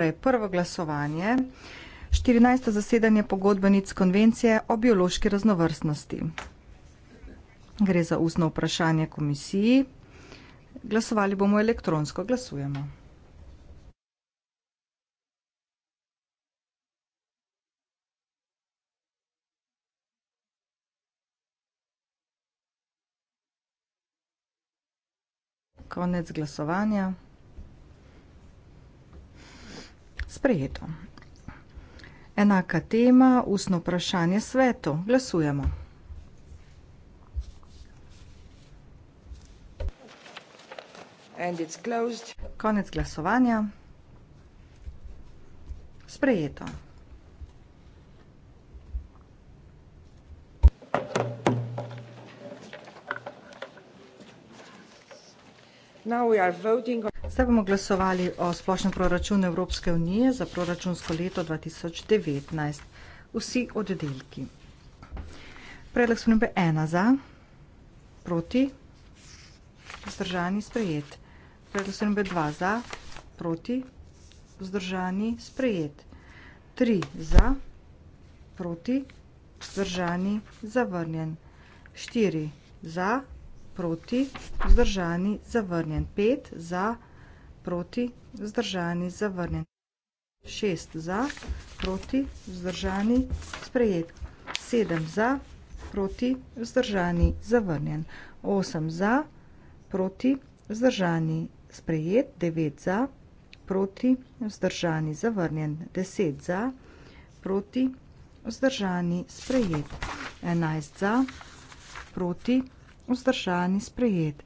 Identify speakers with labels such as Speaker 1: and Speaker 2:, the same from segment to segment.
Speaker 1: Torej, prvo glasovanje. 14. zasedanje pogodbenic konvencije o biološki raznovrstnosti. Gre za ustno vprašanje komisiji. Glasovali bomo elektronsko. Glasujemo. Konec glasovanja. Sprejeto. Enaka tema, ustno vprašanje svetu. Glasujemo. Konec glasovanja. Sprejeto. Zdaj bomo glasovali o splošnem proračunu Evropske unije za proračunsko leto 2019. Vsi oddelki. Predlog spremembe ena za, proti, vzdržani, sprejet. Predlog spremembe dva za, proti, vzdržani, sprejet. Tri za, proti, vzdržani, zavrnjen. Štiri za, proti, vzdržani, zavrnjen proti, vzdržani, zavrnjen. 5 za, proti, vzdržani, zavrnjen. 6 za, proti, vzdržani, sprejet. 7 za, proti, vzdržani, zavrnjen. 8 za, proti, vzdržani, sprejet. 9 za, proti, vzdržani, zavrnjen. 10 za, proti, vzdržani, sprejet. 11 za, proti, vzdržani, sprejet vzdržani, sprejet.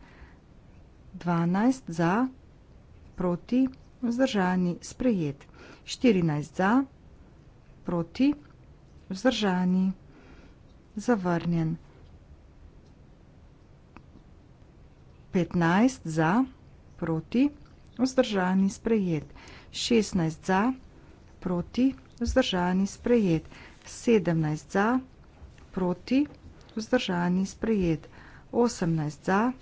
Speaker 1: 12 za, proti, vzdržani, sprejet. 14 za, proti, vzdržani, zavrnjen. 15 za, proti, vzdržani, sprejet. 16 za, proti, vzdržani, sprejet. 17 za, proti, vzdržani, sprejet. 18 za,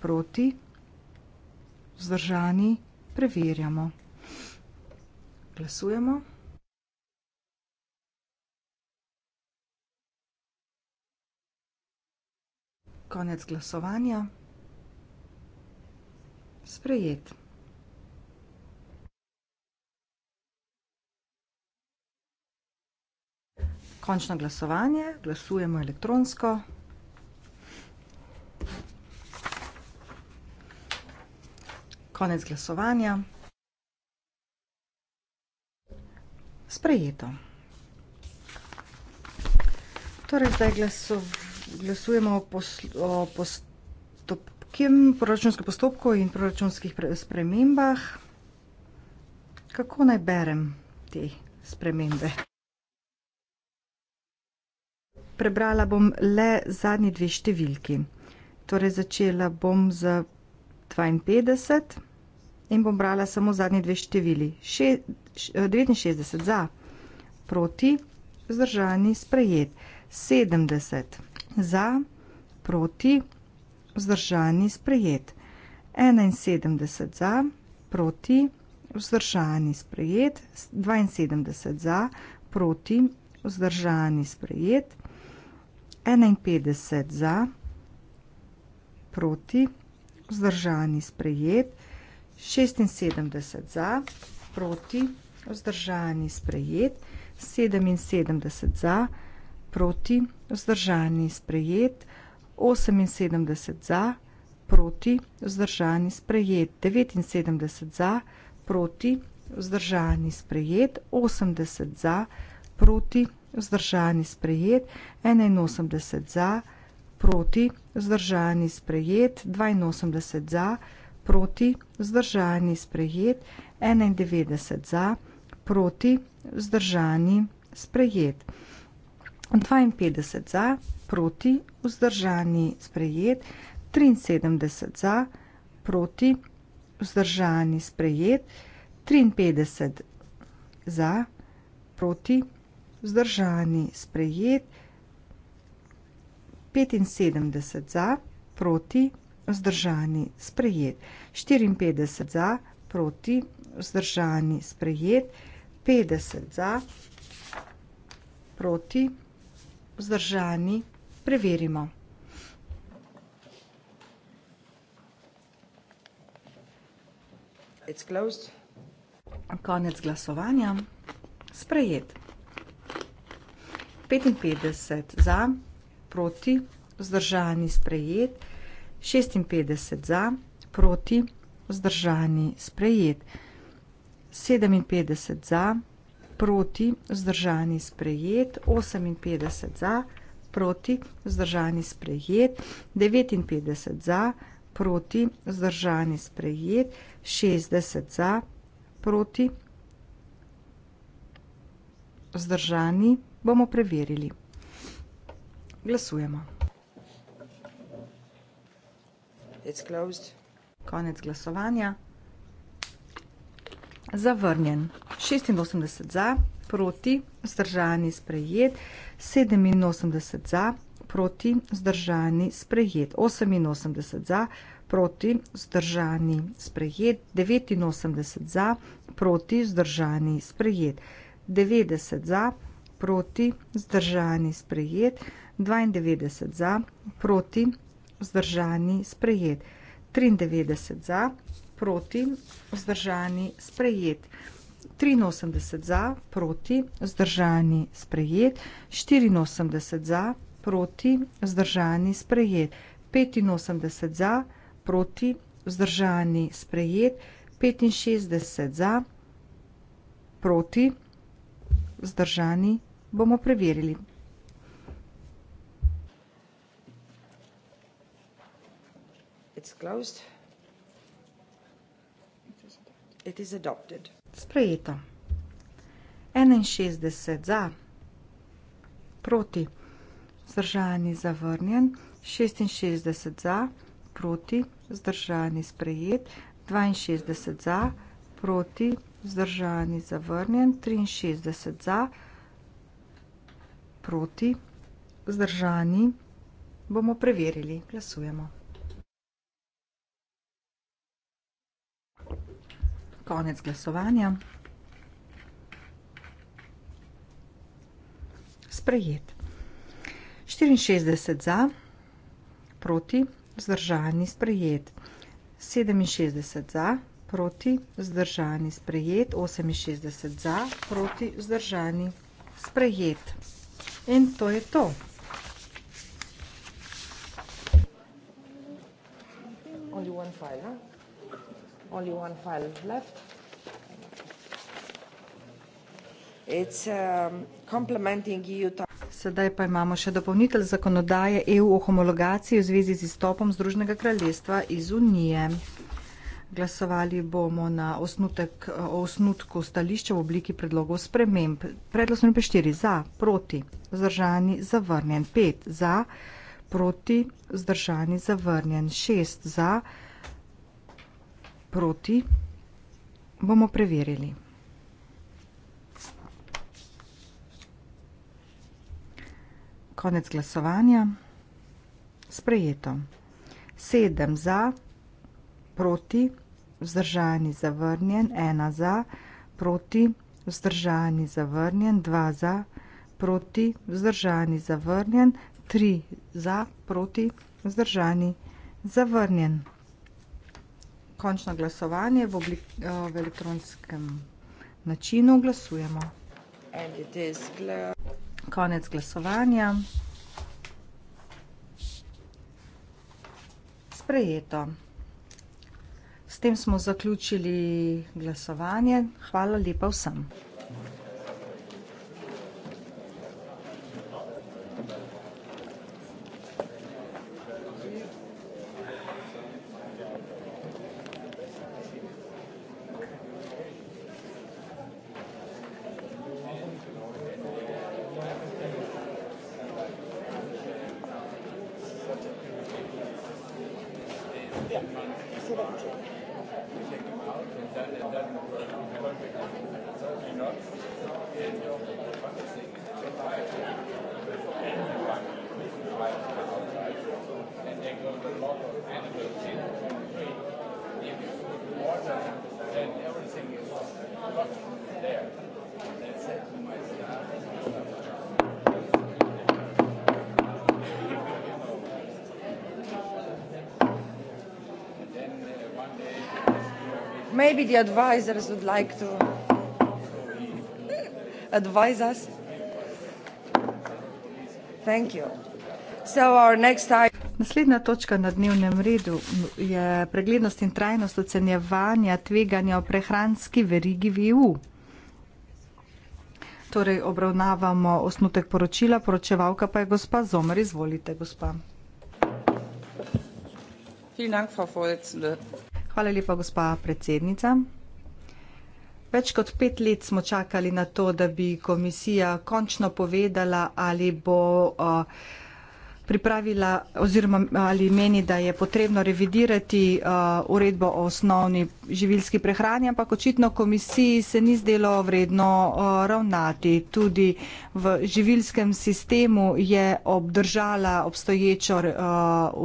Speaker 1: proti, vzdržani, preverjamo. Glasujemo. Konec glasovanja. Sprejet. Končno glasovanje. Glasujemo elektronsko. Konec glasovanja. Sprejeto. Torej, zdaj glasov, glasujemo o, poslo, o postopkem proračunskih postopkov in proračunskih spremembah. Kako naj berem te spremembe? Prebrala bom le zadnji dve številki. Torej, začela bom z 52 in bom brala samo zadnji dve števili. Še, 69 eh, za, proti, vzdržani, sprejet. 70 za, proti, vzdržani, sprejet. 71 za, proti, vzdržani, sprejet. 72 za, proti, vzdržani, sprejet. 51 za, proti, vzdržani, sprejet vzdržani, sprejet, 76 za, proti, vzdržani, sprejet, 77 za, proti, vzdržani, sprejet, 78 za, proti, vzdržani, sprejet, 79 za, proti, vzdržani, sprejet, 80 za, proti, vzdržani, sprejet, 81 za, proti, vzdržani, sprejet, vzdržani sprejet, 82 za, proti, vzdržani sprejet, 91 za, proti, vzdržani sprejet. 52 za, proti, vzdržani sprejet, 73 za, proti, vzdržani sprejet, 53 za, proti, vzdržani sprejet, 75 za, proti, vzdržani, sprejet. 54 za, proti, vzdržani, sprejet. 50 za, proti, vzdržani, preverimo. Konec glasovanja. Sprejet. 55 za proti, vzdržani sprejet, 56 za, proti, vzdržani sprejet, 57 za, proti, vzdržani sprejet, 58 za, proti, vzdržani sprejet, 59 za, proti, vzdržani sprejet, 60 za, proti, vzdržani bomo preverili. Glasujemo. Konec glasovanja. Zavrnjen. Šestinosemdeset za, proti, vzdržani, sprejet. Sedeminosemdeset za, proti, vzdržani, sprejet. Oseminosemdeset za, proti, vzdržani, sprejet. Devetinosemdeset za, proti, vzdržani, sprejet. Devetdeset za, proti, vzdržani, sprejet. 92 za, proti, vzdržani, sprejet. 93 za, proti, vzdržani, sprejet. 83 za, proti, vzdržani, sprejet. 84 za, proti, vzdržani, sprejet. 85 za, proti, vzdržani, sprejet. 65 za, proti, vzdržani, bomo preverili. it's closed. It is adopted. Sprejeto. 61 za, proti, zdržani, zavrnjen, 66 za, proti, zdržani, sprejet, 62 za, proti, zdržani, zavrnjen, 63 za, proti, zdržani, bomo preverili, glasujemo. konec glasovanja. Sprejet. 64 za, proti, zdržani, sprejet. 67 za, proti, zdržani, sprejet. 68 za, proti, zdržani, sprejet. In to je to.
Speaker 2: Only one file, huh? No? only one file left.
Speaker 1: It's um, complementing EU. Sedaj pa imamo še dopolnitelj zakonodaje EU o homologaciji v zvezi z izstopom Združnega kraljestva iz Unije. Glasovali bomo na osnutek, o osnutku stališča v obliki predlogov sprememb. Predlog smo imeli 4 za, proti, vzdržani, zavrnjen. 5 za, proti, vzdržani, zavrnjen. 6 za, proti, bomo preverili. Konec glasovanja. Sprejeto. Sedem za, proti, vzdržani, zavrnjen, ena za, proti, vzdržani, zavrnjen, dva za, proti, vzdržani, zavrnjen, tri za, proti, vzdržani, zavrnjen končno glasovanje v, oblik, eh, v elektronskem načinu glasujemo. Konec glasovanja. Sprejeto. S tem smo zaključili glasovanje. Hvala lepa vsem. the advisors would like to advise us. Thank you. So our next item. Naslednja točka na dnevnem redu je preglednost in trajnost ocenjevanja tveganja v prehranski verigi VU. Torej obravnavamo osnutek poročila, poročevalka pa je gospa Zomer. Izvolite, gospa. Hvala, gospod predsednik. Hvala lepa, gospa predsednica. Več kot pet let smo čakali na to, da bi komisija končno povedala, ali bo uh, pripravila oziroma ali meni, da je potrebno revidirati uh, uredbo o osnovni živilski prehrani, ampak očitno komisiji se ni zdelo vredno uh, ravnati. Tudi v živilskem sistemu je obdržala obstoječo uh,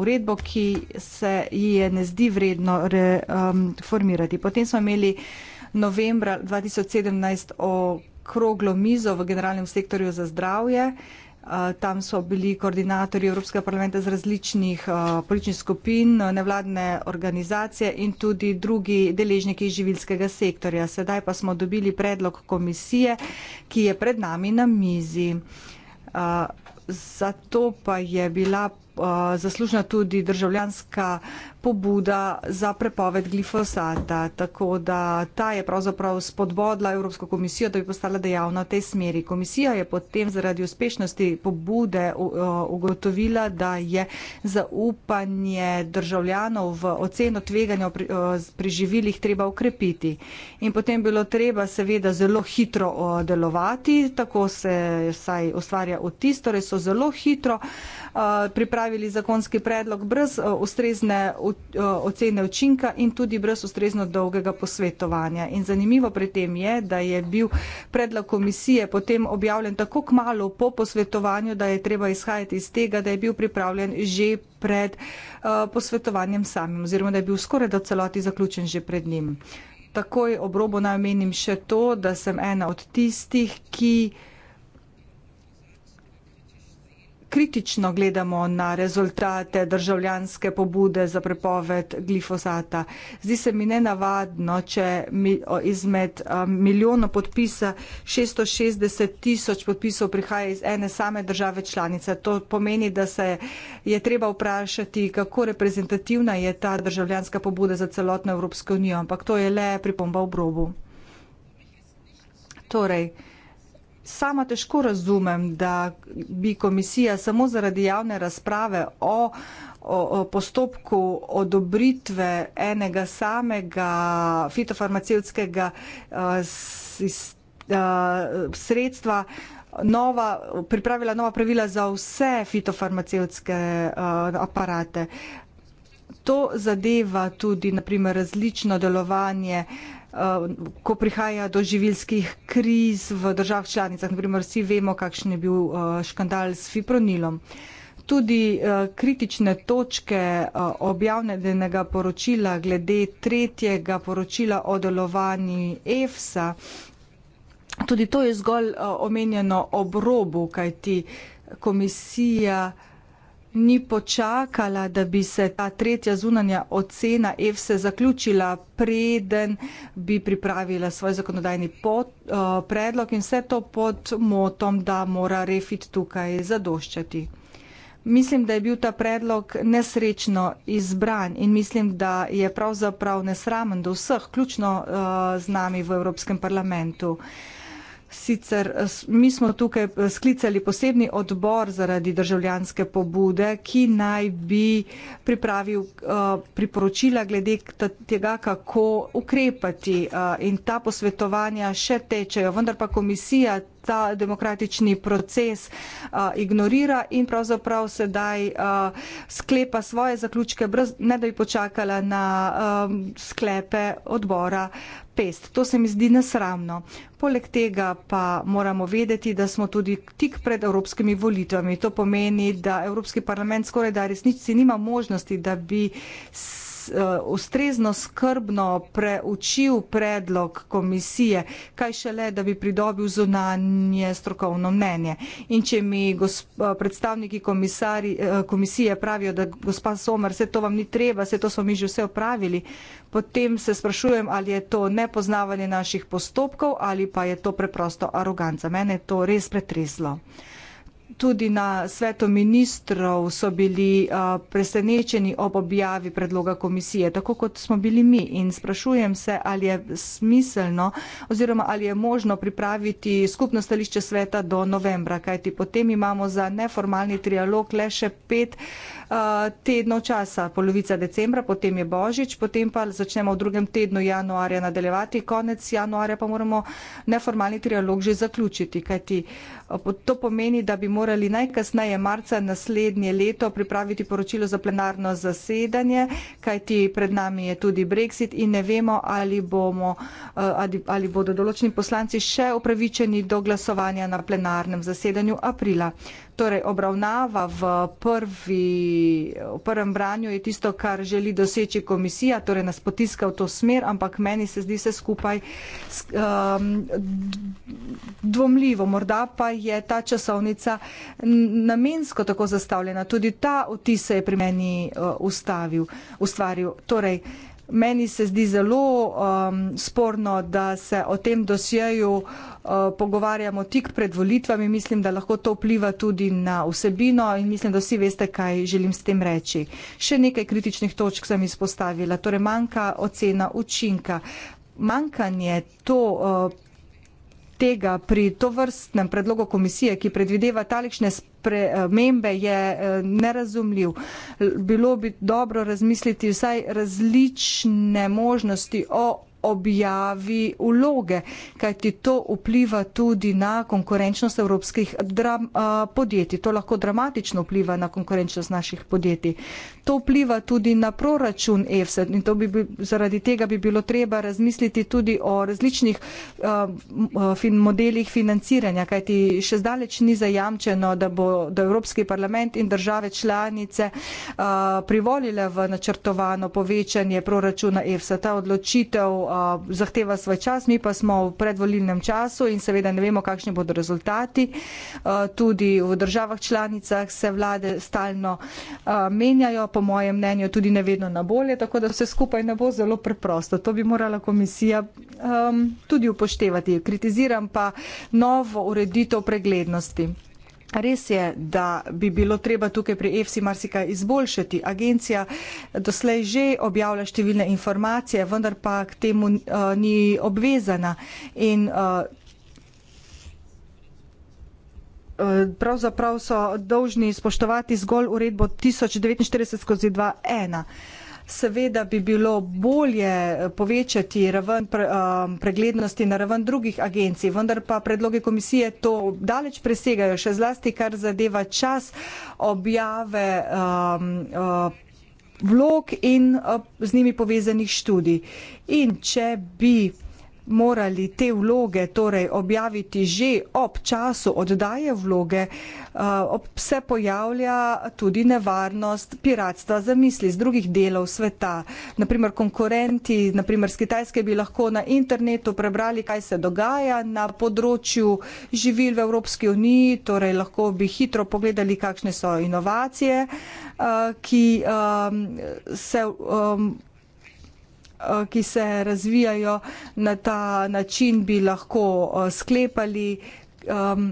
Speaker 1: uredbo, ki se ji je ne zdi vredno reformirati. Um, Potem smo imeli novembra 2017 okroglo mizo v generalnem sektorju za zdravje Eh, tam so bili koordinatorji Evropskega parlamenta z različnih eh, političnih skupin, eh, nevladne organizacije in tudi drugi deležniki živilskega sektorja. Sedaj pa smo dobili predlog komisije, ki je pred nami na mizi. Zato pa je bila Eh, zaslužna tudi državljanska pobuda za prepoved glifosata. Tako da ta je pravzaprav spodbodla Evropsko komisijo, da bi postala dejavna v tej smeri. Komisija je potem zaradi uspešnosti pobude eh, ugotovila, da je zaupanje državljanov v oceno tveganja pri eh, živilih treba ukrepiti. In potem bilo treba seveda zelo hitro delovati, tako se saj ustvarja otis, torej so zelo hitro uh, Eh, pripravili zakonski predlog brez eh, ustrezne eh, ocene učinka in tudi brez ustrezno dolgega posvetovanja. In zanimivo pri tem je, da je bil predlog komisije potem objavljen tako kmalo po posvetovanju, da je treba izhajati iz tega, da je bil pripravljen že pred posvetovanjem samim oziroma da je bil skoraj do celoti zaključen že pred njim. Takoj obrobo najmenim še to, da sem ena od tistih, ki kritično gledamo na rezultate državljanske pobude za prepoved glifosata. Zdi se mi nenavadno, če izmed milijona podpisa 660 tisoč podpisov prihaja iz ene same države članice. To pomeni, da se je treba vprašati, kako reprezentativna je ta državljanska pobuda za celotno Evropsko unijo, ampak to je le pripomba v brobu. Torej, sama težko razumem, da bi komisija samo zaradi javne razprave o, o, o postopku odobritve enega samega fitofarmacevskega uh, eh, uh, eh, sredstva nova, pripravila nova pravila za vse fitofarmacevske uh, eh, aparate. To zadeva tudi naprimer, različno delovanje uh, Eh, ko prihaja do živilskih kriz v državah članicah. Naprimer, vsi vemo, kakšen je bil eh, škandal s fipronilom. Tudi eh, kritične točke objavnenega poročila glede tretjega poročila o delovanju EFSA, tudi to je zgolj omenjeno ob robu, kajti komisija ni počakala, da bi se ta tretja zunanja ocena EFSE zaključila, preden bi pripravila svoj zakonodajni pot, uh, predlog in vse to pod motom, da mora refit tukaj zadoščati. Mislim, da je bil ta predlog nesrečno izbran in mislim, da je pravzaprav nesramen do vseh, ključno uh, z nami v Evropskem parlamentu. Uh, Sicer eh, mi smo tukaj eh, sklicali posebni odbor zaradi državljanske pobude, ki naj bi pripravil eh, priporočila glede tega, kako ukrepati in ta posvetovanja še tečejo, vendar pa komisija ta demokratični proces ignorira in pravzaprav sedaj sklepa svoje zaključke, ne da bi počakala na sklepe odbora pest. To se mi zdi nesramno. Poleg tega pa moramo vedeti, da smo tudi tik pred evropskimi volitvami. To pomeni, da Evropski parlament skoraj da resnici nima možnosti, da bi se Eh, ustrezno skrbno preučil predlog komisije, kaj šele, da bi pridobil zunanje strokovno mnenje. In če mi eh, predstavniki eh, komisije pravijo, da gospa Somer, vse to vam ni treba, vse to smo mi že vse opravili, potem se sprašujem, ali je to nepoznavanje naših postopkov ali pa je to preprosto aroganca. Mene je to res pretreslo tudi na svetu ministrov so bili a, presenečeni ob objavi predloga komisije, tako kot smo bili mi. In sprašujem se, ali je smiselno oziroma ali je možno pripraviti skupno stališče sveta do novembra, kajti potem imamo za neformalni trialog le še pet. Eh, tednov časa, polovica decembra, potem je božič, potem pa začnemo v drugem tednu januarja nadaljevati, konec januarja pa moramo neformalni trialog že zaključiti, kajti eh, to pomeni, da bi morali najkasneje marca naslednje leto pripraviti poročilo za plenarno zasedanje, kajti pred nami je tudi Brexit in ne vemo, ali, bomo, eh, ali bodo določeni poslanci še upravičeni do glasovanja na plenarnem zasedanju aprila torej obravnava v, prvi, v prvem branju je tisto, kar želi doseči komisija, torej nas potiska v to smer, ampak meni se zdi vse skupaj um, dvomljivo. Morda pa je ta časovnica namensko tako zastavljena. Tudi ta vtis se je pri meni uh, ustavil, ustvaril. Torej, uh, Meni se zdi zelo um, sporno, da se o tem dosjeju uh, pogovarjamo tik pred volitvami. Mislim, da lahko to vpliva tudi na vsebino in mislim, da vsi veste, kaj želim s tem reči. Še nekaj kritičnih točk sem izpostavila. Torej, manjka ocena učinka. Manjkanje to. Uh, tega pri tovrstnem predlogu komisije, ki predvideva talične spremembe, je eh, nerazumljiv. Bilo bi dobro razmisliti vsaj različne možnosti o objavi vloge, kajti to vpliva tudi na konkurenčnost evropskih dram, a, podjetij. To lahko dramatično vpliva na konkurenčnost naših podjetij. To vpliva tudi na proračun EFSA in bi bil, zaradi tega bi bilo treba razmisliti tudi o različnih a, a, fin, modelih financiranja, kajti še zdaleč ni zajamčeno, da bo da Evropski parlament in države članice a, privolile v načrtovano povečanje proračuna EFSA. Ta odločitev Eh, zahteva svoj čas, mi pa smo v predvolilnem času in seveda ne vemo, kakšni bodo rezultati. Eh, tudi v državah članicah se vlade stalno eh, menjajo, po mojem mnenju tudi ne vedno na bolje, tako da vse skupaj ne bo zelo preprosto. To bi morala komisija ehm, tudi upoštevati. Kritiziram pa novo ureditev preglednosti. Res je, da bi bilo treba tukaj pri EFSI marsikaj izboljšati. Agencija doslej že objavlja številne informacije, vendar pa k temu uh, ni obvezana. In, uh, pravzaprav so dolžni spoštovati zgolj uredbo 1049 skozi 2.1. Seveda bi bilo bolje povečati raven um, preglednosti na raven drugih agencij, vendar pa predloge komisije to daleč presegajo, še zlasti kar zadeva čas objave um, uh, vlog in uh, z njimi povezanih študij. In če bi morali te vloge torej objaviti že ob času oddaje vloge, eh, se pojavlja tudi nevarnost piratstva za misli z drugih delov sveta. Naprimer, konkurenti, naprimer, z Kitajske bi lahko na internetu prebrali, kaj se dogaja na področju živil v Evropski uniji, torej lahko bi hitro pogledali, kakšne so inovacije, eh, ki eh, se Eh, ki se razvijajo na ta način, bi lahko eh, sklepali ehm,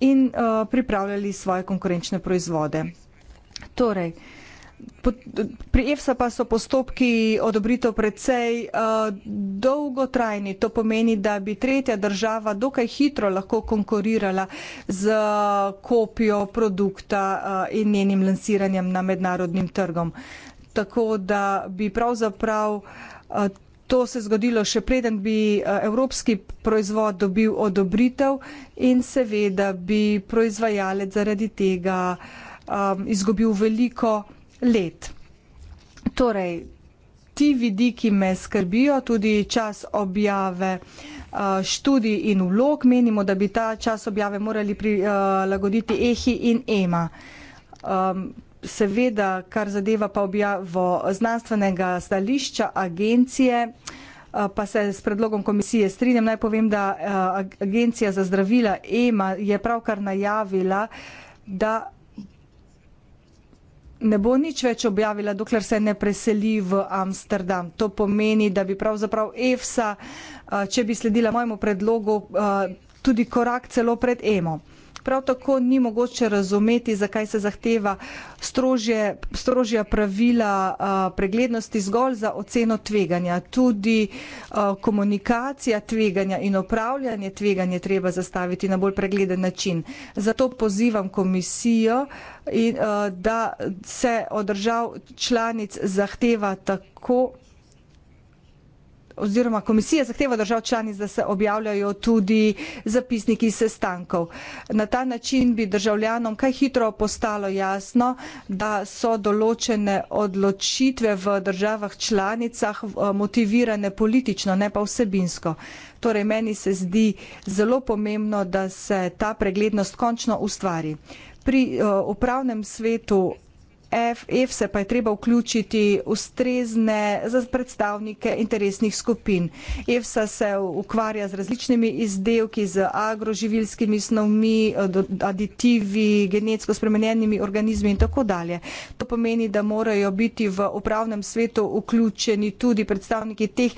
Speaker 1: in eh, pripravljali svoje konkurenčne proizvode. Torej, pri EFSA pa so postopki odobritev precej dolgotrajni. To pomeni, da bi tretja država dokaj hitro lahko konkurirala z kopijo produkta in njenim lansiranjem na mednarodnim trgom. Tako da bi pravzaprav Eh, to se je zgodilo še preden bi eh, evropski proizvod dobil odobritev in seveda bi proizvajalec zaradi tega ehm, izgubil veliko let. Torej, ti vidiki me skrbijo, tudi čas objave eh, študij in vlog. Menimo, da bi ta čas objave morali prilagoditi EHI in EMA. Ehm, seveda, kar zadeva pa objavo znanstvenega stališča agencije, eh, pa se s predlogom komisije strinjam, naj povem, da eh, agencija za zdravila EMA je pravkar najavila, da ne bo nič več objavila, dokler se ne preseli v Amsterdam. To pomeni, da bi pravzaprav EFSA, eh, če bi sledila mojemu predlogu, tudi korak celo pred EMO. Prav tako ni mogoče razumeti, zakaj se zahteva strožje, strožja pravila preglednosti zgolj za oceno tveganja. Tudi komunikacija tveganja in upravljanje tveganja treba zastaviti na bolj pregleden način. Zato pozivam komisijo, in, da se od držav članic zahteva tako oziroma komisija zahteva držav članic, da se objavljajo tudi zapisniki sestankov. Na ta način bi državljanom kaj hitro postalo jasno, da so določene odločitve v državah članicah eh, motivirane politično, ne pa vsebinsko. Torej, meni se zdi zelo pomembno, da se ta preglednost končno ustvari. Pri eh, upravnem svetu FF se pa je treba vključiti ustrezne za predstavnike interesnih skupin. EFSA se ukvarja z različnimi izdelki, z agroživilskimi snovmi, aditivi, genetsko spremenjenimi organizmi in tako dalje. To pomeni, da morajo biti v upravnem svetu vključeni tudi predstavniki teh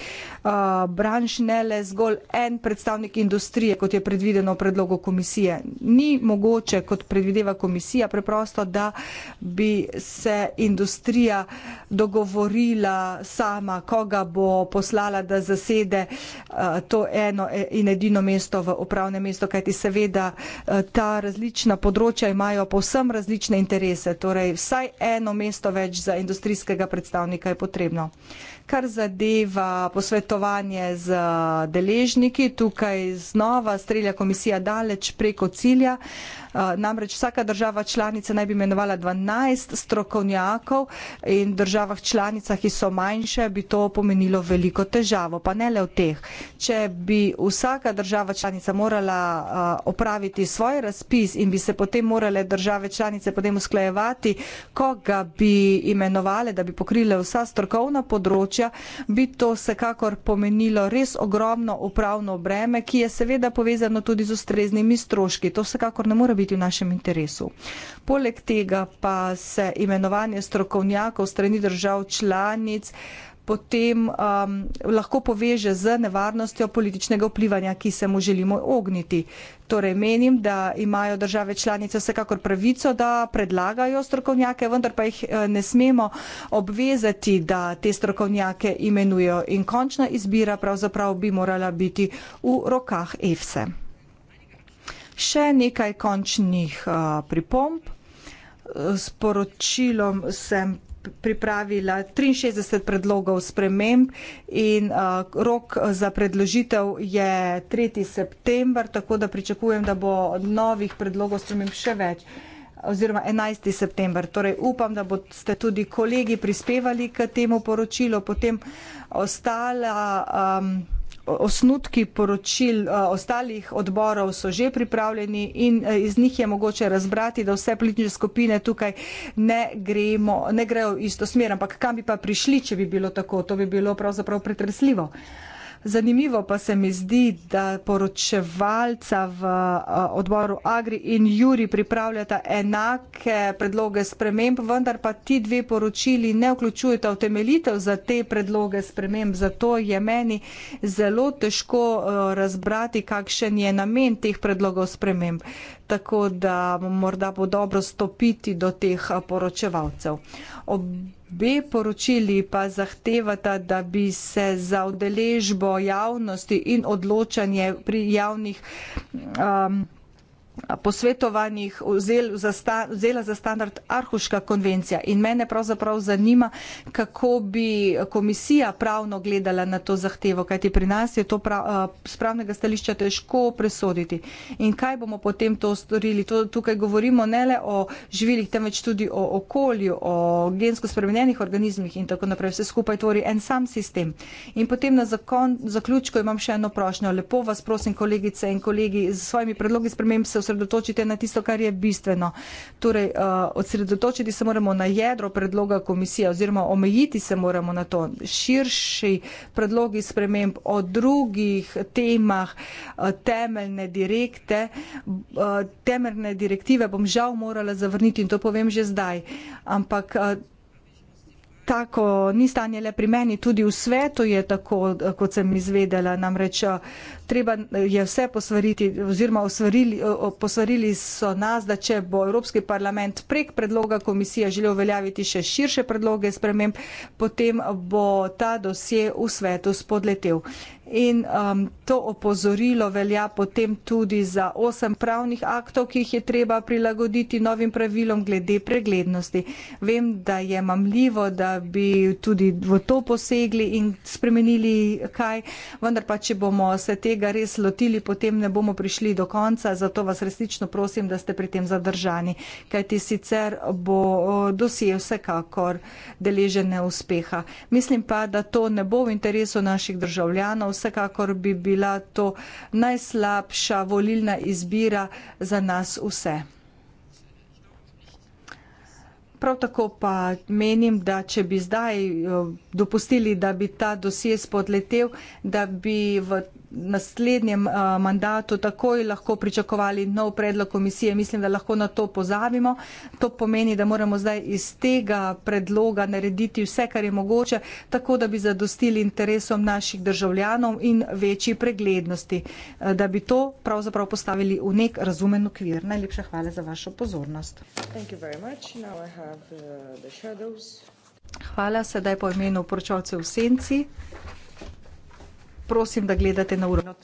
Speaker 1: uh, branž, ne le zgolj en predstavnik industrije, kot je predvideno v predlogu komisije. Ni mogoče, kot predvideva komisija, preprosto, da bi se industrija dogovorila sama, koga bo poslala, da zasede eh, to eno eh, in edino mesto v upravnem mestu, kajti seveda eh, ta različna področja imajo povsem različne interese, torej vsaj eno mesto več za industrijskega predstavnika je potrebno. Kar zadeva posvetovanje z deležniki, tukaj znova strelja komisija daleč preko cilja. Uh, Eh, namreč vsaka država članica naj bi imenovala 12 strokovnjakov in v državah članicah, ki so manjše, bi to pomenilo veliko težavo. Pa ne le v teh. Če bi vsaka država članica morala eh, opraviti svoj razpis in bi se potem morale države članice potem usklajevati, koga bi imenovali, da bi pokrile vsa strokovna področja, bi to vsekakor pomenilo res ogromno upravno breme, ki je seveda povezano tudi z ustreznimi stroški. To vsekakor ne more biti biti v našem interesu. Poleg tega pa se imenovanje strokovnjakov strani držav članic potem um, lahko poveže z nevarnostjo političnega vplivanja, ki se mu želimo ogniti. Torej menim, da imajo države članice vsekakor pravico, da predlagajo strokovnjake, vendar pa jih eh, ne smemo obvezati, da te strokovnjake imenujo. In končna izbira pravzaprav bi morala biti v rokah EFSE. Še nekaj končnih uh, pripomb. Eh, s poročilom sem pripravila 63 predlogov sprememb in uh, rok za predložitev je 3. september, tako da pričakujem, da bo novih predlogov sprememb še več oziroma 11. september. Torej upam, da boste tudi kolegi prispevali k temu poročilu, potem ostala. Um, osnutki poročil eh, ostalih odborov so že pripravljeni in eh, iz njih je mogoče razbrati, da vse politične skupine tukaj ne, gremo, ne grejo v isto smer, ampak kam bi pa prišli, če bi bilo tako, to bi bilo pravzaprav pretresljivo. Zanimivo pa se mi zdi, da poročevalca v odboru Agri in Juri pripravljata enake predloge sprememb, vendar pa ti dve poročili ne vključujeta utemeljitev za te predloge sprememb. Zato je meni zelo težko razbrati, kakšen je namen teh predlogov sprememb. Tako da morda bo dobro stopiti do teh poročevalcev. B poročili pa zahtevata, da bi se za udeležbo javnosti in odločanje pri javnih um, posvetovanjih vzel za sta, vzela za standard Arhuška konvencija. In mene pravzaprav zanima, kako bi komisija pravno gledala na to zahtevo, kajti pri nas je to prav, z eh, pravnega stališča težko presoditi. In kaj bomo potem to storili? To, tukaj govorimo ne le o živilih, temveč tudi o okolju, o gensko spremenjenih organizmih in tako naprej. Vse skupaj tvori en sam sistem. In potem na zakon, zaključku imam še eno prošnjo. Lepo vas prosim, kolegice in kolegi, s svojimi predlogi spremem se osredotočite na tisto, kar je bistveno. Torej, uh, osredotočiti se moramo na jedro predloga komisije oziroma omejiti se moramo na to. Širši predlogi sprememb o drugih temah uh, temeljne direkte, uh, temeljne direktive bom žal morala zavrniti in to povem že zdaj. Ampak, uh, Tako ni stanje le pri meni, tudi v svetu je tako, kot sem izvedela. Namreč treba je vse posvariti oziroma osvarili, posvarili so nas, da če bo Evropski parlament prek predloga komisije želel veljaviti še širše predloge sprememb, potem bo ta dosje v svetu spodletel. In um, to opozorilo velja potem tudi za osem pravnih aktov, ki jih je treba prilagoditi novim pravilom glede preglednosti. Vem, da je mamljivo, da bi tudi v to posegli in spremenili kaj, vendar pa če bomo se tega tega res lotili, potem ne bomo prišli do konca, zato vas resnično prosim, da ste pri tem zadržani, kajti sicer bo dosje vsekakor deležene uspeha. Mislim pa, da to ne bo v interesu naših državljanov, vsekakor bi bila to najslabša volilna izbira za nas vse. Prav tako pa menim, da če bi zdaj dopustili, da bi ta dosje spodletel, da bi v naslednjem eh, mandatu takoj lahko pričakovali nov predlog komisije. Mislim, da lahko na to pozabimo. To pomeni, da moramo zdaj iz tega predloga narediti vse, kar je mogoče, tako da bi zadostili interesom naših državljanov in večji preglednosti, eh, da bi to pravzaprav postavili v nek razumen okvir. Najlepša hvala za vašo pozornost. Eh, hvala, sedaj po imenu poročalcev v senci prosim, da gledate na uro. Uh,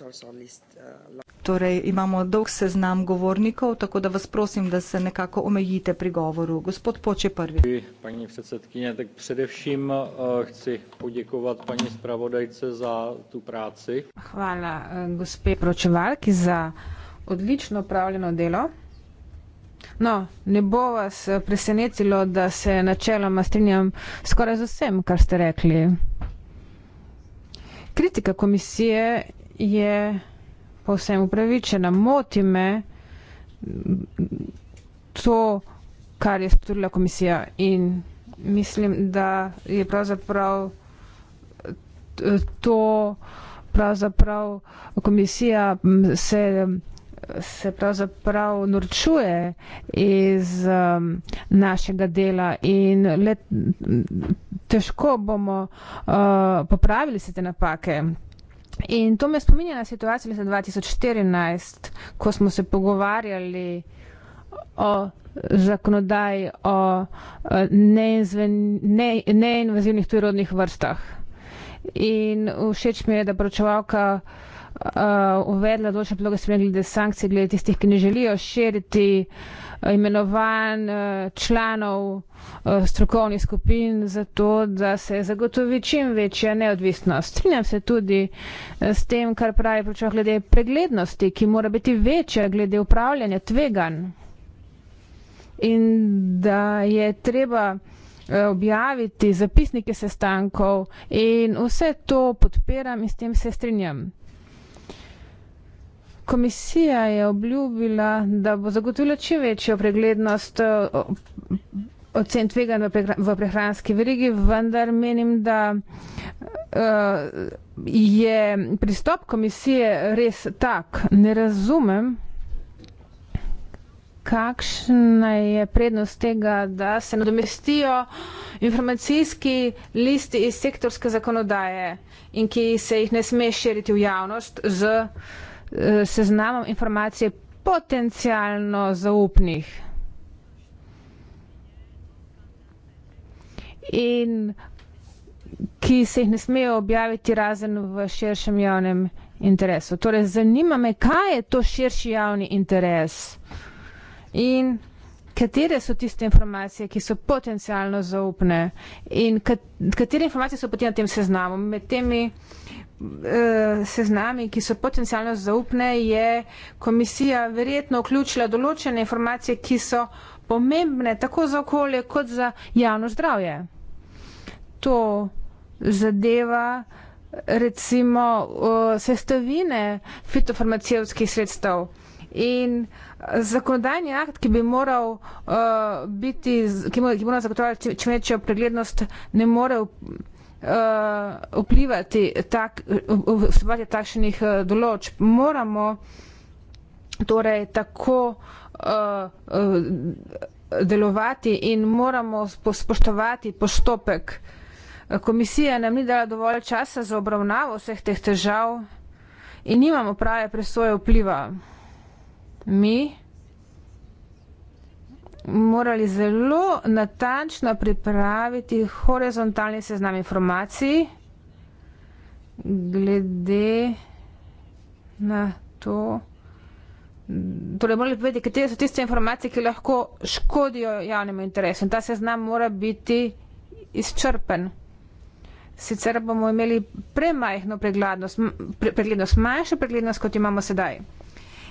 Speaker 1: uh, torej, imamo dolg seznam govornikov, tako da vas prosim, da se nekako omejite pri govoru. Gospod Poče prvi. Pani predsedkinja, tak predvsem uh, chci podjekovat pani spravodajce za tu práci.
Speaker 2: Hvala gospe Pročevalki za odlično upravljeno delo. No, ne bo vas eh, presenetilo, da se načeloma strinjam skoraj z vsem, kar ste rekli. Kritika komisije je povsem upravičena. Moti me mm, to, kar je storila komisija in mislim, da je pravzaprav eh, to pravzaprav komisija mm, se se pravzaprav norčuje iz um, našega dela in le težko bomo uh, popravili se te napake. In to me spominja na situacijo leta 2014, ko smo se pogovarjali o zakonodaj o neinvazivnih tujrodnih vrstah. In všeč mi je, da pročevalka uh, Uh, uvedla določene predloge spremenili glede sankcij, glede tistih, ki ne želijo širiti uh, imenovanj uh, članov strokovnih skupin za to, da se zagotovi čim večja neodvisnost. Strinjam se tudi s tem, kar pravi pričal glede preglednosti, ki mora biti večja glede upravljanja tvegan in da je treba objaviti zapisnike sestankov in vse to podpiram in s tem se strinjam komisija je obljubila, da bo zagotovila čim večjo preglednost eh, ocen tvega v prehranski verigi, vendar menim, da eh, je pristop komisije res tak. Ne razumem, kakšna je prednost tega, da se nadomestijo informacijski listi iz sektorske zakonodaje in ki se jih ne sme širiti v javnost z informacijami Eh, seznamom informacije potencijalno zaupnih. In ki se jih ne smejo objaviti razen v širšem javnem interesu. Torej, zanima me, kaj je to širši javni interes. In katere so tiste informacije, ki so potencialno zaupne in kat, katere informacije so potem na tem seznamu. Med temi uh, seznami, ki so potencialno zaupne, je komisija verjetno vključila določene informacije, ki so pomembne tako za okolje kot za javno zdravje. To zadeva recimo uh, sestavine fitofarmacijskih sredstev in uh, Zakonodajni akt, ki bi moral uh, biti, ki bi, ki bi moral zagotovljati čim večjo preglednost, ne more uh, vplivati tak, vsebovati takšnih uh, določb. Moramo torej tako uh, uh, delovati in moramo spoštovati postopek. Komisija nam ni dala dovolj časa za obravnavo vseh teh težav in nimamo prave presoje vpliva mi morali zelo natančno pripraviti horizontalni seznam informacij glede na to, torej morali povedi, katere so tiste informacije, ki lahko škodijo javnemu interesu in ta seznam mora biti izčrpen. Sicer bomo imeli premajhno preglednost, manjšo preglednost, kot imamo sedaj.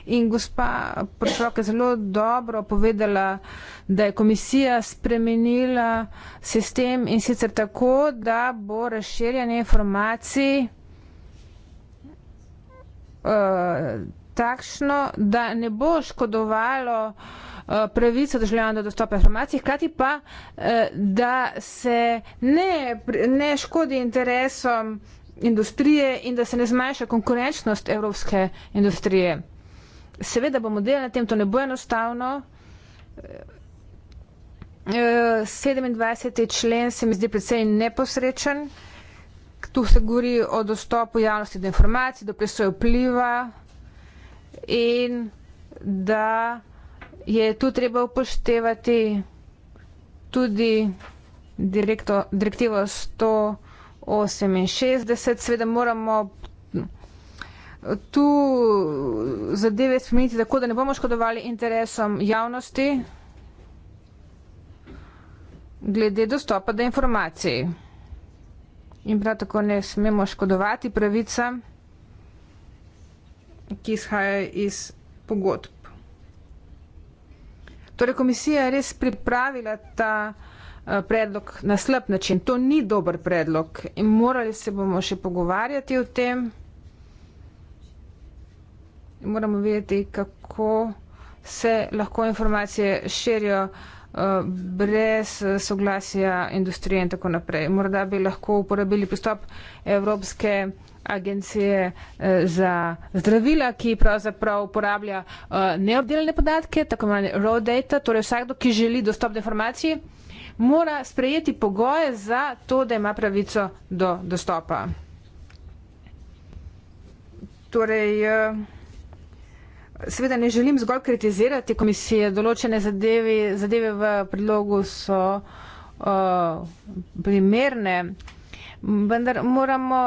Speaker 2: In gospa Prošlok je zelo dobro povedala, da je komisija spremenila sistem in sicer tako, da bo razširjanje informacij eh, takšno, da ne bo škodovalo eh, pravico državljanov do dostopa informacij, hkrati pa, eh, da se ne škodi interesom industrije in da se ne zmanjša konkurenčnost evropske industrije seveda bomo delali na tem, to ne bo enostavno. 27. Eh, eh, člen se mi zdi predvsej neposrečen. Tu se govori o dostopu javnosti do informacij, do presoje vpliva in da je tu treba upoštevati tudi direktivo 168. Seveda moramo tu zadeve spremeniti tako, da ne bomo škodovali interesom javnosti glede dostopa do informacij. In prav tako ne smemo škodovati pravica, ki izhaja iz pogodb. Torej, komisija je res pripravila ta eh, predlog na slab način. To ni dober predlog in morali se bomo še pogovarjati o tem moramo vedeti, kako se lahko informacije širijo eh, brez eh, soglasja industrije in tako naprej. Morda bi lahko uporabili pristop Evropske agencije eh, za zdravila, ki pravzaprav uporablja neobdelane podatke, tako imenovane raw data, torej vsakdo, ki želi dostop do informacije, mora sprejeti pogoje za to, da ima pravico do dostopa. Torej, Seveda ne želim zgolj kritizirati komisije, določene zadeve, zadeve v predlogu so uh, primerne, vendar moramo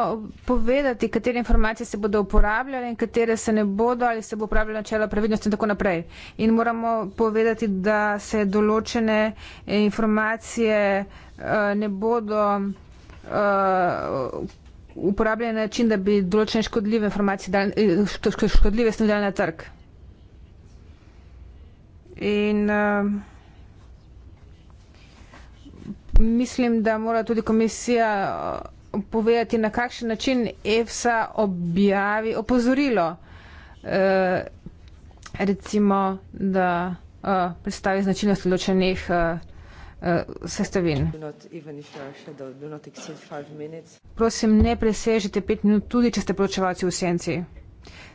Speaker 2: povedati, katere informacije se bodo uporabljale in katere se ne bodo ali se bo uporabljalo načelo previdnosti in tako naprej. In moramo povedati, da se določene informacije uh, ne bodo. Uh, eh, uporabljene na način, da bi določene škodljive informacije, škodljive snovi dali na trg. In um, mislim, da mora tudi komisija uh, povedati, na kakšen način EFSA objavi opozorilo, uh, recimo, da uh, predstavi značilnost odločenih uh, uh, sestavin. Prosim, ne presežite pet minut, tudi če ste poročevalci v senci.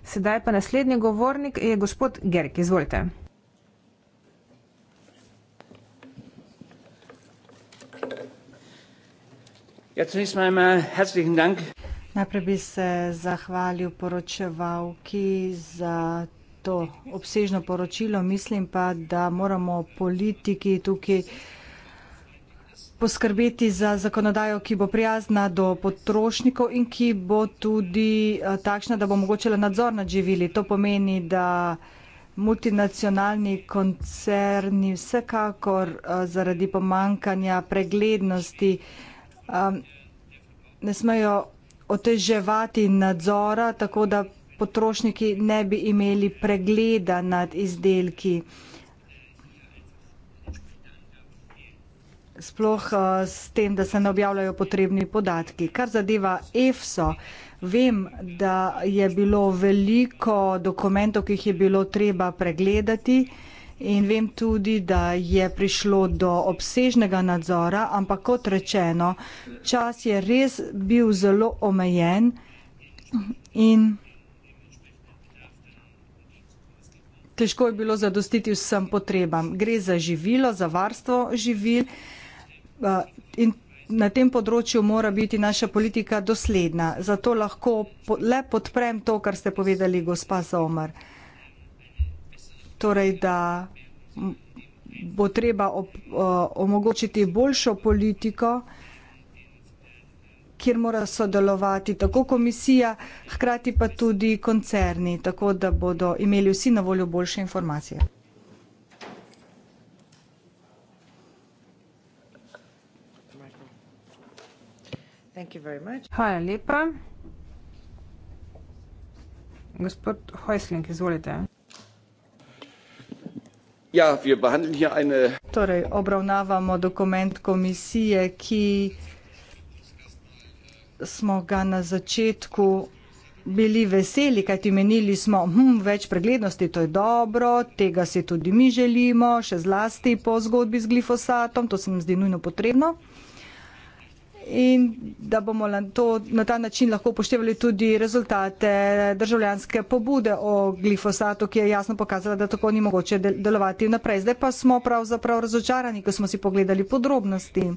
Speaker 2: Sedaj pa naslednji govornik je gospod Gerk. Izvolite. Ja, zunächst mal einmal herzlichen Dank.
Speaker 1: Najprej bi se zahvalil poročevalki za to obsežno poročilo. Mislim pa, da moramo politiki tukaj poskrbeti za zakonodajo, ki bo prijazna do potrošnikov in ki bo tudi eh, takšna, da bo omogočila nadzor nad živili. To pomeni, da multinacionalni koncerni vsekakor eh, zaradi pomankanja preglednosti uh, um, ne smejo oteževati nadzora, tako da potrošniki ne bi imeli pregleda nad izdelki. sploh eh, s tem, da se ne objavljajo potrebni podatki. Kar zadeva EFSO, vem, da je bilo veliko dokumentov, ki jih je bilo treba pregledati. Uh, in vem tudi, da je prišlo do obsežnega nadzora, ampak kot rečeno, čas je res bil zelo omejen in težko je bilo zadostiti vsem potrebam. Gre za živilo, za varstvo živil eh, in na tem področju mora biti naša politika dosledna. Zato lahko le podprem to, kar ste povedali, gospa Zomer torej da bo treba ob, uh, omogočiti boljšo politiko, kjer mora sodelovati tako komisija, hkrati pa tudi koncerni, tako da bodo imeli vsi na voljo boljše informacije. Hvala lepa. Gospod Hojsling, izvolite.
Speaker 2: Ja, eine...
Speaker 1: Torej, obravnavamo dokument komisije, ki smo ga na začetku bili veseli, kaj ti menili smo, hm, več preglednosti, to je dobro, tega se tudi mi želimo, še zlasti po zgodbi z glifosatom, to se nam zdi nujno potrebno in da bomo to, na ta način lahko upoštevali tudi rezultate državljanske pobude o glifosatu, ki je jasno pokazala, da tako ni mogoče delovati naprej. Zdaj pa smo pravzaprav razočarani, ko smo si pogledali podrobnosti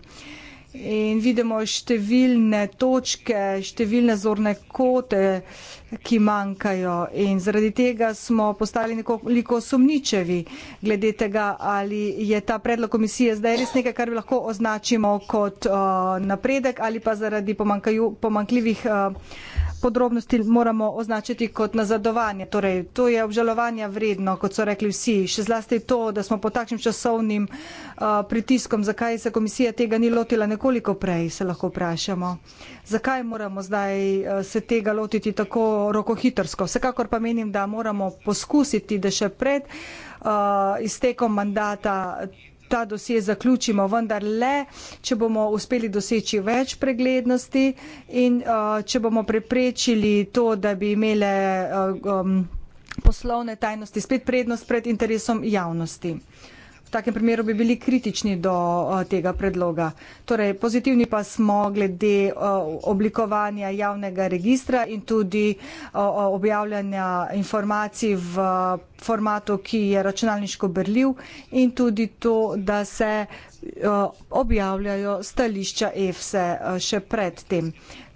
Speaker 1: in vidimo številne točke, številne zorne kote, ki manjkajo. In zaradi tega smo postali nekoliko sumničevi glede tega, ali je ta predlog komisije zdaj res nekaj, kar lahko označimo kot uh, napredek ali pa zaradi pomankljivih. Uh, eh, podrobnosti moramo označiti kot nazadovanje. Torej, to je obžalovanja vredno, kot so rekli vsi. Še zlasti to, da smo pod takšnim časovnim uh, pritiskom, zakaj se komisija tega ni lotila nekoliko prej, se lahko vprašamo. Zakaj moramo zdaj uh, se tega lotiti tako rokohitrsko? Vsekakor pa menim, da moramo poskusiti, da še pred uh, iztekom mandata ta dosje zaključimo vendar le, če bomo uspeli doseči več preglednosti in uh, če bomo preprečili to, da bi imele uh, um, poslovne tajnosti spet prednost pred interesom javnosti takem primeru bi bili kritični do tega predloga. Torej, pozitivni pa smo glede oblikovanja javnega registra in tudi objavljanja informacij v formatu, ki je računalniško berljiv in tudi to, da se objavljajo stališča EFSE e, še pred tem.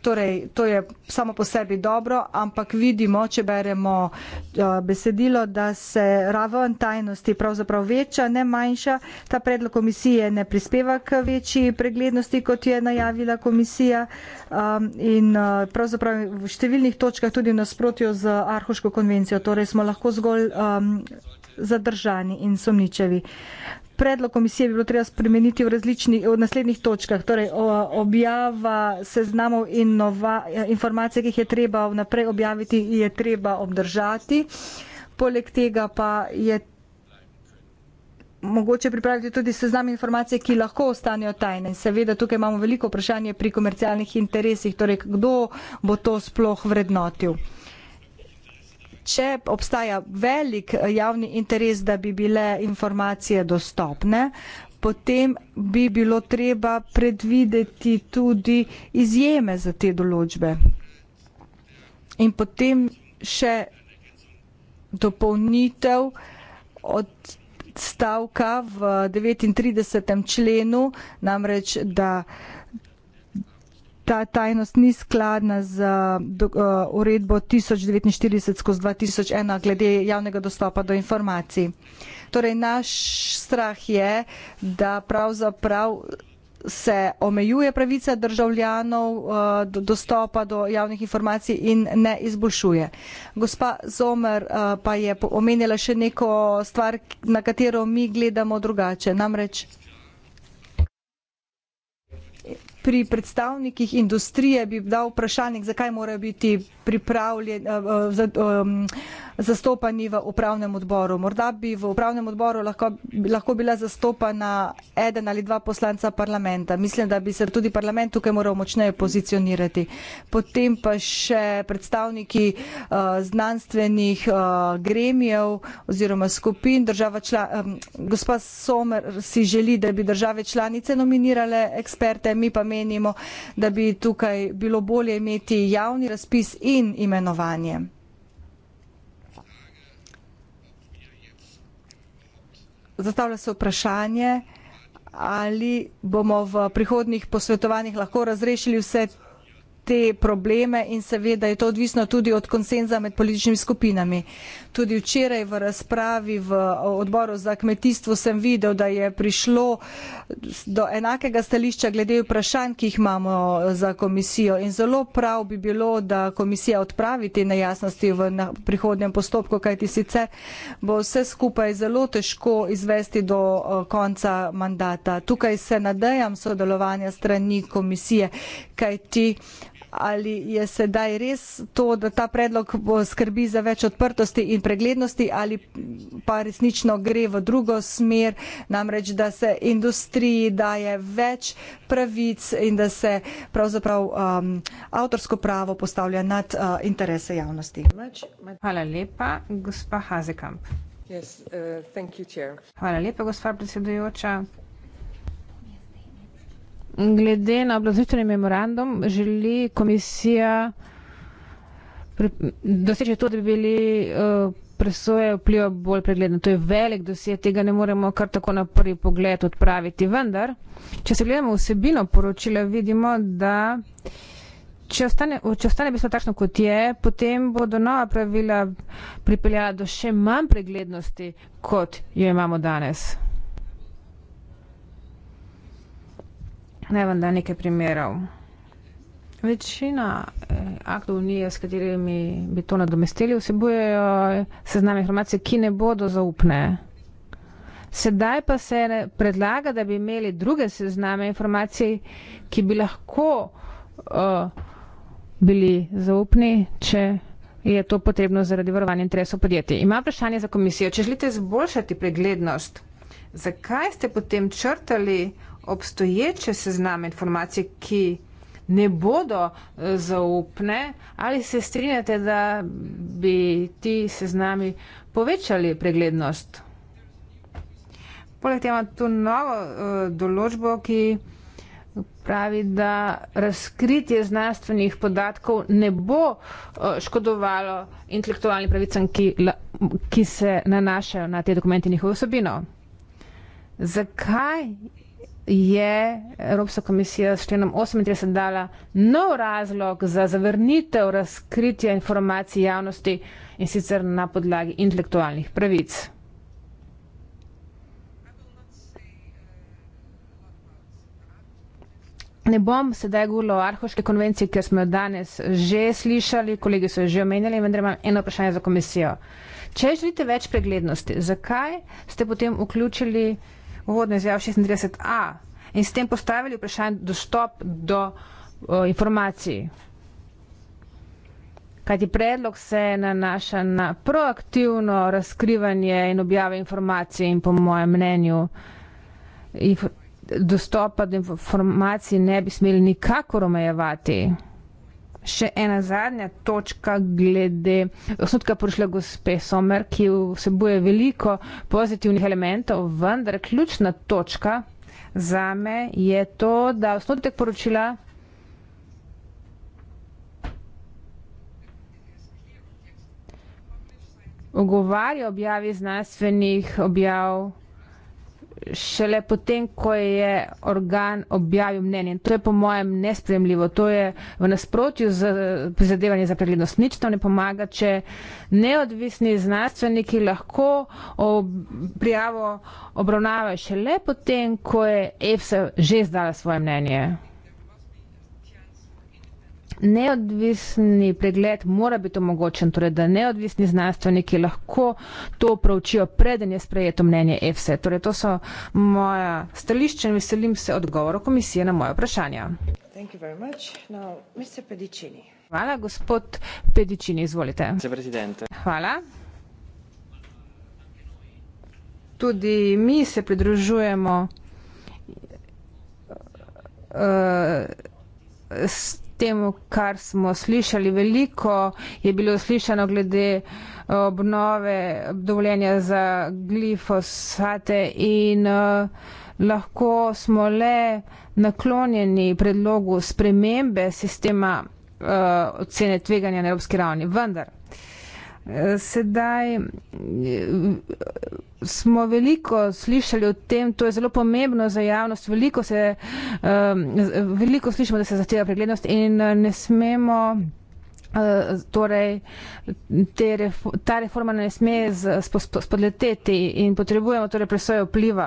Speaker 1: Torej, to je samo po sebi dobro, ampak vidimo, če beremo uh, besedilo, da se raven tajnosti pravzaprav veča, ne manjša. Ta predlog komisije ne prispeva k večji preglednosti, kot je najavila komisija um, in uh, pravzaprav v številnih točkah tudi nasprotijo z Arhoško konvencijo. Torej, smo lahko zgolj um, zadržani in somničevi predlog komisije bi bilo treba spremeniti v, v naslednjih točkah, torej objava seznamov in nova, informacije, ki jih je treba vnaprej objaviti, je treba obdržati. Poleg tega pa je mogoče pripraviti tudi seznam informacije, ki lahko ostanejo tajne. Seveda tukaj imamo veliko vprašanje pri komercialnih interesih, torej kdo bo to sploh vrednotil če obstaja velik eh, javni interes, da bi bile informacije dostopne, potem bi bilo treba predvideti tudi izjeme za te določbe. In potem še dopolnitev od stavka v 39. členu, namreč, da ta tajnost ni skladna z eh, uredbo 1049-2001 glede javnega dostopa do informacij. Torej, naš strah je, da pravzaprav se omejuje pravica državljanov eh, dostopa do javnih informacij in ne izboljšuje. Gospa Zomer eh, pa je omenjala še neko stvar, na katero mi gledamo drugače. Namreč pri predstavnikih industrije bi dal vprašalnik, zakaj morajo biti pripravljen, eh, eh, zastopani v upravnem odboru. Morda bi v upravnem odboru lahko, lahko bila zastopana eden ali dva poslanca parlamenta. Mislim, da bi se tudi parlament tukaj moral močneje pozicionirati. Potem pa še predstavniki eh, znanstvenih gremijev oziroma skupin. Čla, gospa Somer si želi, da bi države članice nominirale eksperte, mi pa menimo, da bi tukaj bilo bolje imeti javni razpis in in imenovanje. Zastavlja se vprašanje, ali bomo v prihodnih posvetovanjih lahko razrešili vse te probleme in seveda je to odvisno tudi od konsenza med političnimi skupinami tudi včeraj v razpravi v odboru za kmetijstvo sem videl, da je prišlo do enakega stališča glede vprašanj, ki jih imamo za komisijo. In zelo prav bi bilo, da komisija odpravi te nejasnosti v prihodnjem postopku, kajti sicer bo vse skupaj zelo težko izvesti do eh, konca mandata. Tukaj se nadejam sodelovanja strani komisije, kajti ali je sedaj res to, da ta predlog eh, skrbi za več odprtosti in preglednosti ali pa resnično gre v drugo smer, namreč da se industriji daje več pravic in da se pravzaprav um, avtorsko pravo postavlja nad uh, interese javnosti.
Speaker 2: Hvala lepa, gospa Hazekamp.
Speaker 1: Yes, uh,
Speaker 2: Hvala lepa, gospa predsedujoča. Glede na obrazložitveni memorandum želi komisija doseči to, da bi bili eh, presoje vpliva bolj pregledne. To je velik dosje, tega ne moremo kar tako na prvi pogled odpraviti. Vendar, če se gledamo vsebino poročila, vidimo, da če ostane, če ostane bistvo takšno, kot je, potem bodo nova pravila pripeljala do še manj preglednosti, kot jo imamo danes. Naj vam da nekaj primerov. Večina eh, aktov unije, s katerimi bi to nadomestili, vsebujejo sezname informacije, ki ne bodo zaupne. Sedaj pa se predlaga, da bi imeli druge sezname informacij, ki bi lahko eh, bili zaupni, če je to potrebno zaradi varovanja interesov podjetij. Ima vprašanje za komisijo. Če želite zboljšati preglednost, zakaj ste potem črtali obstoječe sezname informacij, ki ne bodo eh, zaupne, ali se strinjate, da bi ti seznami povečali preglednost? Poleg tega ima tu novo eh, določbo, ki pravi, da razkritje znanstvenih podatkov ne bo eh, škodovalo intelektualnim pravicam, ki, ki se nanašajo na te dokumente in njihovo osebino. Zakaj je Evropska komisija s členom 38 dala nov razlog za zavrnitev razkritja informacij javnosti in sicer na podlagi intelektualnih pravic. Ne bom sedaj govorila o arhoške konvencije, ker smo jo danes že slišali, kolegi so jo že omenjali, vendar imam eno vprašanje za komisijo. Če želite več preglednosti, zakaj ste potem vključili uvodno izjavo 60a in s tem postavili vprašanje dostop do informacij. Kajti predlog se nanaša na proaktivno razkrivanje in objave informacij in po mojem mnenju dostopa do informacij ne bi smeli nikakor omejevati še ena zadnja točka glede osnutka prišle gospe Somer, ki vsebuje veliko pozitivnih elementov, vendar ključna točka za me je to, da osnutek poročila ogovarja objavi znanstvenih objav šele potem, ko je organ objavil mnenje. In to je po mojem nespremljivo. To je v nasprotju z eh, prizadevanje za preglednost. Nič to ne pomaga, če neodvisni znanstveniki lahko ob prijavo obravnavajo šele potem, ko je EFSA že izdala svoje mnenje. Neodvisni pregled mora biti omogočen, torej da neodvisni znanstveniki lahko to pravčijo, preden je sprejeto mnenje EFSE. Torej, to so moja stališča in veselim se odgovoru komisije na moje vprašanja. Hvala, gospod Pedičini, izvolite. Hvala. Tudi mi se pridružujemo uh, temu, kar smo slišali veliko, je bilo slišano glede obnove dovoljenja za glifosate in eh, lahko smo le naklonjeni predlogu spremembe sistema eh, ocene tveganja na evropski ravni. Vendar Sedaj eh, smo veliko slišali o tem, to je zelo pomembno za javnost, veliko, se, eh, veliko slišimo, da se zahteva preglednost in eh, ne smemo. Torej, te, ta reforma ne sme spodleteti in potrebujemo torej presojo vpliva.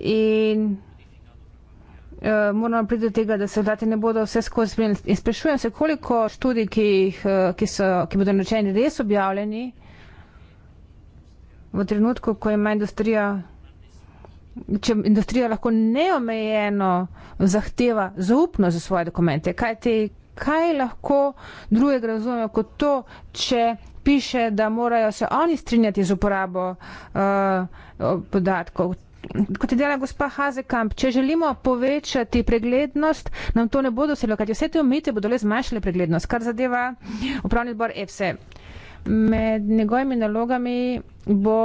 Speaker 2: In Eh, moramo priti do tega, da se vlade ne bodo vse skozi spremljali. In sprašujem se, koliko študij, ki, jih, eh, ki, so, ki bodo načeni res objavljeni, v trenutku, ko ima industrija, če industrija lahko neomejeno zahteva zaupno za svoje dokumente, kaj, te, kaj lahko drugega razumejo kot to, če piše, da morajo se oni strinjati z uporabo uh, podatkov kot je dela gospa Hazekamp, če želimo povečati preglednost, nam to ne bodo vselo, kajti vse te omite bodo le zmanjšale preglednost, kar zadeva upravni odbor EPSE. Med njegovimi nalogami bo,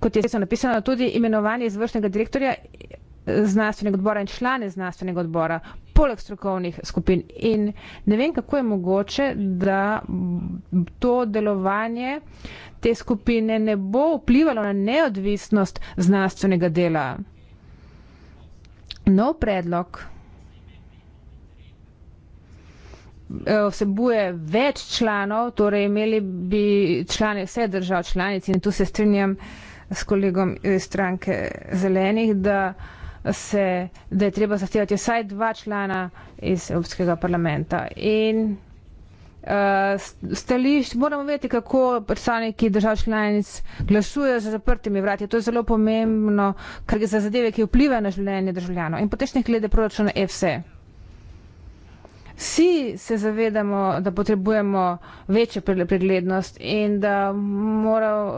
Speaker 2: kot je napisano, tudi imenovanje izvršnega direktorja znanstvenega odbora in člane znanstvenega odbora, poleg strokovnih skupin. In ne vem, kako je mogoče, da to delovanje te skupine ne bo vplivalo na neodvisnost znanstvenega dela. Nov predlog e, vsebuje več članov, torej imeli bi člane vse držav članic in tu se strinjam s kolegom iz stranke zelenih, da uh, se, da je treba zahtevati vsaj dva člana iz Evropskega parlamenta. In uh, stališč, moramo vedeti, kako predstavniki držav članic glasujejo za zaprtimi vrati. To je zelo pomembno, ker gre za zadeve, ki vplivajo na življenje državljanov. In potešnih glede proračuna je vse. Vsi se zavedamo, da potrebujemo večjo preglednost in da mora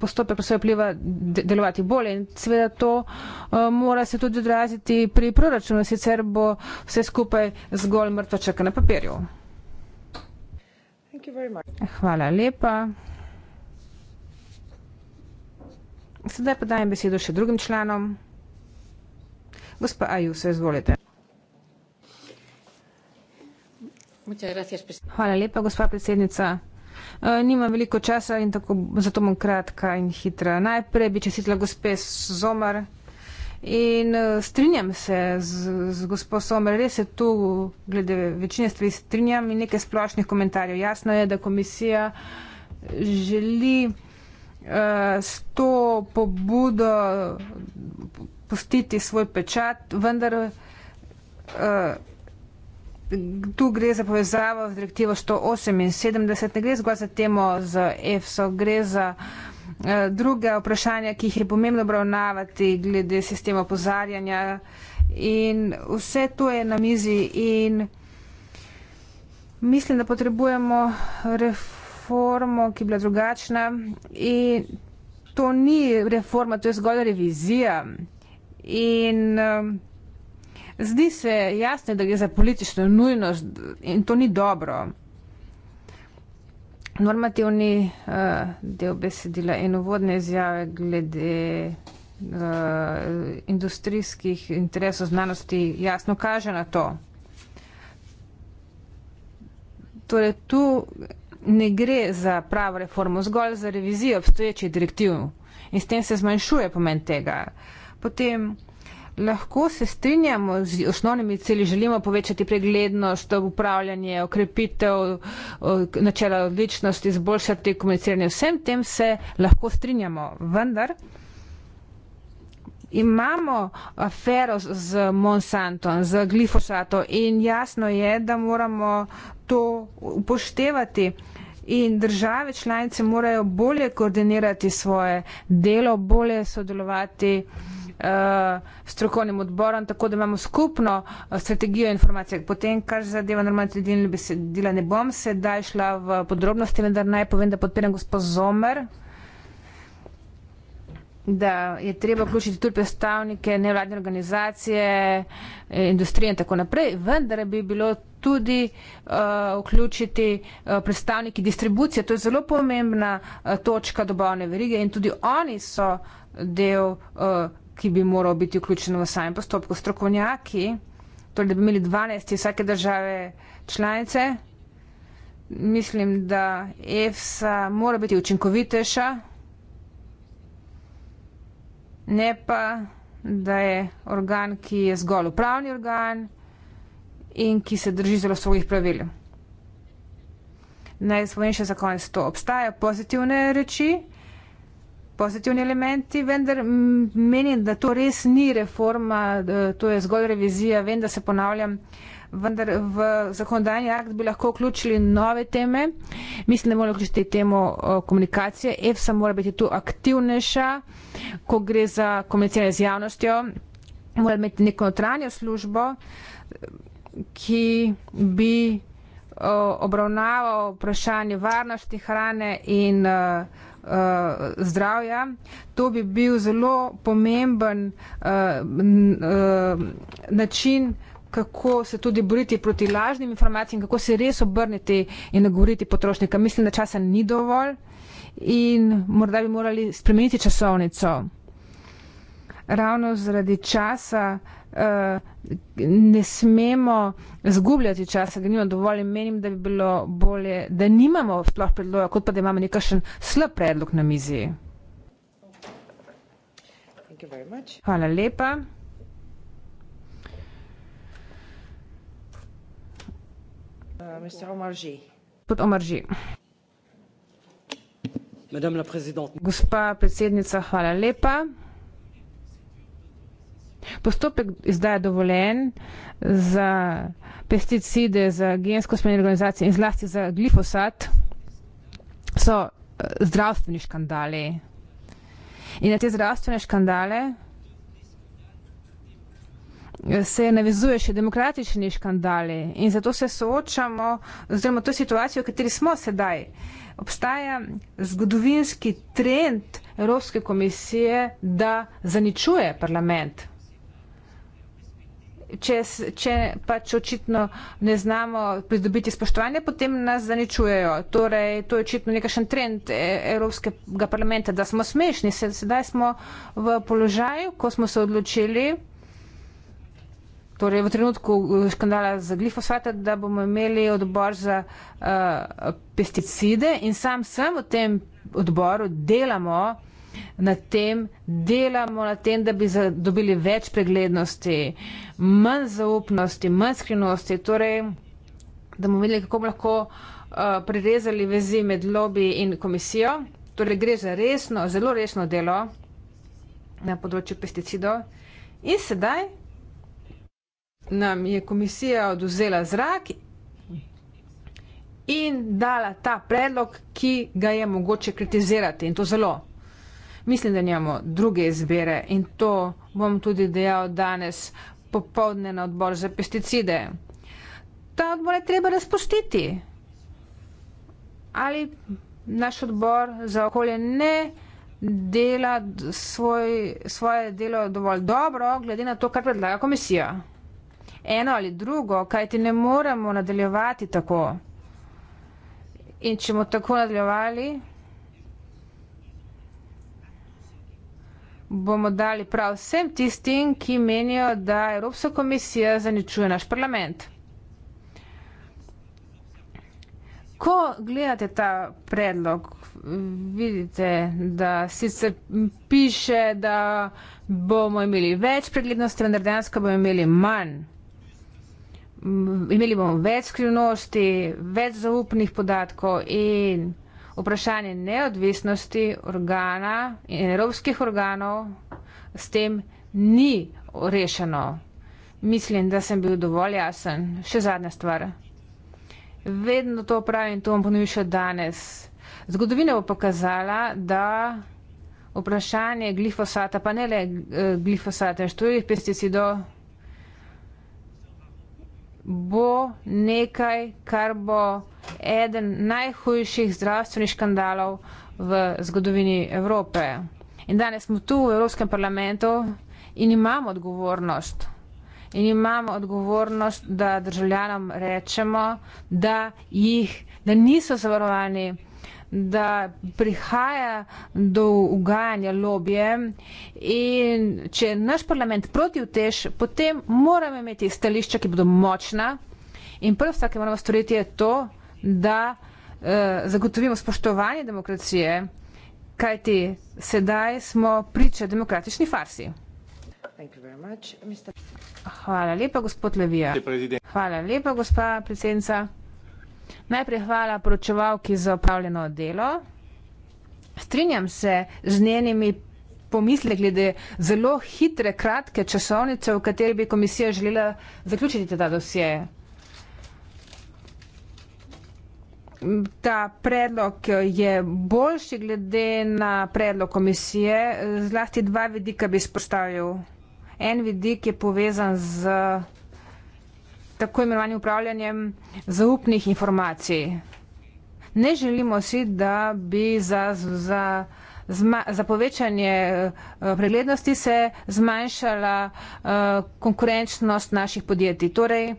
Speaker 2: postopek posebej vpliva delovati bolje. In seveda to eh, mora se tudi odraziti pri proračunu, sicer bo vse skupaj zgolj mrtvo čaka na papirju. Hvala lepa. Sedaj pa dajem besedo še drugim članom. Gospa Ajus, izvolite.
Speaker 3: Hvala
Speaker 2: lepa, gospa predsednica. E, Nima veliko časa in tako, zato bom kratka in hitra. Najprej bi čestitla gospe Somar in e, strinjam se z, z gospo Somar. Res se tu glede večine stvari strinjam in nekaj splošnih komentarjev. Jasno je, da komisija želi uh, s to pobudo pustiti svoj pečat, vendar. Uh, Tu gre za povezavo z direktivo 178, ne gre zgolj za temo z EFSO, gre za eh, druge vprašanja, ki jih je pomembno obravnavati glede sistema opozarjanja in vse to je na mizi in mislim, da potrebujemo reformo, ki je bila drugačna in to ni reforma, to je zgolj revizija in uh, Zdi se jasno, da gre za politično nujnost in to ni dobro. Normativni uh, del besedila in uvodne izjave glede uh, industrijskih interesov znanosti jasno kaže na to. Torej, tu ne gre za pravo reformo, zgolj za revizijo obstoječih direktiv in s tem se zmanjšuje pomen tega. Potem Lahko se strinjamo z osnovnimi cilji, želimo povečati preglednost, upravljanje, okrepitev, načela odličnosti, izboljšati komuniciranje. Vsem tem se lahko strinjamo, vendar imamo afero z Monsanto, z glifosato in jasno je, da moramo to upoštevati. In države članice morajo bolje koordinirati svoje delo, bolje sodelovati uh, strokovnim odborom, tako da imamo skupno uh, strategijo informacije. Potem, kar zadeva normativne delovne besedila, ne bom se daj šla v podrobnosti, vendar naj povem, da podpiram gospod Zomer, da je treba vključiti tudi predstavnike nevladne organizacije, eh, industrije in tako naprej, vendar bi bilo tudi uh, vključiti uh, predstavniki distribucije. To je zelo pomembna uh, točka dobavne verige in tudi oni so del uh, ki bi moral biti vključen v samem postopku. Strokovnjaki, torej da bi imeli 12 iz vsake države članice, mislim, da EFSA mora biti učinkovitejša, ne pa, da je organ, ki je zgolj upravni organ in ki se drži zelo svojih pravil. Naj spomenem še za konec to. Obstajajo pozitivne reči, pozitivni elementi, vendar menim, da to res ni reforma, to je zgolj revizija, vem, da se ponavljam, vendar v zakonodajni akt bi lahko vključili nove teme. Mislim, da moramo vključiti temo komunikacije. EFSA mora biti tu aktivnejša, ko gre za komuniciranje z javnostjo, mora imeti neko notranjo službo, ki bi obravnaval vprašanje varnosti hrane in uh, uh, zdravja. To bi bil zelo pomemben uh, uh, način, kako se tudi boriti proti lažnim informacijam, kako se res obrniti in nagovoriti potrošnika. Mislim, da časa ni dovolj in morda bi morali spremeniti časovnico ravno zaradi časa eh, ne smemo zgubljati časa, ga nimamo dovolj in menim, da bi bilo bolje, da nimamo sploh predloga, kot pa da imamo nekakšen slab predlog na mizi. Hvala lepa. Uh, Gospod Omarži. Gospa predsednica, hvala lepa. Postopek izdaje dovoljen za pesticide, za gensko spremenjene organizacije in zlasti za glifosat so eh, zdravstveni škandali. In na te zdravstvene škandale eh, se navezuje še demokratični škandali. In zato se soočamo z to situacijo, v kateri smo sedaj. Obstaja zgodovinski trend Evropske komisije, da zaničuje parlament če, če pač očitno ne znamo pridobiti spoštovanje, potem nas zaničujejo. Torej, to je očitno nekakšen trend e, Evropskega parlamenta, da smo smešni. Sedaj smo v položaju, ko smo se odločili, torej v trenutku e, škandala za glifosfata, da bomo imeli odbor za uh, pesticide in sam sem v tem odboru delamo na tem, delamo na tem, da bi dobili več preglednosti, manj zaupnosti, manj skrivnosti, torej, da bomo videli, kako bomo lahko uh, eh, prirezali vezi med lobby in komisijo. Torej, gre za resno, zelo resno delo na področju pesticidov. In sedaj nam je komisija oduzela zrak in dala ta predlog, ki ga je mogoče kritizirati in to zelo mislim, da njemu druge izbire in to bom tudi dejal danes popovdne na odbor za pesticide. Ta odbor je treba razpustiti. Ali naš odbor za okolje ne dela svoj, svoje delo dovolj dobro, glede na to, kar predlaga komisija. Eno ali drugo, kajti ne moremo nadaljevati tako. In če bomo tako nadaljevali, bomo dali prav vsem tistim, ki menijo, da Evropska komisija zaničuje naš parlament. Ko gledate ta predlog, vidite, da sicer piše, da bomo imeli več preglednosti, vendar dejansko bomo imeli manj. Imeli bomo več skrivnosti, več zaupnih podatkov in vprašanje neodvisnosti organa in evropskih organov s tem ni rešeno. Mislim, da sem bil dovolj jasen. Še zadnja stvar. Vedno to pravim, to vam ponovim še danes. Zgodovina bo pokazala, da vprašanje glifosata, pa ne le eh, glifosata, štorih pesticidov, bo nekaj, kar bo eden najhujših zdravstvenih škandalov v zgodovini Evrope. In danes smo tu v Evropskem parlamentu in imamo odgovornost. In imamo odgovornost, da državljanom rečemo, da, jih, da niso zavarovani da prihaja do uganja lobije in če naš parlament proti vtež, potem moramo imeti stališča, ki bodo močna in prvo vsak, ki moramo storiti, je to, da eh, zagotovimo spoštovanje demokracije, kajti sedaj smo priča demokratični farsi. Hvala lepa, gospod Levija. Hvala lepa, gospa predsednica. Najprej hvala poročevalki za upravljeno delo. Strinjam se z njenimi pomisle glede zelo hitre, kratke časovnice, v kateri bi komisija želela zaključiti ta dosje. Ta predlog je boljši glede na predlog komisije. Zlasti dva vidika bi spostavil. En vidik je povezan z tako imenovanim upravljanjem zaupnih informacij. Ne želimo si, da bi za, za, za povečanje eh, preglednosti se zmanjšala eh, konkurenčnost naših podjetij. Torej, eh,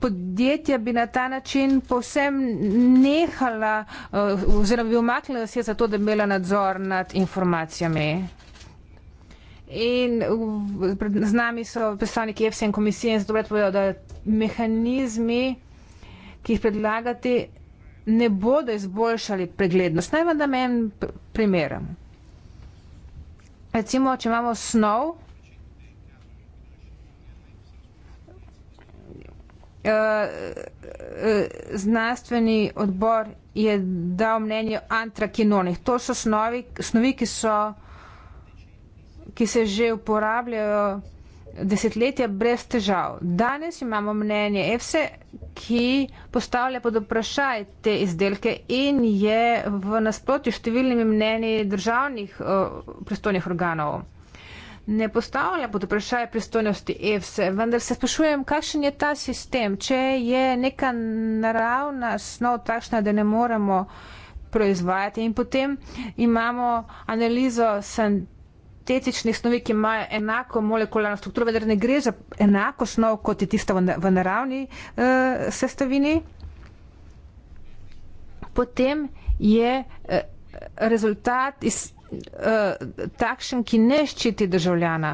Speaker 2: podjetja bi na ta način povsem nehala oziroma bi umaknila se za to, da bi imela nadzor nad informacijami. In z nami so predstavniki EFSA in komisije in zato predpovedo, da mehanizmi, ki jih predlagate, ne bodo izboljšali preglednost. Naj vam dam en primer. Recimo, če imamo snov, eh, eh, znanstveni odbor je dal mnenje antrakinonih. To so snovi, snovi ki so ki se že uporabljajo desetletja brez težav. Danes imamo mnenje EFSE, ki postavlja pod vprašaj te izdelke in je v nasprotju številnimi mnenji državnih eh, pristojnih organov. Ne postavlja pod vprašaj pristojnosti EFSE, vendar se sprašujem, kakšen je ta sistem, če je neka naravna snov takšna, da ne moremo proizvajati in potem imamo analizo sintetičnih snovi, ki imajo enako molekularno strukturo, vendar ne gre za enako snov, kot je tista v naravni uh, sestavini. Potem je uh, rezultat iz, uh, takšen, ki ne ščiti državljana.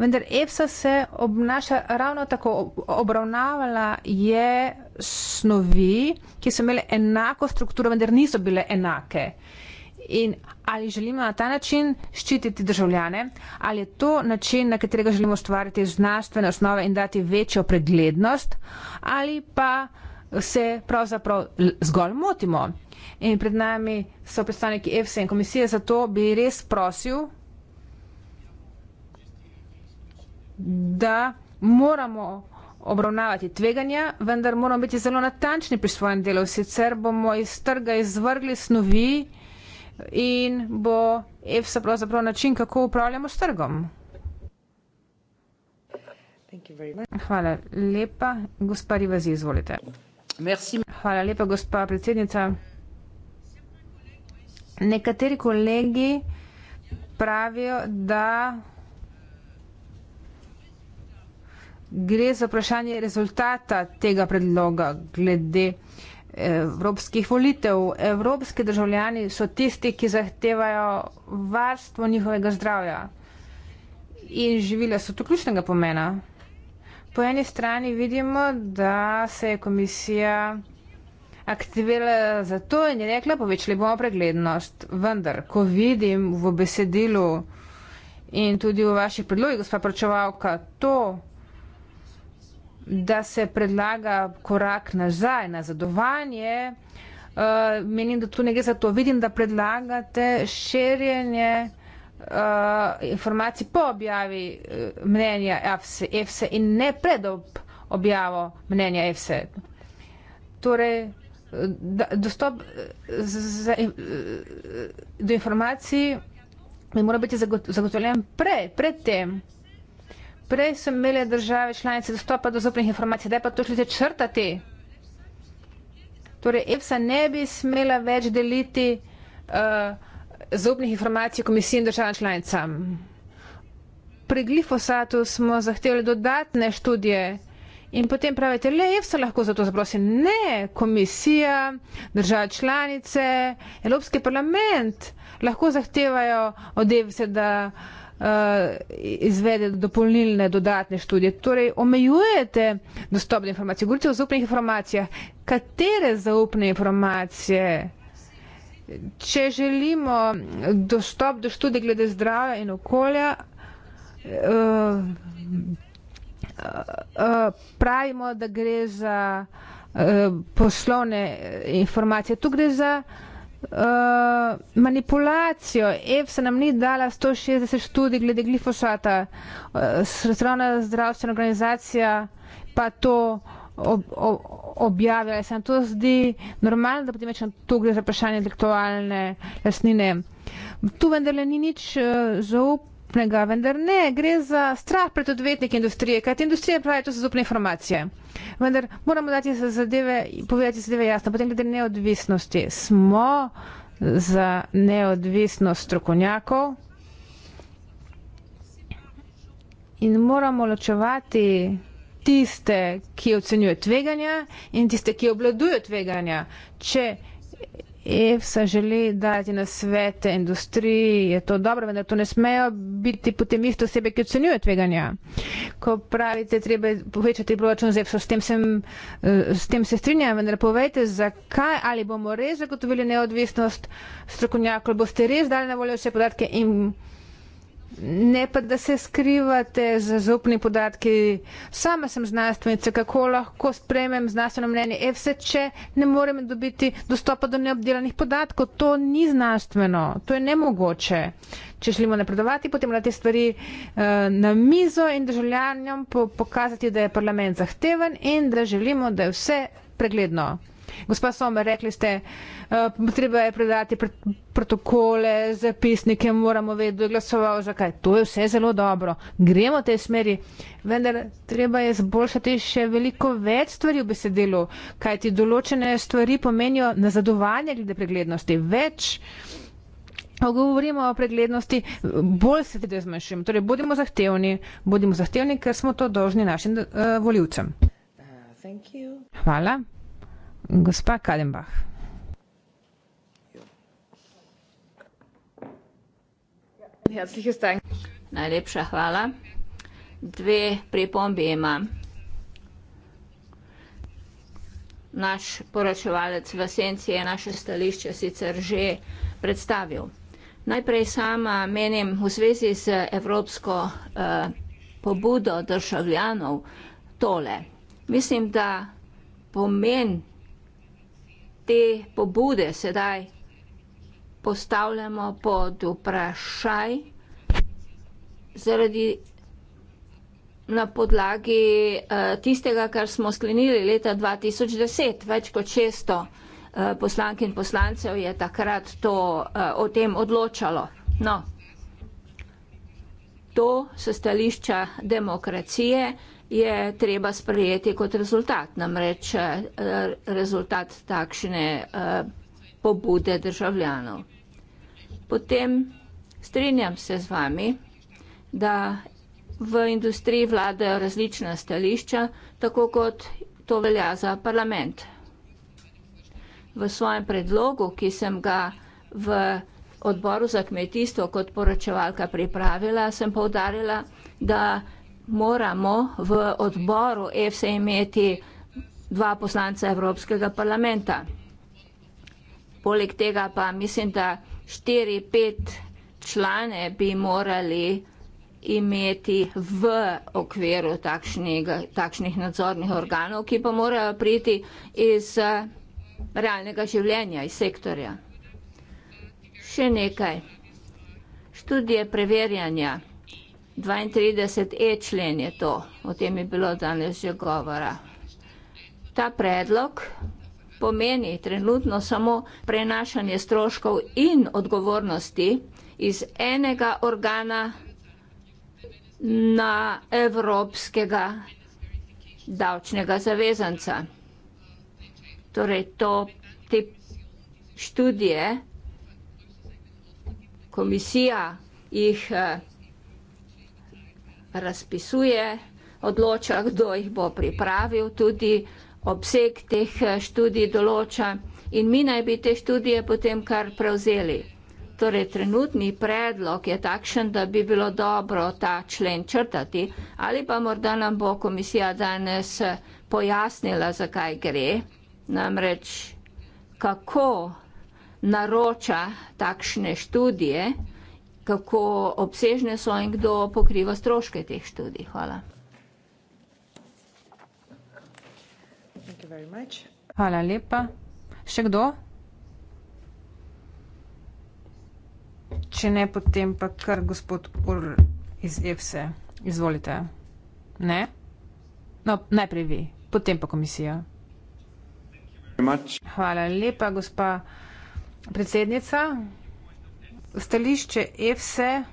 Speaker 2: Vendar EPSA se obnaša ravno tako, obravnavala je snovi, ki so imele enako strukturo, vendar niso bile enake. Uh, In ali želimo na ta način ščititi državljane, ali je to način, na katerega želimo ustvariti znanstvene osnove in dati večjo preglednost, ali pa se pravzaprav zgolj motimo. In pred nami so predstavniki EFSA in komisije, zato bi res prosil, da moramo obravnavati tveganja, vendar moramo biti zelo natančni pri svojem delu, sicer bomo iz trga izvrgli snovi, ki in bo EFSA pravzaprav način, kako upravljamo s trgom. Hvala lepa, gospa Rivazi, izvolite. Hvala lepa, gospa predsednica. Nekateri kolegi pravijo, da gre za vprašanje rezultata tega predloga glede uh, evropskih volitev. Evropski državljani so tisti, ki zahtevajo varstvo njihovega zdravja. In živile so to ključnega pomena. Po eni strani vidimo, da se je komisija aktivirala za to in je rekla, povečali bomo preglednost. Vendar, ko vidim v besedilu in tudi v vaših predlogih, gospa pročevalka, to, da se predlaga korak nazaj na zadovanje. Uh, menim, da tu nekaj za to vidim, da predlagate širjenje uh, informacij po objavi uh, mnenja EFSE e in ne pred objavo mnenja EFSE. Torej, uh, dostop uh, z, z, z, do informacij bi moral biti zagotovljen pre, pred tem prej so imele države članice dostopa do zopnih informacij, zdaj pa to šli se črtati. Torej, EFSA ne bi smela več deliti uh, zopnih informacij komisiji in državam članicam. Pri glifosatu smo zahtevali dodatne študije in potem pravite, le EFSA lahko za to zaprosi. Ne, komisija, države članice, Evropski parlament lahko zahtevajo od EFSA, da. Eh, izvede dopolnilne dodatne študije. Torej, omejujete dostop do informacij, govorite o zaupnih informacijah. Katere zaupne informacije, če želimo dostop do študij glede zdravja in okolja, eh, eh, pravimo, da gre za poslovne informacije. Tu gre za informacije, Eh, manipulacijo. EFSA nam ni dala 160 študij glede glifosata, uh, eh, strona zdravstvena organizacija pa to ob, ob, objavila. Se nam to zdi normalno, da potem rečem, tu gre za vprašanje intelektualne jasnine. Tu vendarle ni nič uh, eh, zaup zaupnega, vendar ne, gre za strah pred odvetniki industrije, kaj ti industrije pravijo, to so zaupne informacije. Vendar moramo dati se zadeve, povedati zadeve jasno, potem glede neodvisnosti. Smo za neodvisnost strokovnjakov in moramo ločevati tiste, ki ocenjuje tveganja in tiste, ki obladuje tveganja. Če EFSA želi dati na svete industriji, je to dobro, vendar to ne smejo biti potem isto osebe, ki ocenjuje tveganja. Ko pravite, treba povečati proračun za EFSA, s tem, sem, eh, s tem se strinjam, vendar povejte, zakaj ali bomo res zagotovili neodvisnost strokovnjakov, boste res dali na voljo vse podatke in Ne pa, da se skrivate za zupni podatki. Sama sem znanstvenica, kako lahko spremem znanstveno mnenje EFSA, če ne morem dobiti dostopa do neobdelanih podatkov. To ni znanstveno, to je nemogoče. Če želimo napredovati, potem moramo te stvari eh, na mizo in državljanjem pokazati, da je parlament zahteven in da želimo, da je vse pregledno. Gospa Somer, rekli ste, uh, treba je predati pr protokole, zapisnike, moramo vedeti, kdo je glasoval, zakaj. To je vse zelo dobro. Gremo v tej smeri, vendar treba je zboljšati še veliko več stvari v besedilu, kaj ti določene stvari pomenijo nazadovanje glede preglednosti. Več. Govorimo o preglednosti, bolj se tudi zmanjšujemo. Torej, bodimo zahtevni, bodimo zahtevni, ker smo to dožni našim eh, uh, voljivcem. Hvala gospa Kalenbach.
Speaker 3: Najlepša hvala. Dve pripombi imam. Naš poročevalec v senci je naše stališče sicer že predstavil. Najprej sama menim v zvezi z evropsko eh, pobudo državljanov tole. Mislim, da pomen te pobude sedaj postavljamo pod vprašaj zaradi na podlagi eh, tistega, kar smo sklenili leta 2010. Več kot 600 eh, poslank in poslancev je takrat to eh, o tem odločalo. No, to so stališča demokracije, je treba sprejeti kot rezultat, namreč eh, rezultat takšne eh, pobude državljanov. Potem strinjam se z vami, da v industriji vladajo različna stališča, tako kot to velja za parlament. V svojem predlogu, ki sem ga v odboru za kmetijstvo kot poročevalka pripravila, sem povdarjala, da moramo v odboru EFSA imeti dva poslanca Evropskega parlamenta. Poleg tega pa mislim, da štiri, pet člane bi morali imeti v okviru takšnih, takšnih nadzornih organov, ki pa morajo priti iz realnega življenja, iz sektorja. Še nekaj. Študije preverjanja. 32e člen je to, o tem je bilo danes že govora. Ta predlog pomeni trenutno samo prenašanje stroškov in odgovornosti iz enega organa na evropskega davčnega zavezanca. Torej, to te študije, komisija jih eh, razpisuje, odloča, kdo jih bo pripravil, tudi obseg teh eh, študij določa in mi naj bi te študije potem kar prevzeli. Torej, trenutni predlog je takšen, da bi bilo dobro ta člen črtati ali pa morda nam bo komisija danes eh, pojasnila, zakaj gre, namreč kako naroča takšne študije, kako obsežne so in kdo pokriva stroške teh študij. Hvala. Hvala lepa.
Speaker 2: Še kdo? Če ne, potem pa kar gospod Ur iz EFSE. Izvolite. Ne? No, najprej vi, potem pa komisija. Hvala lepa, gospa predsednica stališče EFSE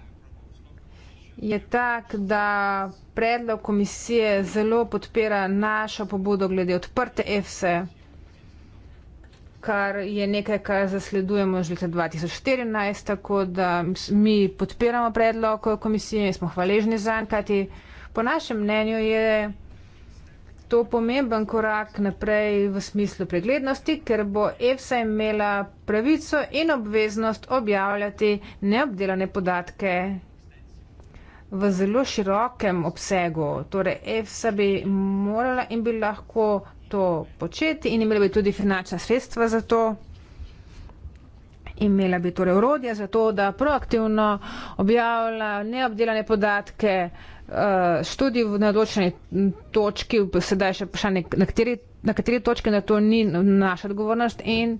Speaker 2: je tak, da predlog komisije zelo podpira našo pobudo glede odprte EFSE, kar je nekaj, kar zasledujemo že leta 2014, tako da mi podpiramo predlog komisije in smo hvaležni za njega. Po našem mnenju je to pomemben korak naprej v smislu preglednosti, ker bo EFSA imela pravico in obveznost objavljati neobdelane podatke v zelo širokem obsegu. Torej, EFSA bi morala in bi lahko to početi in imela bi tudi finančna sredstva za to. Imela bi torej urodja za to, da proaktivno objavlja neobdelane podatke uh, uh, študij v neodločeni točki, sedaj še vprašanje, na kateri, na kateri točki na to ni naša odgovornost in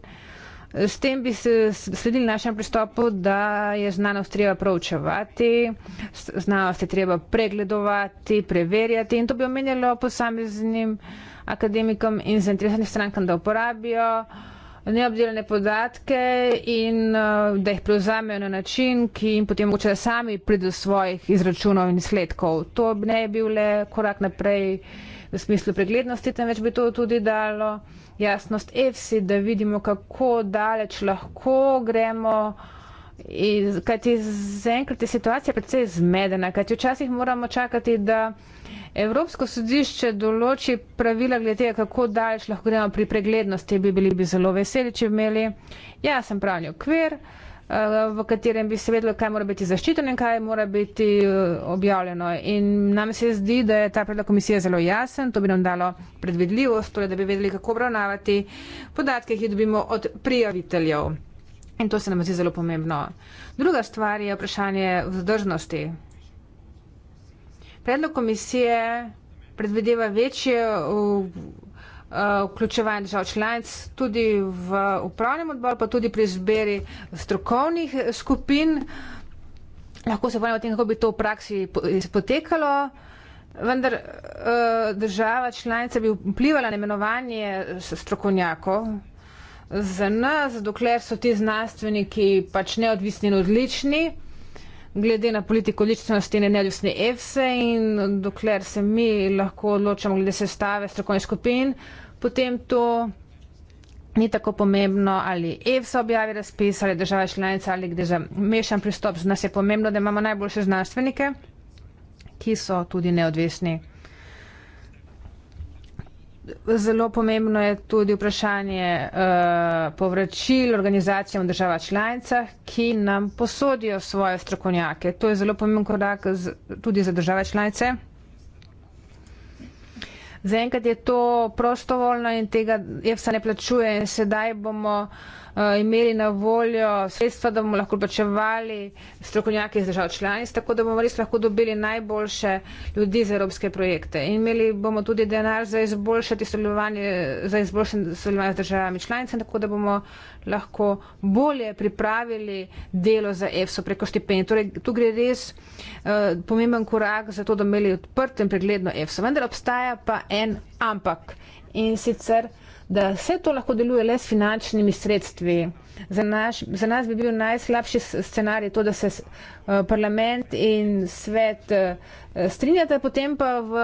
Speaker 2: s tem bi se sledili našem pristopu, da je znanost treba proučevati, znanost je treba pregledovati, preverjati in to bi omenjalo posameznim akademikom in zainteresiranim strankam, da uporabijo neobdelane podatke in uh, da jih prevzamejo na način, ki jim potem mogoče sami pride do svojih izračunov in sledkov. To ne bi bil le korak naprej v smislu preglednosti, temveč bi to tudi dalo jasnost EFSI, da vidimo, kako daleč lahko gremo. Iz, kajti zaenkrat je situacija predvsej zmedena, kajti včasih moramo čakati, da Evropsko sodišče določi pravila glede, kako daleč lahko gremo pri preglednosti, bi bili bi zelo veseli, če bi imeli jasen pravni okvir, eh, v katerem bi se vedelo, kaj mora biti zaščiteno in kaj mora biti eh, objavljeno. In nam se zdi, da je ta predlog komisije zelo jasen, to bi nam dalo predvidljivost, torej da bi vedeli, kako obravnavati podatke, ki jih dobimo od prijaviteljev. In to se nam zdi zelo pomembno. Druga stvar je vprašanje vzdržnosti predlog komisije predvideva večje eh, vključevanje držav članic tudi v upravnem odboru, pa tudi pri izberi strokovnih skupin. Lahko se pojmo o tem, kako bi to v praksi potekalo, vendar eh, država članica bi vplivala na imenovanje strokovnjakov. Za nas, dokler so ti znanstveniki pač neodvisni in odlični, glede na politiko odličnosti in neodvisne EFSE in dokler se mi lahko odločamo glede sestave strokovnih skupin, potem to ni tako pomembno, ali EFSA objavi razpis, ali država članica, ali gde za mešan pristop. Za nas je pomembno, da imamo najboljše znanstvenike, ki so tudi neodvisni. Zelo pomembno je tudi vprašanje uh, povračil organizacijam država članica, ki nam posodijo svoje strokovnjake. To je zelo pomemben korak z, tudi za države članice. Zaenkrat je to prostovoljno in tega EFSA ne plačuje in sedaj bomo uh, Eh, imeli na voljo sredstva, da bomo lahko plačevali strokovnjake iz držav članic, tako da bomo res lahko dobili najboljše ljudi za evropske projekte. In imeli bomo tudi denar za izboljšati sodelovanje, za izboljšanje sodelovanja z državami članicami, tako da bomo lahko bolje pripravili delo za EFSO preko štipendij. Torej, tu gre res uh, pomemben korak za to, da imeli odprto in pregledno EFSO. Vendar obstaja pa en ampak. In sicer da vse to lahko deluje le s finančnimi sredstvi. Za, naš, za nas bi bil najslabši scenarij to, da se eh, parlament in svet eh, strinjata, potem pa v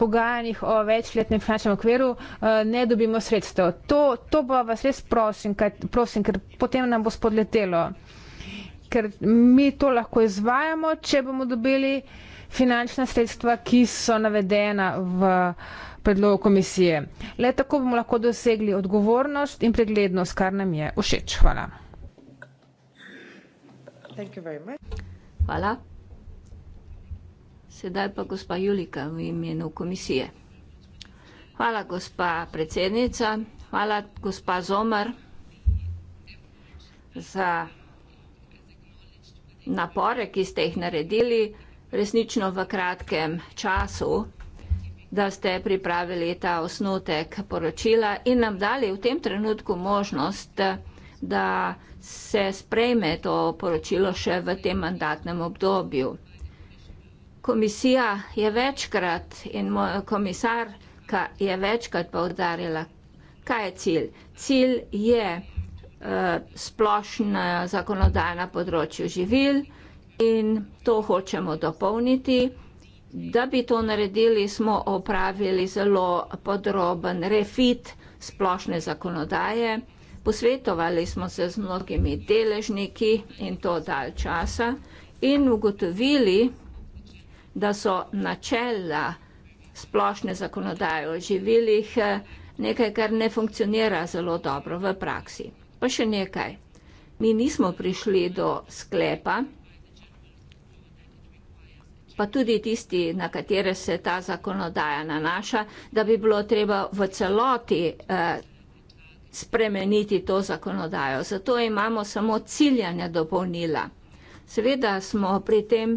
Speaker 2: pogajanjih o večletnem finančnem okviru eh, ne dobimo sredstev. To, to pa vas res prosim, kaj, prosim, ker potem nam bo spodletelo. Ker mi to lahko izvajamo, če bomo dobili finančna sredstva, ki so navedena v predlogu komisije. Le tako bomo lahko dosegli odgovornost in
Speaker 3: preglednost, kar nam je všeč. Hvala. Hvala. Sedaj pa gospa Julika v imenu komisije. Hvala, gospa predsednica. Hvala, gospa Zomar, za napore, ki ste jih naredili resnično v kratkem času da ste pripravili ta osnutek poročila in nam dali v tem trenutku možnost, da se sprejme to poročilo še v tem mandatnem obdobju. Komisija je večkrat in komisarka je večkrat povdarjala, kaj je cilj. Cilj je eh, splošna zakonodajna področju živil in to hočemo dopolniti. Da bi to naredili, smo opravili zelo podroben refit splošne zakonodaje. Posvetovali smo se z mnogimi deležniki in to dalj časa in ugotovili, da so načela splošne zakonodaje o živilih eh, nekaj, kar ne funkcionira zelo dobro v praksi. Pa še nekaj. Mi nismo prišli do sklepa, pa tudi tisti, na katere se ta zakonodaja nanaša, da bi bilo treba v celoti eh, spremeniti to zakonodajo. Zato imamo samo ciljanja dopolnila. Seveda smo pri tem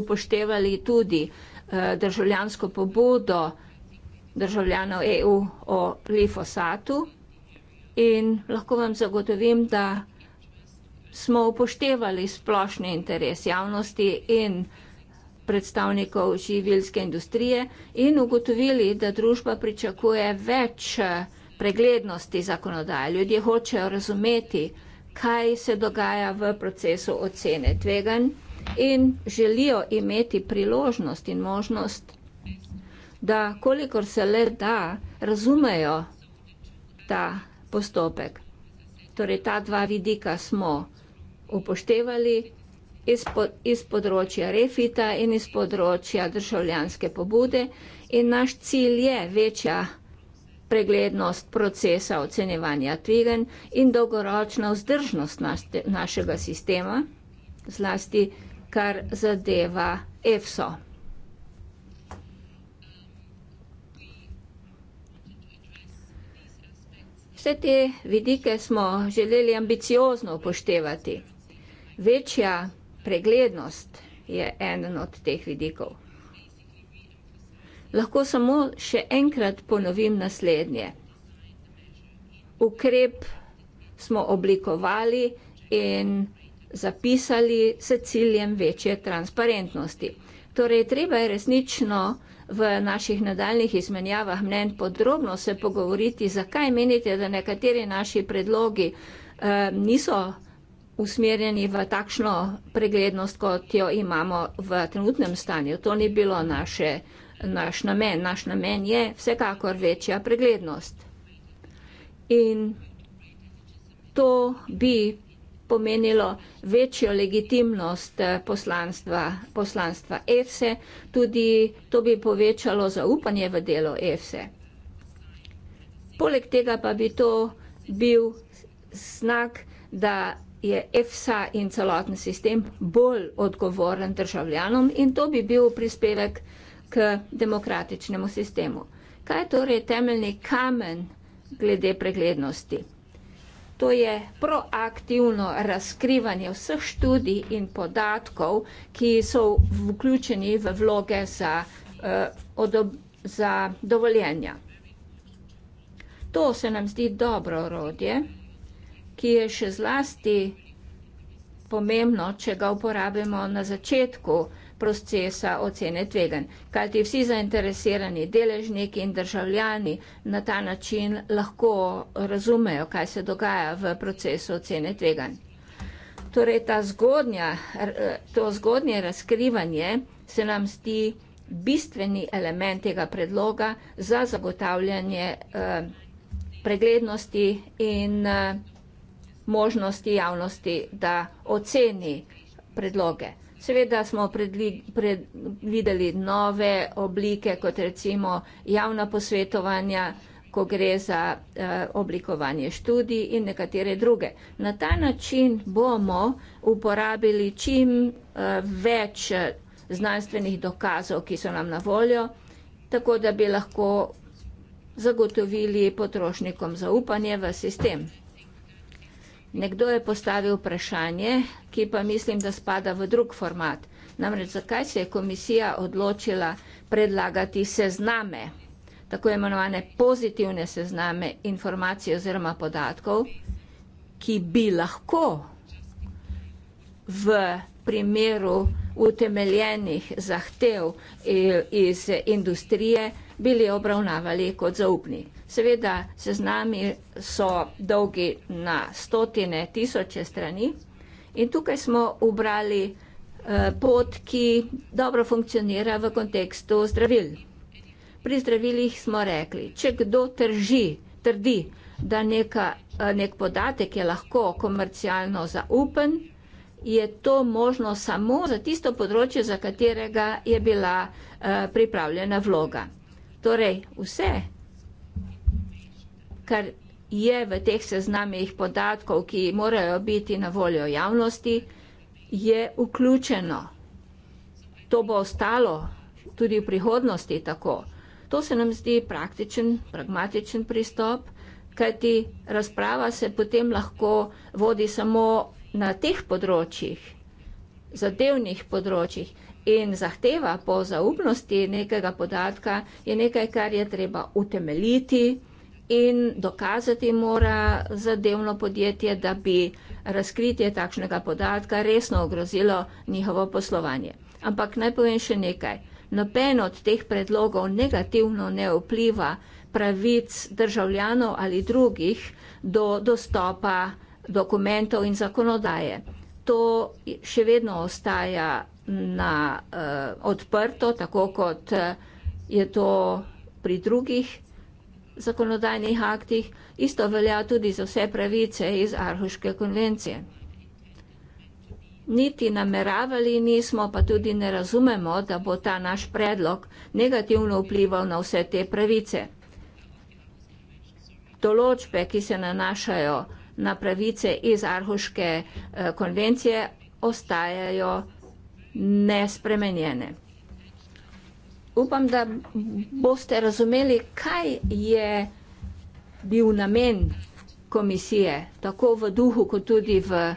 Speaker 3: upoštevali tudi eh, državljansko pobudo državljanov EU o glifosatu in lahko vam zagotovim, da smo upoštevali splošni interes javnosti in eh, predstavnikov živilske industrije in ugotovili, da družba pričakuje več eh, preglednosti zakonodaje. Ljudje hočejo razumeti, kaj se dogaja v procesu ocene tvegan in želijo imeti priložnost in možnost, da kolikor se le da, razumejo ta postopek. Torej, ta dva vidika smo upoštevali iz, po, iz področja refita in iz področja državljanske pobude in naš cilj je večja preglednost procesa ocenjevanja tvigen in dolgoročna vzdržnost naš, našega sistema, zlasti kar zadeva EFSO. Vse te vidike smo želeli ambiciozno upoštevati. Večja preglednost je eden od teh vidikov. Lahko samo še enkrat ponovim naslednje. Ukrep smo oblikovali in zapisali s ciljem večje transparentnosti. Torej, treba je resnično v naših nadaljnih izmenjavah mnen podrobno se pogovoriti, zakaj menite, da nekateri naši predlogi eh, niso usmerjeni v takšno preglednost, kot jo imamo v trenutnem stanju. To ni bilo naše, naš namen. Naš namen je vsekakor večja preglednost. In to bi pomenilo večjo legitimnost eh, poslanstva, poslanstva EFSE, tudi to bi povečalo zaupanje v delo EFSE. Poleg tega pa bi to bil znak, da je EFSA in celoten sistem bolj odgovoren državljanom in to bi bil prispevek k demokratičnemu sistemu. Kaj je torej temeljni kamen glede preglednosti? To je proaktivno razkrivanje vseh študij in podatkov, ki so vključeni v vloge za, uh, eh, odob, za dovoljenja. To se nam zdi dobro orodje ki je še zlasti pomembno, če ga uporabimo na začetku procesa ocene tveganj. Kajti vsi zainteresirani deležniki in državljani na ta način lahko razumejo, kaj se dogaja v procesu ocene tveganj. Torej, ta zgodnja, to zgodnje razkrivanje se nam zdi bistveni element tega predloga za zagotavljanje eh, preglednosti in eh, možnosti javnosti, da oceni predloge. Seveda smo predvideli nove oblike, kot recimo javna posvetovanja, ko gre za eh, oblikovanje študij in nekatere druge. Na ta način bomo uporabili čim eh, več znanstvenih dokazov, ki so nam na voljo, tako da bi lahko zagotovili potrošnikom zaupanje v sistem. Nekdo je postavil vprašanje, ki pa mislim, da spada v drug format. Namreč, zakaj se je komisija odločila predlagati sezname, tako imenovane pozitivne sezname informacij oziroma podatkov, ki bi lahko v primeru utemeljenih zahtev iz industrije bili obravnavali kot zaupni. Seveda, seznami so dolgi na stotine, tisoče strani in tukaj smo ubrali eh, pot, ki dobro funkcionira v kontekstu zdravil. Pri zdravilih smo rekli, če kdo trži, trdi, da neka, eh, nek podatek je lahko komercialno zaupen, je to možno samo za tisto področje, za katerega je bila eh, pripravljena vloga. Torej, vse, kar je v teh seznamih podatkov, ki morajo biti na voljo javnosti, je vključeno. To bo ostalo tudi v prihodnosti tako. To se nam zdi praktičen, pragmatičen pristop, kajti razprava se potem lahko vodi samo na teh področjih, zadevnih področjih in zahteva po zaupnosti nekega podatka je nekaj, kar je treba utemeljiti in dokazati mora zadevno podjetje, da bi razkritje takšnega podatka resno ogrozilo njihovo poslovanje. Ampak naj povem še nekaj. Noben od teh predlogov negativno ne vpliva pravic državljanov ali drugih do dostopa dokumentov in zakonodaje. To še vedno ostaja na uh, odprto, tako kot eh, je to pri drugih zakonodajnih aktih, isto velja tudi za vse pravice iz Arhuške konvencije. Niti nameravali nismo, pa tudi ne razumemo, da bo ta naš predlog negativno vplival na vse te pravice. Določbe, ki se nanašajo na pravice iz Arhuške eh, konvencije, ostajajo nespremenjene upam, da boste razumeli, kaj je bil namen komisije, tako v duhu, kot tudi v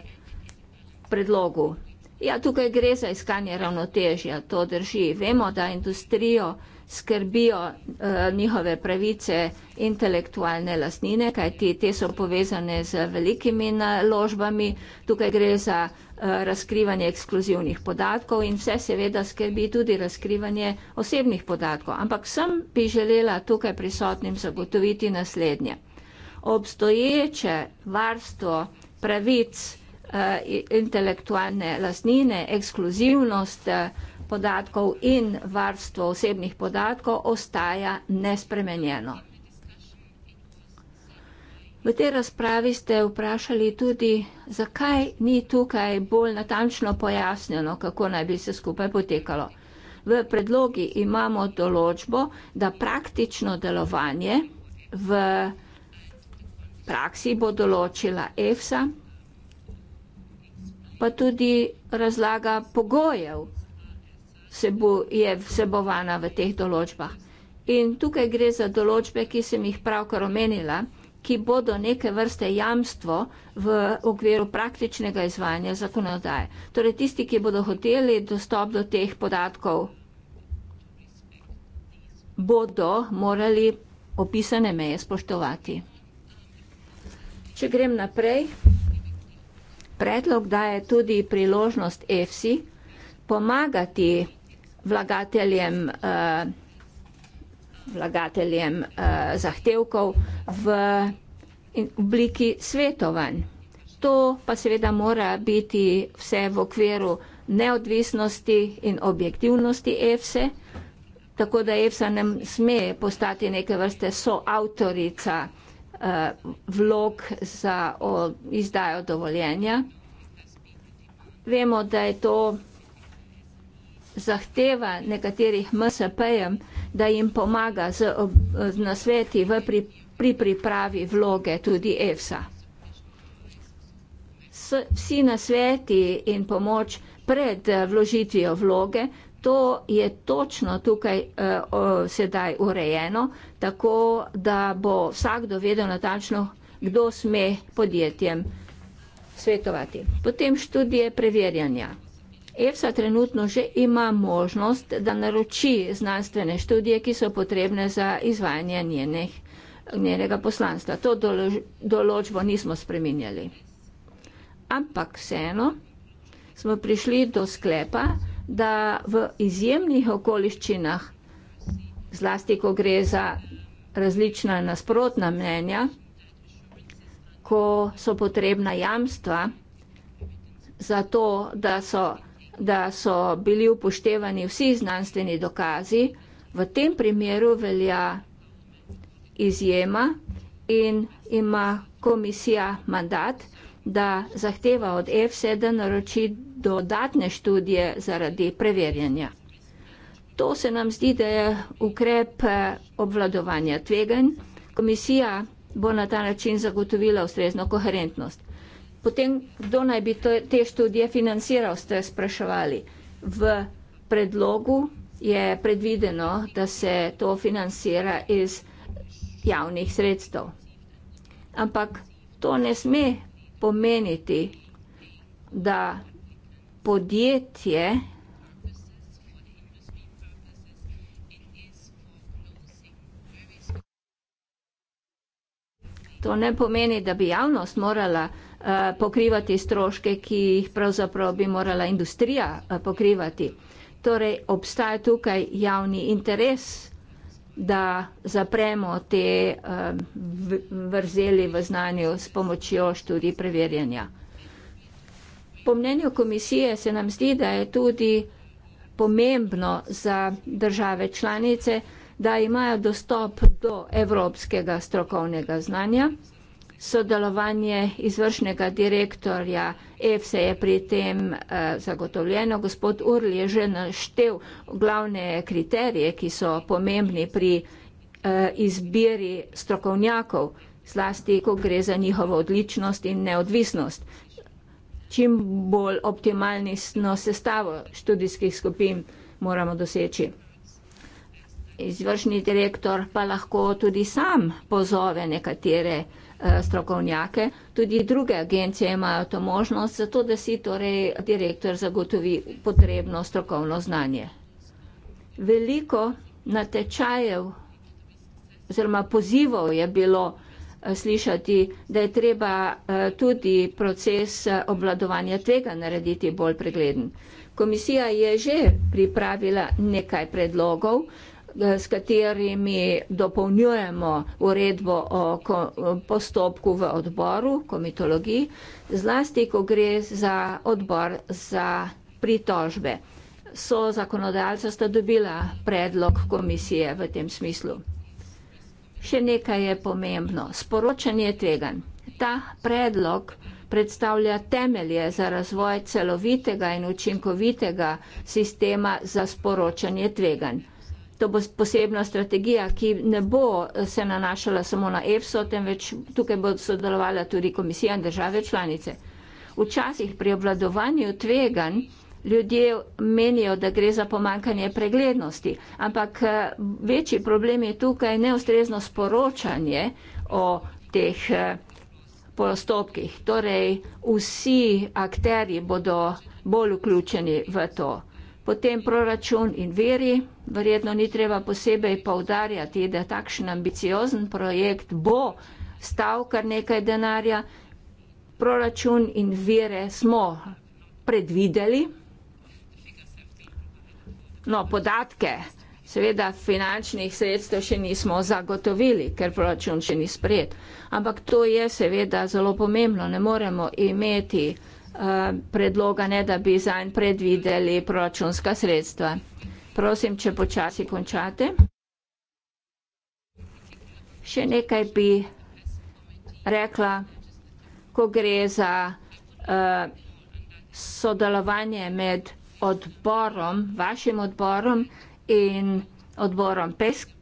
Speaker 3: predlogu. Ja, tukaj gre za iskanje ravnotežja, to drži. Vemo, da industrijo skrbijo eh, njihove pravice intelektualne lasnine, kajti te so povezane z velikimi naložbami. Tukaj gre za Eh, razkrivanje ekskluzivnih podatkov in vse seveda skrbi tudi razkrivanje osebnih podatkov. Ampak sem bi želela tukaj prisotnim zagotoviti naslednje. Obstoječe varstvo pravic eh, intelektualne lasnine, ekskluzivnost eh, podatkov in varstvo osebnih podatkov ostaja nespremenjeno. V tej razpravi ste vprašali tudi, zakaj ni tukaj bolj natančno pojasnjeno, kako naj bi se skupaj potekalo. V predlogi imamo določbo, da praktično delovanje v praksi bo določila EFSA, pa tudi razlaga pogojev se bo, je vsebovana v teh določbah. In tukaj gre za določbe, ki sem jih pravkar omenila, ki bodo neke vrste jamstvo v okviru praktičnega izvajanja zakonodaje. Torej tisti, ki bodo hoteli dostop do teh podatkov, bodo morali opisane meje spoštovati. Če grem naprej, predlog daje tudi priložnost EFSI pomagati vlagateljem eh, vlagateljem eh, zahtevkov v obliki svetovanj. To pa seveda mora biti vse v okviru neodvisnosti in objektivnosti EFSE, tako da EFSA ne sme postati neke vrste soavtorica eh, vlog za o, izdajo dovoljenja. Vemo, da je to zahteva nekaterih MSP-jem, da jim pomaga z, z nasveti v pri, pri pripravi vloge tudi EFSA. S, vsi nasveti in pomoč pred eh, vložitvijo vloge, to je točno tukaj eh, o, sedaj urejeno, tako da bo vsakdo vedel natančno, kdo sme podjetjem svetovati. Potem študije preverjanja. EFSA trenutno že ima možnost, da naroči znanstvene študije, ki so potrebne za izvajanje njenih, njenega poslanstva. To dolož, določbo nismo spreminjali. Ampak vseeno smo prišli do sklepa, da v izjemnih okoliščinah, zlasti ko gre za različna nasprotna mnenja, ko so potrebna jamstva za to, da so da so bili upoštevani vsi znanstveni dokazi, v tem primeru velja izjema in ima komisija mandat, da zahteva od EFSE, da naroči dodatne študije zaradi preverjanja. To se nam zdi, da je ukrep eh, obvladovanja tveganj. Komisija bo na ta način zagotovila ustrezno koherentnost. Potem, kdo naj bi to, te študije financiral, ste spraševali. V predlogu je predvideno, da se to financira iz javnih sredstev. Ampak to ne sme pomeniti, da podjetje To ne pomeni, da bi javnost morala Eh, pokrivati stroške, ki jih pravzaprav bi morala industrija eh, pokrivati. Torej, obstaja tukaj javni interes, da zapremo te eh, vrzeli v znanju s pomočjo študij preverjanja. Po mnenju komisije se nam zdi, da je tudi pomembno za države članice, da imajo dostop do evropskega strokovnega znanja sodelovanje izvršnega direktorja EFSE je pri tem eh, zagotovljeno. Gospod Url je že naštel glavne kriterije, ki so pomembni pri eh, izbiri strokovnjakov, zlasti, ko gre za njihovo odličnost in neodvisnost. Čim bolj optimalno sestavo študijskih skupin moramo doseči. Izvršni direktor pa lahko tudi sam pozove nekatere Eh, strokovnjake. Tudi druge agencije imajo to možnost, zato da si torej direktor zagotovi potrebno strokovno znanje. Veliko natečajev oziroma pozivov je bilo eh, slišati, da je treba eh, tudi proces obladovanja tega narediti bolj pregleden. Komisija je že pripravila nekaj predlogov, s katerimi dopolnjujemo uredbo o postopku v odboru komitologiji, zlasti ko gre za odbor za pritožbe. So zakonodajalca sta dobila predlog komisije v tem smislu. Še nekaj je pomembno. Sporočanje tvegan. Ta predlog predstavlja temelje za razvoj celovitega in učinkovitega sistema za sporočanje tveganj to bo posebna strategija, ki ne bo eh, se nanašala samo na EFSO, temveč tukaj bo sodelovala tudi komisija in države članice. Včasih pri obvladovanju tvegan ljudje menijo, da gre za pomankanje preglednosti, ampak eh, večji problem je tukaj neustrezno sporočanje o teh eh, postopkih. Torej, vsi akteri bodo bolj vključeni v to. Potem proračun in veri, verjetno ni treba posebej povdarjati, da takšen ambiciozen projekt bo stav kar nekaj denarja. Proračun in vere smo predvideli. No, podatke, seveda finančnih sredstev še nismo zagotovili, ker proračun še ni sprejet. Ampak to je seveda zelo pomembno. Ne moremo imeti predloga, ne da bi zanj predvideli proračunska sredstva. Prosim, če počasi končate. Še nekaj bi rekla, ko gre za eh, sodelovanje med odborom, vašim odborom in odborom PESK.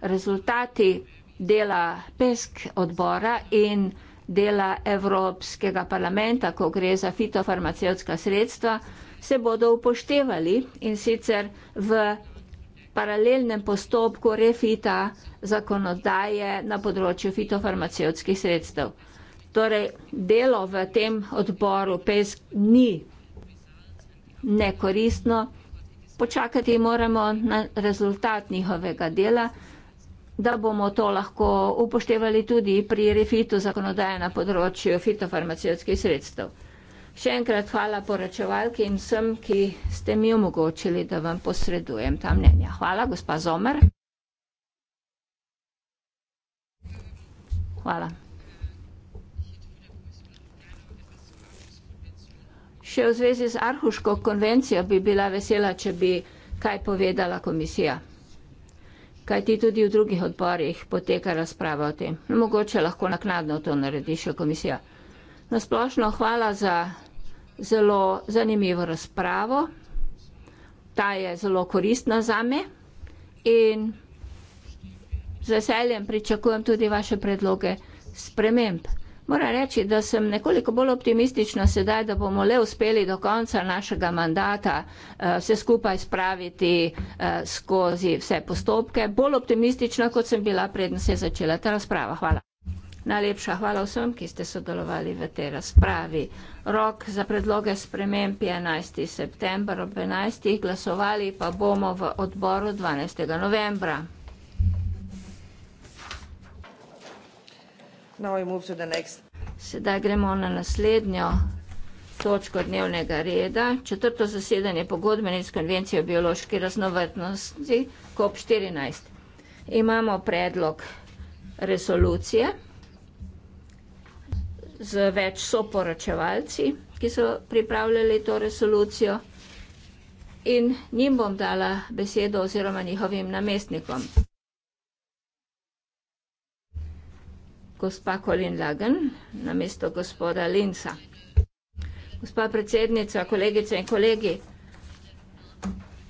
Speaker 3: Rezultati dela PESK odbora in odbora dela Evropskega parlamenta, ko gre za fitofarmacevtska sredstva, se bodo upoštevali in sicer v paralelnem postopku refita zakonodaje na področju fitofarmacevtskih sredstev. Torej, delo v tem odboru PES ni nekoristno, počakati moramo na rezultat njihovega dela da bomo to lahko upoštevali tudi pri refitu zakonodaje na področju fitofarmacijskih sredstev. Še enkrat hvala poročevalki in vsem, ki ste mi omogočili, da vam posredujem ta mnenja. Hvala, gospa Zomer. Hvala. Še v zvezi z Arhuško konvencijo bi bila vesela, če bi kaj povedala komisija kajti tudi v drugih odborih poteka razprava o tem. Mogoče lahko naknadno to naredi še komisija. Nasplošno hvala za zelo zanimivo razpravo. Ta je zelo koristna za me in z veseljem pričakujem tudi vaše predloge sprememb. Moram reči, da sem nekoliko bolj optimistična sedaj, da bomo le uspeli do konca našega mandata uh, vse skupaj spraviti uh, skozi vse postopke. Bolj optimistična, kot sem bila predn se je začela ta razprava. Hvala. Najlepša hvala vsem, ki ste sodelovali v tej razpravi. Rok za predloge sprememb je 11. september ob 11. glasovali pa bomo v odboru 12. novembra. Now we move to the next. Sedaj gremo na naslednjo točko dnevnega reda. Četrto zasedanje pogodbene konvencije o biološki raznovrtnosti COP14. Imamo predlog resolucije z več soporočevalci, ki so pripravljali to resolucijo in njim bom dala besedo oziroma njihovim namestnikom. gospa Kolin Lagen na mesto gospoda Linca. Gospa predsednica, kolegice in kolegi,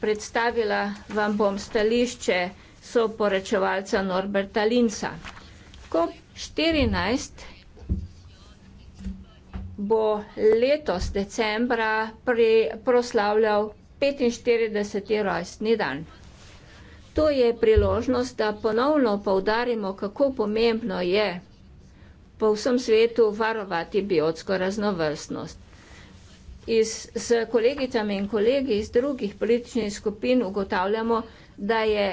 Speaker 3: predstavila vam bom stališče soporečevalca Norberta Linca. Ko 14 bo letos decembra pri, proslavljal 45. rojstni dan. To je priložnost, da ponovno poudarimo, kako pomembno je po vsem svetu varovati biotsko raznovrstnost. Iz, s kolegicami in kolegi iz drugih političnih skupin ugotavljamo, da je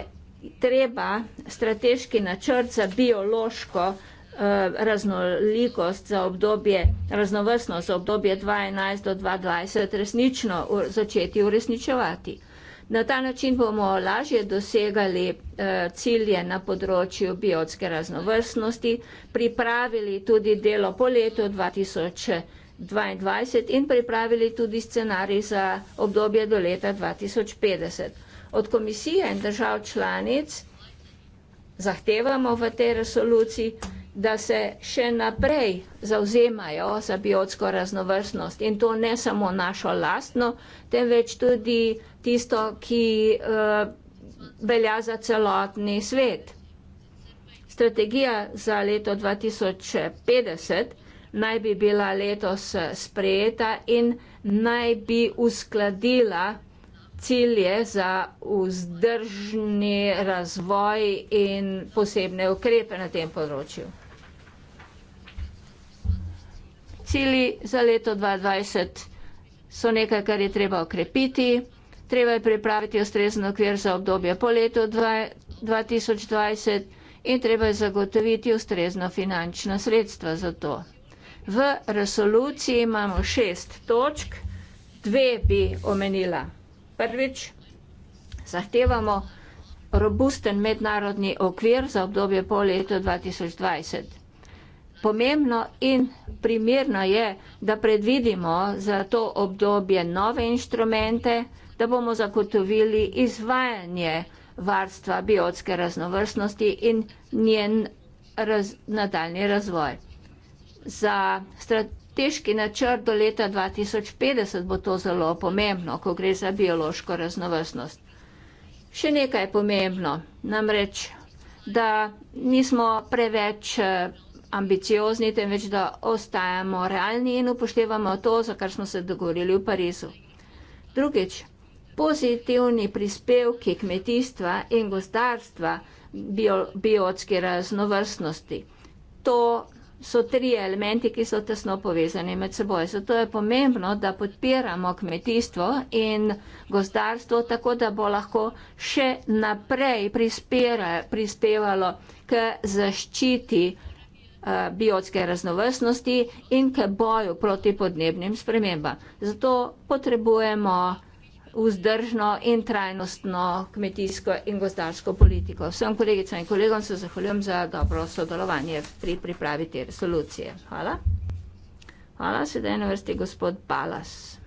Speaker 3: treba strateški načrt za biološko eh, raznolikost za obdobje, raznovrstnost za obdobje 2011 do 2020 resnično začeti uresničevati. Na ta način bomo lažje dosegali eh, cilje na področju biotske raznovrstnosti, pripravili tudi delo po letu 2022 in pripravili tudi scenarij za obdobje do leta 2050. Od komisije in držav članic zahtevamo v tej resoluciji, da se še naprej zauzemajo za biotsko raznovrstnost in to ne samo našo lastno, temveč tudi tisto, ki eh, velja za celotni svet. Strategija za leto 2050 naj bi bila letos eh, sprejeta in naj bi uskladila cilje za vzdržni razvoj in posebne ukrepe na tem področju. Cilji za leto 2020 so nekaj, kar je treba okrepiti treba je pripraviti ustrezen okvir za obdobje po letu 2020 in treba je zagotoviti ustrezno finančno sredstvo za to. V resoluciji imamo šest točk, dve bi omenila. Prvič, zahtevamo robusten mednarodni okvir za obdobje po letu 2020. Pomembno in primerno je, da predvidimo za to obdobje nove inštrumente, da bomo zagotovili izvajanje varstva biotske raznovrstnosti in njen raz, nadaljni razvoj. Za strateški načrt do leta 2050 bo to zelo pomembno, ko gre za biološko raznovrstnost. Še nekaj je pomembno, namreč, da nismo preveč eh, ambiciozni, temveč da ostajamo realni in upoštevamo to, za kar smo se dogovorili v Parizu. Drugič, pozitivni prispevki kmetijstva in gozdarstva bio, biotske raznovrstnosti. To so tri elementi, ki so tesno povezani med seboj. Zato je pomembno, da podpiramo kmetijstvo in gozdarstvo tako, da bo lahko še naprej prispira, prispevalo k zaščiti uh, biotske raznovrstnosti in k boju proti podnebnim spremembam. Zato potrebujemo vzdržno in trajnostno kmetijsko in gozdarsko politiko. Vsem kolegicam in kolegom se zahvaljujem za dobro sodelovanje pri pripravi te resolucije. Hvala. Hvala, sedaj je na vrsti gospod Balas.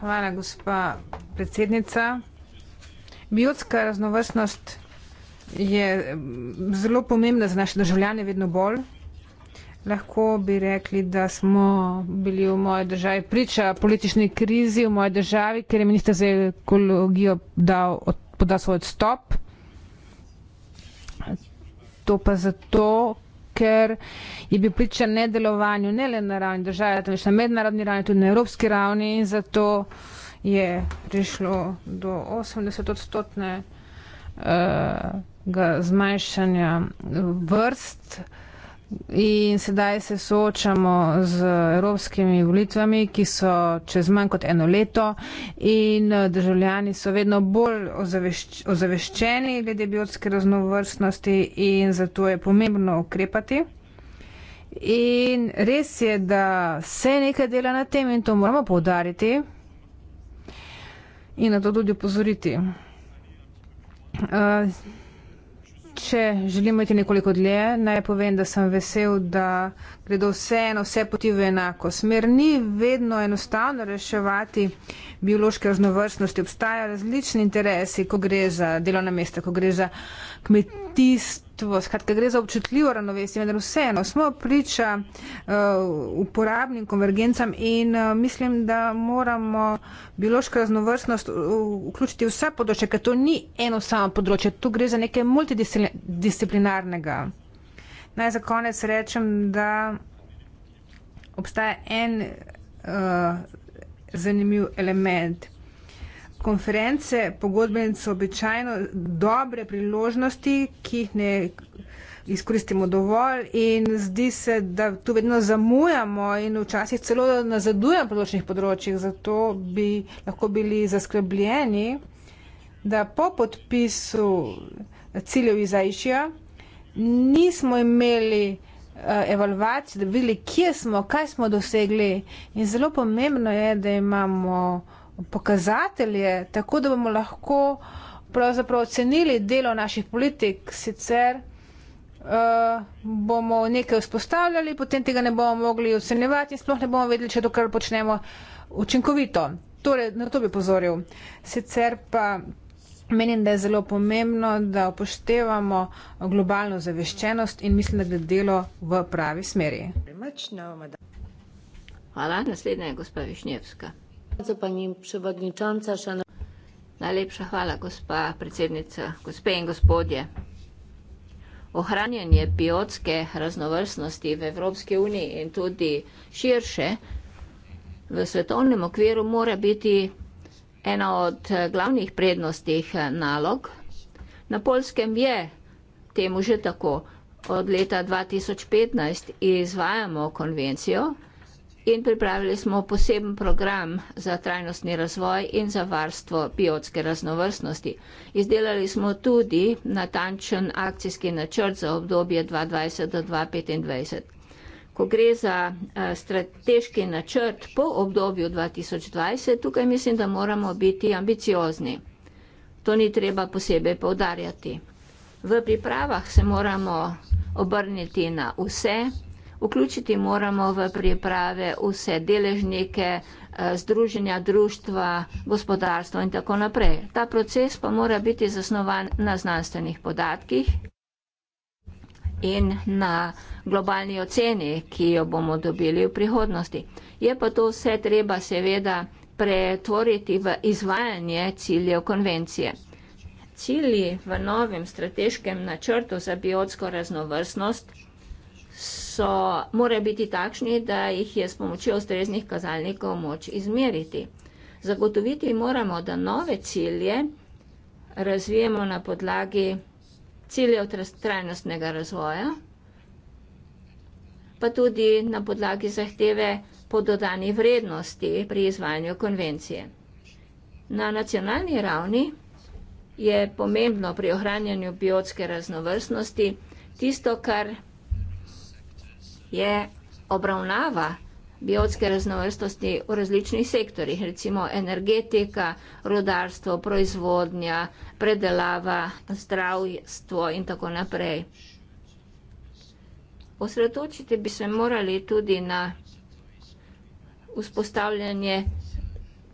Speaker 2: Hvala, gospa predsednica. Biotska raznovrstnost je mm, zelo pomembna za naše državljane vedno bolj. Lahko bi rekli, da smo bili v moji državi priča politični krizi v moji državi, ker je minister za ekologijo dal, podal svoj odstop. To pa zato, ker je bil priča nedelovanju ne le na ravni države, temveč na mednarodni ravni, tudi na evropski ravni in zato je prišlo do 80 odstotnega uh, eh, zmanjšanja vrst. In sedaj se soočamo z evropskimi volitvami, ki so čez manj kot eno leto in eh, državljani so vedno bolj ozavešč ozaveščeni glede biotske raznovrstnosti in zato je pomembno ukrepati. In res je, da se nekaj dela na tem in to moramo povdariti in na to tudi upozoriti. Uh, eh, Če želimo iti nekoliko dlje, naj povem, da sem vesel, da gredo vseeno vse poti v enako smer. Ni vedno enostavno reševati biološke raznovrstnosti. Obstajajo različni interesi, ko gre za delovna mesta, ko gre za kmetijstvo žrtvo, skratka gre za občutljivo ravnovesje, vendar vseeno smo priča uh, uporabnim konvergencam in uh, mislim, da moramo biološko raznovrstnost uh, vključiti v vsa področja, ker to ni eno samo področje, tu gre za nekaj multidisciplinarnega. Naj za konec rečem, da obstaja en uh, zanimiv element konference pogodbenice običajno dobre priložnosti, ki jih ne izkoristimo dovolj in zdi se, da tu vedno zamujamo in včasih celo nazadujemo po določenih področjih, zato bi lahko bili zaskrbljeni, da po podpisu ciljev iz Aišija nismo imeli eh, evalvacije, da bi videli, kje smo, kaj smo dosegli in zelo pomembno je, da imamo pokazatelje, tako da bomo lahko pravzaprav ocenili delo naših politik, sicer uh, bomo nekaj vzpostavljali, potem tega ne bomo mogli ocenjevati in sploh ne bomo vedeli, če to, kar počnemo, učinkovito. Torej, na to bi pozoril. Sicer pa menim, da je zelo pomembno, da upoštevamo globalno zaveščenost in mislim, da gre delo v pravi smeri.
Speaker 3: Hvala, naslednja je gospa Višnjevska bardzo, pani przewodnicząca, szanowni. Najlepša hvala, gospa predsednica, gospe in gospodje. Ohranjanje biotske raznovrstnosti v Evropski uniji in tudi širše v svetovnem okviru mora biti ena od eh, glavnih prednostih eh, nalog. Na Polskem je temu že tako. Od leta 2015 izvajamo konvencijo, in pripravili smo poseben program za trajnostni razvoj in za varstvo biotske raznovrstnosti. Izdelali smo tudi natančen akcijski načrt za obdobje 2020 do 2025. Ko gre za eh, strateški načrt po obdobju 2020, tukaj mislim, da moramo biti ambiciozni. To ni treba posebej poudarjati. V pripravah se moramo obrniti na vse, Vključiti moramo v priprave vse deležnike, eh, združenja, društva, gospodarstvo in tako naprej. Ta proces pa mora biti zasnovan na znanstvenih podatkih in na globalni oceni, ki jo bomo dobili v prihodnosti. Je pa to vse treba seveda pretvoriti v izvajanje ciljev konvencije. Cilji v novem strateškem načrtu za biotsko raznovrstnost so, morajo biti takšni, da jih je s pomočjo ustreznih kazalnikov moč izmeriti. Zagotoviti moramo, da nove cilje razvijemo na podlagi ciljev trajnostnega razvoja, pa tudi na podlagi zahteve po dodani vrednosti pri izvajanju konvencije. Na nacionalni ravni je pomembno pri ohranjanju biotske raznovrstnosti tisto, kar je obravnava biotske raznovrstnosti v različnih sektorjih, recimo energetika, rudarstvo, proizvodnja, predelava, zdravstvo in tako naprej. Osredotočiti bi se morali tudi na vzpostavljanje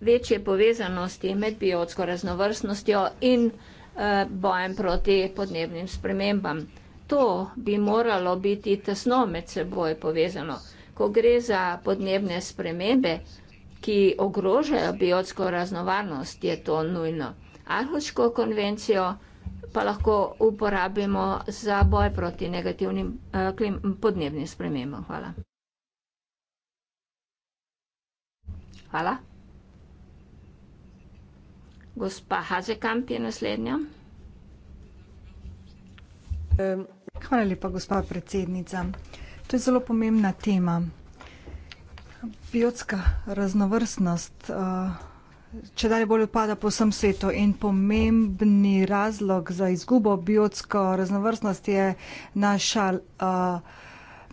Speaker 3: večje povezanosti med biotsko raznovrstnostjo in eh, bojem proti podnebnim spremembam to bi moralo biti tesno med seboj povezano. Ko gre za podnebne spremembe, ki ogrožajo biotsko raznovarnost, je to nujno. Arhuško konvencijo pa lahko uporabimo za boj proti negativnim eh, klim, podnebnim spremembam. Hvala. Hvala. Gospa Hazekamp je naslednja.
Speaker 1: Hvala lepa, gospa predsednica. To je zelo pomembna tema. Biotska raznovrstnost uh, če dalje bolj odpada po vsem svetu in pomembni razlog za izgubo biotsko raznovrstnost je naša uh,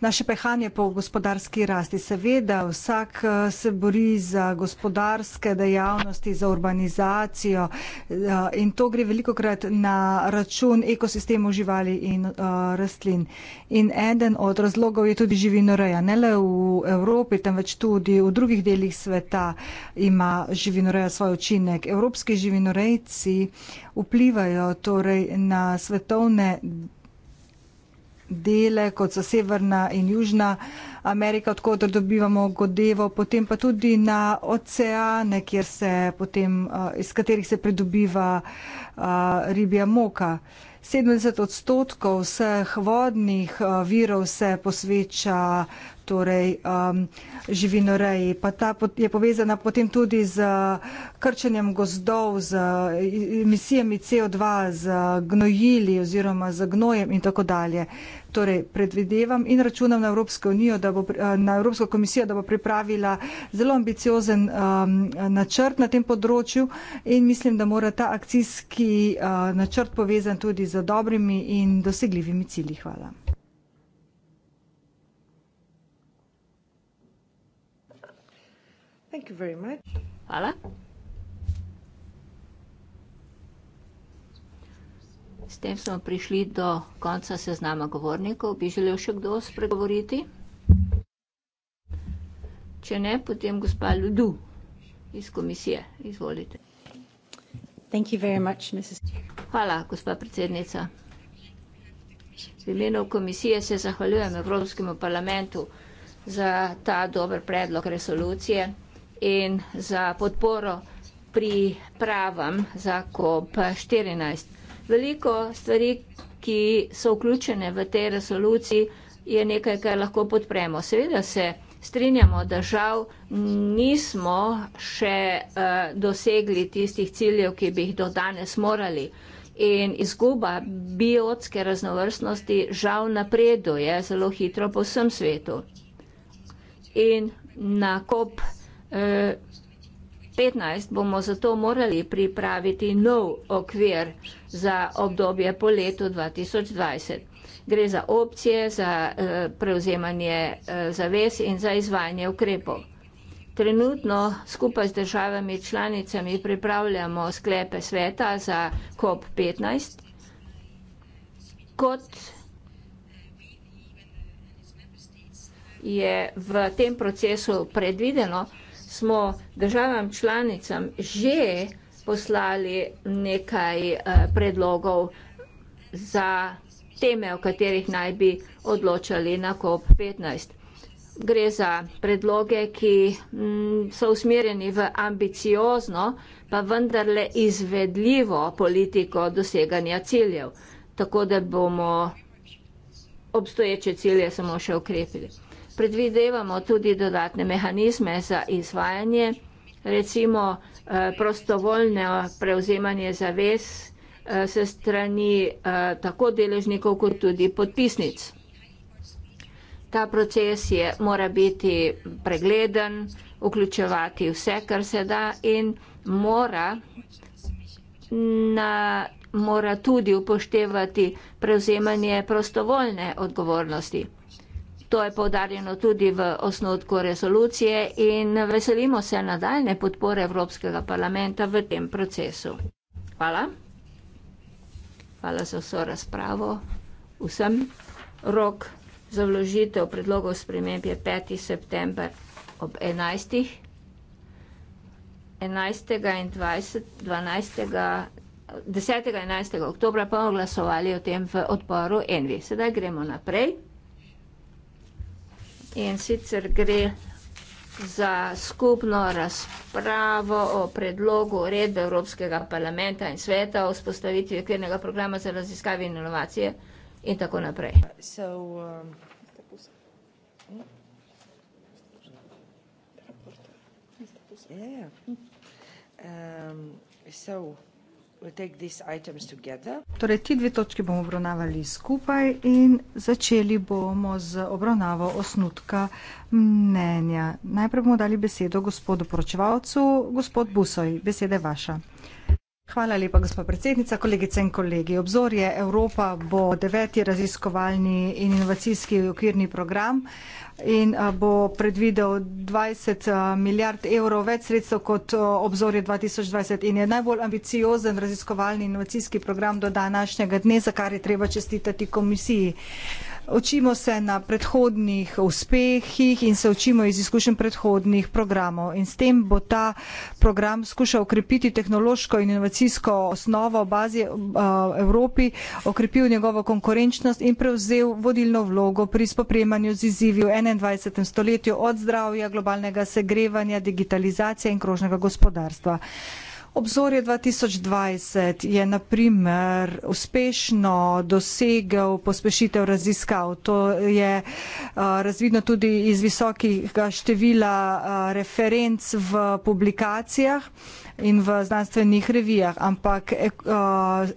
Speaker 1: naše pehanje po gospodarski rasti. Seveda, vsak eh, se bori za gospodarske dejavnosti, za urbanizacijo eh, in to gre veliko krat na račun ekosistemov živali in eh, rastlin. In eden od razlogov je tudi živinoreja. Ne le v Evropi, temveč tudi v drugih delih sveta ima živinoreja svoj učinek. Evropski živinorejci vplivajo torej na svetovne dele, kot so Severna in Južna Amerika, odkot dobivamo godevo, potem pa tudi na oceane, se potem, eh, iz katerih se pridobiva eh, ribja moka. 70 odstotkov vseh vodnih eh, virov se posveča torej um, živinoreji. Pa ta je povezana potem tudi z krčenjem gozdov, z emisijami CO2, z gnojili oziroma z gnojem in tako dalje. Torej, predvidevam in računam na Evropsko, unijo, da bo, eh, na Evropsko komisijo, da bo pripravila zelo ambiciozen um, načrt na tem področju in mislim, da mora ta akcijski uh, načrt povezan tudi z dobrimi in dosegljivimi cilji. Hvala.
Speaker 3: Thank you very much. Hvala. S tem smo prišli do konca seznama govornikov. Bi želel še kdo spregovoriti? Če ne, potem gospa Ludu iz komisije. Izvolite. Thank you very much, Mrs. Hvala, gospa predsednica. V imenu komisije se zahvaljujem Evropskemu parlamentu za ta dober predlog resolucije in za podporo pri pravem za COP14. Veliko stvari, ki so vključene v tej resoluciji, je nekaj, kar lahko podpremo. Seveda se strinjamo, da žal nismo še uh, dosegli tistih ciljev, ki bi jih do danes morali. In izguba biotske raznovrstnosti žal napreduje zelo hitro po vsem svetu. In na COP14. 2015 bomo zato morali pripraviti nov okvir za obdobje po letu 2020. Gre za opcije, za prevzemanje zavez in za izvajanje ukrepov. Trenutno skupaj z državami članicami pripravljamo sklepe sveta za COP15. Kot je v tem procesu predvideno, smo državam članicam že poslali nekaj eh, predlogov za teme, o katerih naj bi odločali na COP15. Gre za predloge, ki mm, so usmerjeni v ambiciozno, pa vendarle izvedljivo politiko doseganja ciljev, tako da bomo obstoječe cilje samo še ukrepili predvidevamo tudi dodatne mehanizme za izvajanje, recimo eh, prostovoljne prevzemanje zavez eh, se strani eh, tako deležnikov kot tudi podpisnic. Ta proces je, mora biti pregleden, vključevati vse, kar se da in mora na, mora tudi upoštevati prevzemanje prostovoljne odgovornosti. To je povdarjeno tudi v osnotku resolucije in veselimo se nadaljne podpore Evropskega parlamenta v tem procesu. Hvala. Hvala za vso razpravo. Vsem rok za vložitev predlogov sprememb je 5. september ob 11. 11. in 20. 12. 10. in 11. oktobra pa bomo glasovali o tem v odporu Envi. Sedaj gremo naprej in sicer gre za skupno razpravo o predlogu uredbe Evropskega parlamenta in sveta o vzpostavitvi okvirnega programa za raziskave in inovacije in tako naprej. So,
Speaker 1: um... Yeah, yeah. Um, so Torej, ti dve točki bomo obravnavali skupaj in začeli bomo z obravnavo osnutka mnenja. Najprej bomo dali besedo gospodu poročevalcu, gospod Busoj, beseda je vaša. Hvala lepa, gospa predsednica, kolegice in kolegi. Obzorje Evropa bo deveti raziskovalni in inovacijski okvirni program in eh, bo predvidel 20 eh, milijard evrov več sredstev kot eh, obzorje 2020 in je najbolj ambiciozen raziskovalni inovacijski program do današnjega dne, za kar je treba čestitati komisiji učimo se na predhodnih uspehih in se učimo iz izkušenj predhodnih programov. In s tem bo ta program skušal okrepiti tehnološko in inovacijsko osnovo bazi eh, Evropi, okrepil njegovo konkurenčnost in prevzel vodilno vlogo pri spopremanju z izzivi v 21. stoletju od zdravja, globalnega segrevanja, digitalizacije in krožnega gospodarstva. Obzorje 2020 je na primer uspešno dosegel pospešitev raziskav. To je eh, razvidno tudi iz visokega števila eh, referenc v publikacijah in v znanstvenih revijah, ampak eh,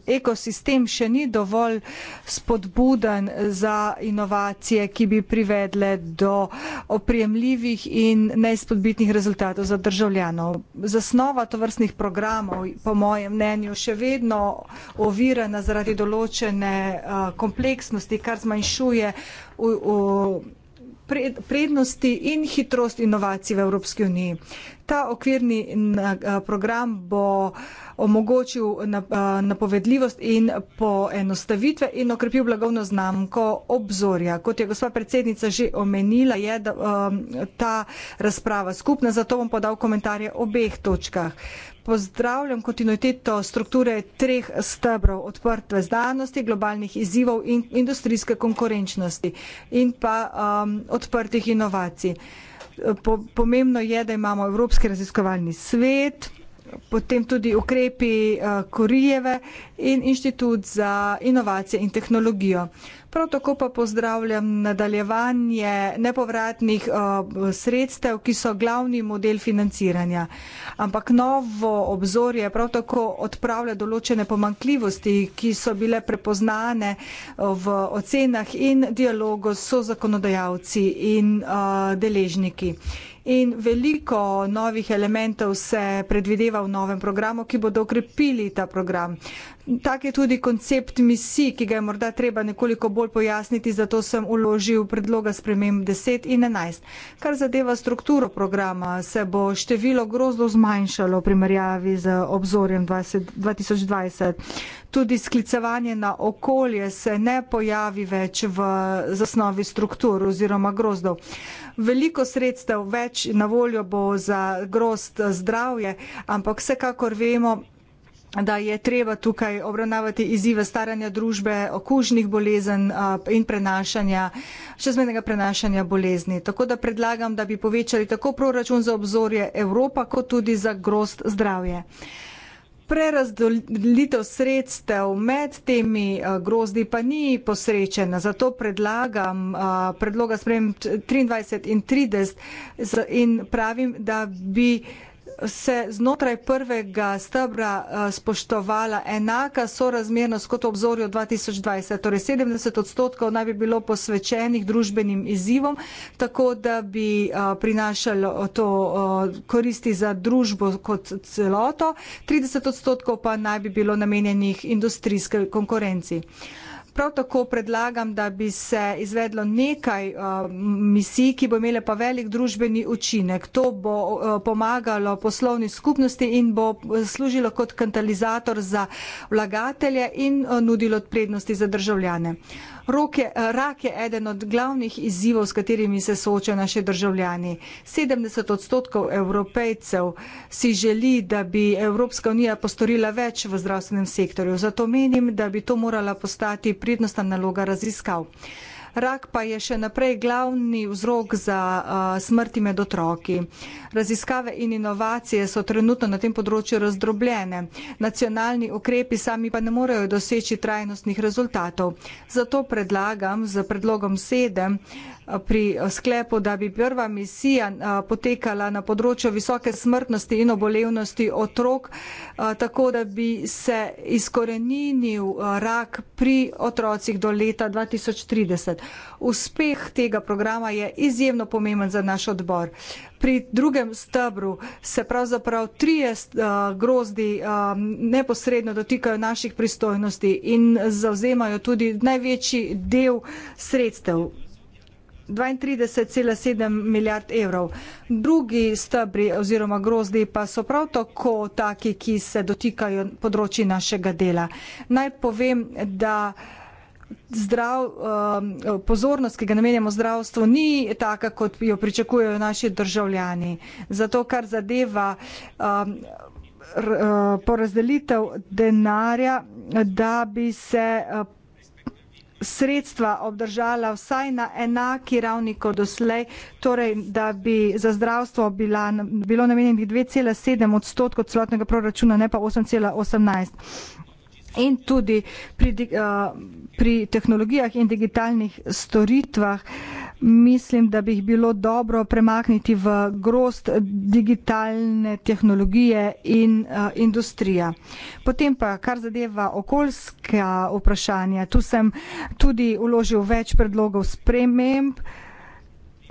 Speaker 1: ekosistem še ni dovolj spodbuden za inovacije, ki bi privedle do opremljivih in neizpodbitnih rezultatov za državljanov. Zasnova tovrstnih programov, po mojem mnenju, še vedno ovirana zaradi določene eh, kompleksnosti, kar zmanjšuje prednosti in hitrost inovacij v Evropski uniji. Ta okvirni program bo omogočil napovedljivost in poenostavitve in okrepil blagovno znamko obzorja. Kot je gospa predsednica že omenila, je da, um, ta razprava skupna, zato bom podal komentarje o obeh točkah. Pozdravljam kontinuiteto strukture treh stebrov odprtve znanosti, globalnih izzivov in industrijske konkurenčnosti in pa um, odprtih inovacij pomembno je, da imamo Evropski raziskovalni svet, potem tudi ukrepi eh, Korijeve in Inštitut za inovacije in tehnologijo. Prav tako pa pozdravljam nadaljevanje nepovratnih eh, sredstev, ki so glavni model financiranja. Ampak novo obzorje prav tako odpravlja določene pomankljivosti, ki so bile prepoznane eh, v ocenah in dialogu so zakonodajalci in eh, deležniki. In veliko novih elementov se predvideva v novem programu, ki bodo okrepili ta program. Tak je tudi koncept misij, ki ga je morda treba nekoliko bolj pojasniti, zato sem uložil predloga spremem 10 in 11. Kar zadeva strukturo programa, se bo število grozdo zmanjšalo v primerjavi z obzorjem 20, 2020. Tudi sklicevanje na okolje se ne pojavi več v zasnovi struktur oziroma grozdov. Veliko sredstev več na voljo bo za grozd zdravje, ampak vsekakor vemo, da je treba tukaj obravnavati izzive staranja družbe, okužnih bolezen in prenašanja, čezmenega prenašanja bolezni. Tako da predlagam, da bi povečali tako proračun za obzorje Evropa, kot tudi za grost zdravje. Prerazdelitev sredstev med temi grozdi pa ni posrečena, zato predlagam predloga sprem 23 in 30 in pravim, da bi se znotraj prvega stebra eh, spoštovala enaka sorazmernost kot v obzorju 2020. Torej 70 odstotkov naj bi bilo posvečenih družbenim izzivom, tako da bi eh, prinašalo to eh, koristi za družbo kot celoto, 30 odstotkov pa naj bi bilo namenjenih industrijske konkurenci. Prav tako predlagam, da bi se izvedlo nekaj uh, misij, ki bo imele pa velik družbeni učinek. To bo uh, pomagalo poslovni skupnosti in bo služilo kot katalizator za vlagatelje in uh, nudilo prednosti za državljane. Uh, Roke, rak je eden od glavnih izzivov, s katerimi se soočajo naši državljani. 70 odstotkov evropejcev si želi, da bi Evropska unija postorila več v zdravstvenem sektorju. Zato menim, da bi to morala postati prednostna naloga raziskav. Rak pa je še naprej glavni vzrok za uh, smrti med otroki. Raziskave in inovacije so trenutno na tem področju razdrobljene. Nacionalni ukrepi sami pa ne morejo doseči trajnostnih rezultatov. Zato predlagam z predlogom sedem. Uh, pri sklepu, da bi prva misija potekala na področju visoke smrtnosti in obolevnosti otrok, tako da bi se izkorenil rak pri otrocih do leta 2030. Uspeh tega programa je izjemno pomemben za naš odbor. Pri drugem stebru se pravzaprav trije grozdi neposredno dotikajo naših pristojnosti in zauzemajo tudi največji del sredstev. 32,7 milijard evrov. Drugi stebri oziroma grozdi pa so prav tako taki, ki se dotikajo področji našega dela. Naj povem, da zdrav, eh, pozornost, ki ga namenjamo zdravstvu, ni taka, kot jo pričakujejo naši državljani. Zato, kar zadeva eh, eh, porazdelitev denarja, da bi se sredstva obdržala vsaj na enaki ravni kot doslej, torej da bi za zdravstvo bila, bilo namenjenih 2,7 odstotkov celotnega proračuna, ne pa 8,18. In tudi pri, uh, pri tehnologijah in digitalnih storitvah mislim, da bi jih bilo dobro premakniti v grost digitalne tehnologije in uh, industrija. Potem pa, kar zadeva okoljska vprašanja, tu sem tudi uložil več predlogov sprememb. Uh,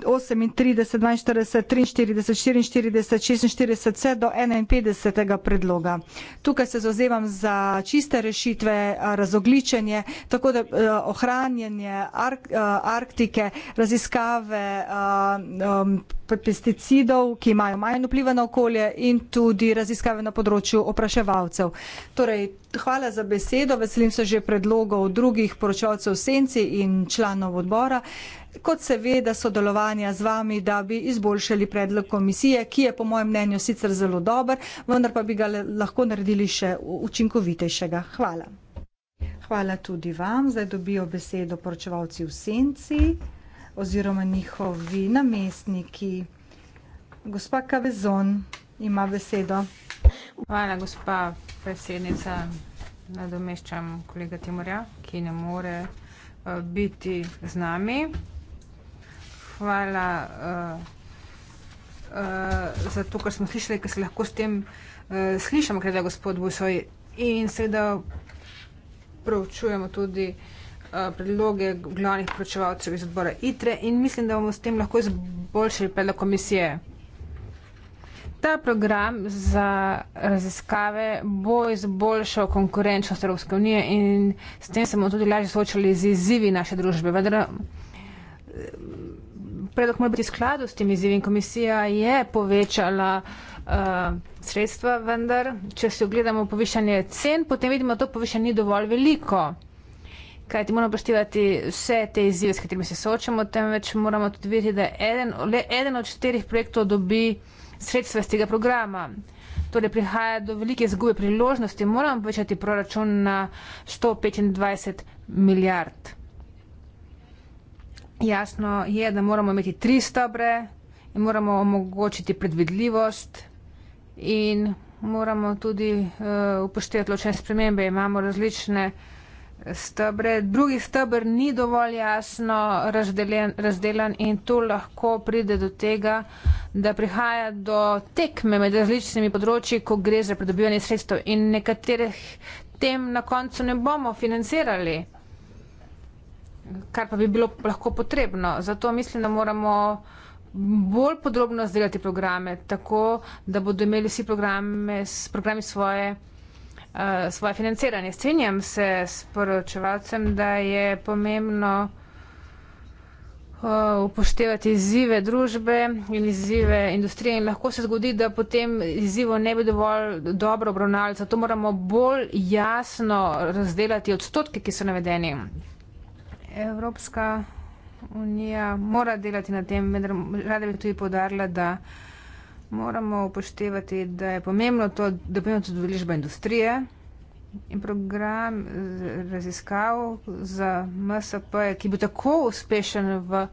Speaker 1: 38, 42, 43, 44, 46, vse do 51. predloga. Tukaj se zauzemam za čiste rešitve, razogličenje, tako da ohranjanje Ark, Arktike, raziskave pesticidov, ki imajo manj vpliva na okolje in tudi raziskave na področju opraševalcev. Torej, hvala za besedo, veselim se že predlogov drugih poročevalcev senci in članov odbora kot seveda sodelovanja z vami, da bi izboljšali predlog komisije, ki je po mojem mnenju sicer zelo dober, vendar pa bi ga lahko naredili še učinkovitejšega. Hvala. Hvala tudi vam. Zdaj dobijo besedo poročevalci v senci oziroma njihovi namestniki. Gospa Kavezon ima besedo.
Speaker 2: Hvala, gospa predsednica. Nadomeščam kolega Timorja, ki ne more uh, biti z nami hvala uh, uh, za to, kar smo slišali, ker se lahko s tem uh, eh, slišamo, kaj da gospod Bosoj. In seveda pravčujemo tudi uh, predloge glavnih pročevalcev iz odbora ITRE in mislim, da bomo s tem lahko izboljšali predlog komisije. Ta program za raziskave bo izboljšal konkurenčnost Evropske unije in s tem se bomo tudi lažje soočali z izzivi naše družbe. Vendar predlog mora biti skladu s tem izzivim. Komisija je povečala uh, sredstva, vendar, če se ogledamo povišanje cen, potem vidimo, da to povišanje ni dovolj veliko. Kaj ti moramo poštivati vse te izzive, s katerimi se soočamo, temveč moramo tudi videti, da eden, le eden od štirih projektov dobi sredstva iz tega programa. Torej prihaja do velike izgube priložnosti, moramo povečati proračun na 125 milijard. Jasno je, da moramo imeti tri stabre in moramo omogočiti predvidljivost in moramo tudi uh, upoštevati ločene spremembe. Imamo različne eh, stabre. Drugi stabr ni dovolj jasno razdelen, razdelan in tu lahko pride do tega, da prihaja do tekme med različnimi področji, ko gre za pridobivanje sredstev in nekaterih tem na koncu ne bomo financirali kar pa bi bilo lahko potrebno. Zato mislim, da moramo bolj podrobno zdelati programe, tako da bodo imeli vsi programe, programi svoje, uh, svoje financiranje. Strenjam se s poročevalcem, da je pomembno uh, upoštevati izzive družbe in izzive industrije in lahko se zgodi, da potem izzivo ne bi dovolj dobro obravnavali, zato moramo bolj jasno razdelati odstotke, ki so navedeni. Evropska unija mora delati na tem, vendar rada bi tudi podarila, da moramo upoštevati, da je pomembno to, da pomembno tudi veližba industrije in program raziskav za MSP, ki bo tako uspešen v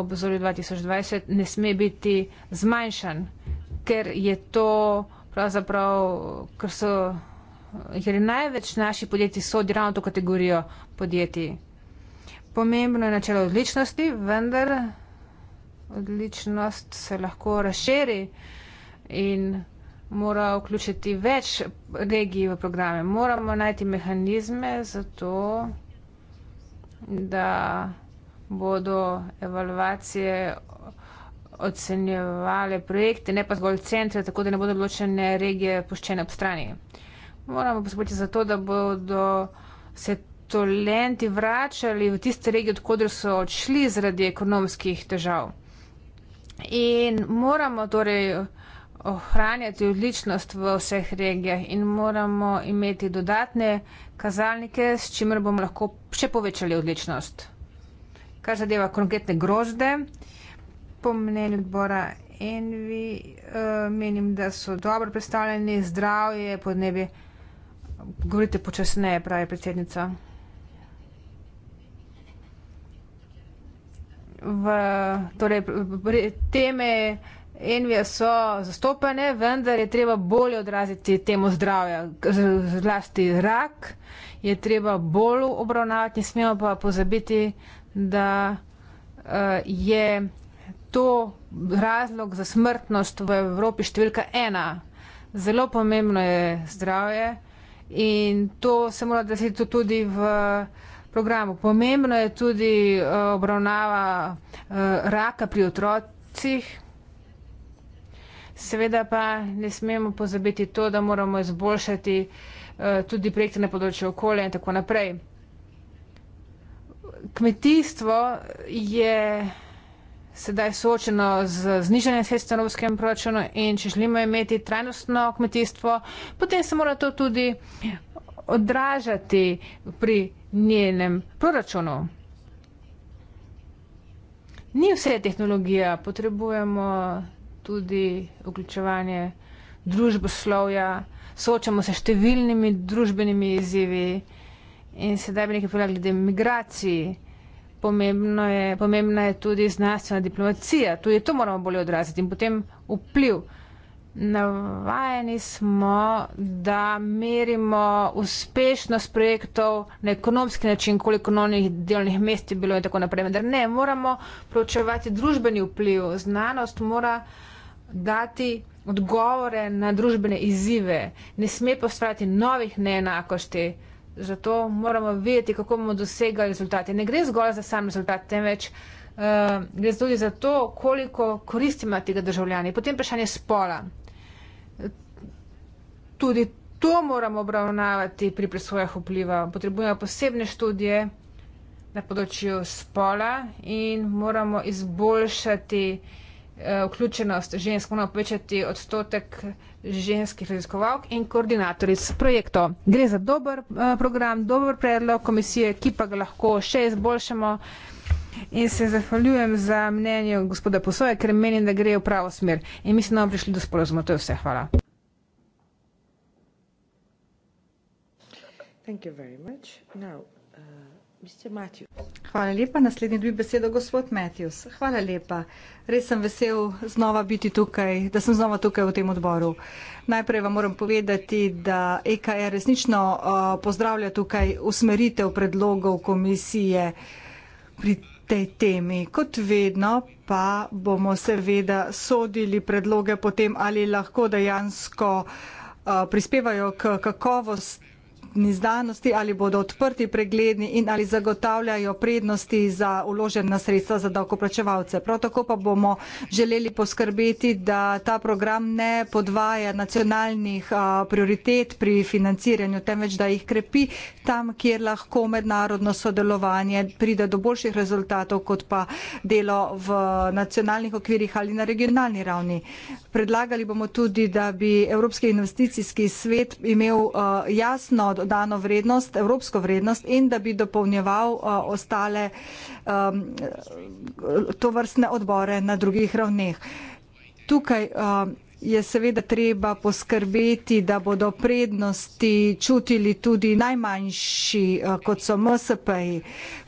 Speaker 2: obzorju 2020, ne sme biti zmanjšan, ker je to pravzaprav, ker so, ker je največ naših podjetij sodi ravno to kategorijo podjetij. Pomembno je načelo odličnosti, vendar odličnost se lahko razširi in mora vključiti več regij v programe. Moramo najti mehanizme za to, da bodo evalvacije ocenjevale projekte, ne pa zgolj centre, tako da ne bodo določene regije puščene ob strani. Moramo poskrbeti za to, da bodo se talenti vračali v tiste regije, odkudr so odšli zaradi ekonomskih težav. In moramo torej ohranjati odličnost v vseh regijah in moramo imeti dodatne kazalnike, s čimer bomo lahko še povečali odličnost. Kar zadeva konkretne grozde, po mnenju odbora Envi, eh, menim, da so dobro predstavljeni zdravje, podnebje. Govorite počasneje, pravi predsednica. v, torej, teme envije so zastopane, vendar je treba bolje odraziti temo zdravja, zlasti rak je treba bolj obravnavati, ne smemo pa pozabiti, da uh, je to razlog za smrtnost v Evropi številka ena. Zelo pomembno je zdravje in to se mora odraziti tudi v programu. Pomembno je tudi eh, obravnava eh, raka pri otrocih. Seveda pa ne smemo pozabiti to, da moramo izboljšati eh, tudi projekte na področju okolja in tako naprej. Kmetijstvo je sedaj soočeno z znižanjem sredstv na evropskem proračunu in če želimo imeti trajnostno kmetijstvo, potem se mora to tudi odražati pri njenem proračunu. Ni vse tehnologija, potrebujemo tudi vključevanje družboslovja, soočamo se številnimi družbenimi izzivi in sedaj bi nekaj povedala glede migracij. Pomembno je, pomembna je tudi znanstvena diplomacija, tudi to moramo bolje odraziti in potem vpliv. Navajeni smo, da merimo uspešnost projektov na ekonomski način, koliko novih delovnih mest je bilo in tako naprej. Vendar ne, moramo proučevati družbeni vpliv. Znanost mora dati odgovore na družbene izzive. Ne sme postaviti novih neenakošti. Zato moramo vedeti, kako bomo dosegali rezultate. Ne gre zgolj za sam rezultat, temveč. Uh, gre tudi za to, koliko koristi imajo tega državljani. Potem vprašanje spola. Tudi to moramo obravnavati pri presvojah vpliva. Potrebujemo posebne študije na področju spola in moramo izboljšati eh, vključenost žensk, moramo povečati odstotek ženskih raziskovalk in koordinatoric projektov. Gre za dober eh, program, dober predlog komisije, ki pa ga lahko še izboljšamo. In se zahvaljujem za mnenje gospoda Posoja, ker menim, da gre v pravo smer. In mislim, da bomo prišli do sporozuma. To je
Speaker 1: vse. Hvala. Uh, Hvala lepa. Naslednji dvig besedo, gospod Matthews. Hvala lepa. Res sem vesel znova biti tukaj, da sem znova tukaj v tem odboru. Najprej vam moram povedati, da EKR resnično uh, pozdravlja tukaj usmeritev predlogov komisije pri tej temi. Kot vedno pa bomo seveda sodili predloge potem, ali lahko dejansko uh, prispevajo k kakovosti izpitni zdanosti, ali bodo odprti pregledni in ali zagotavljajo prednosti za uložena sredstva za davkoplačevalce. Prav tako pa bomo želeli poskrbeti, da ta program ne podvaja nacionalnih prioritet pri financiranju, temveč da jih krepi tam, kjer lahko mednarodno sodelovanje pride do boljših rezultatov, kot pa delo v nacionalnih okvirih ali na regionalni ravni. Predlagali bomo tudi, da bi Evropski investicijski svet imel jasno dodano vrednost, evropsko vrednost in da bi dopolnjeval uh, ostale um, to vrstne odbore na drugih ravneh. Tukaj um, je seveda treba poskrbeti, da bodo prednosti čutili tudi najmanjši, uh, kot so MSP-ji,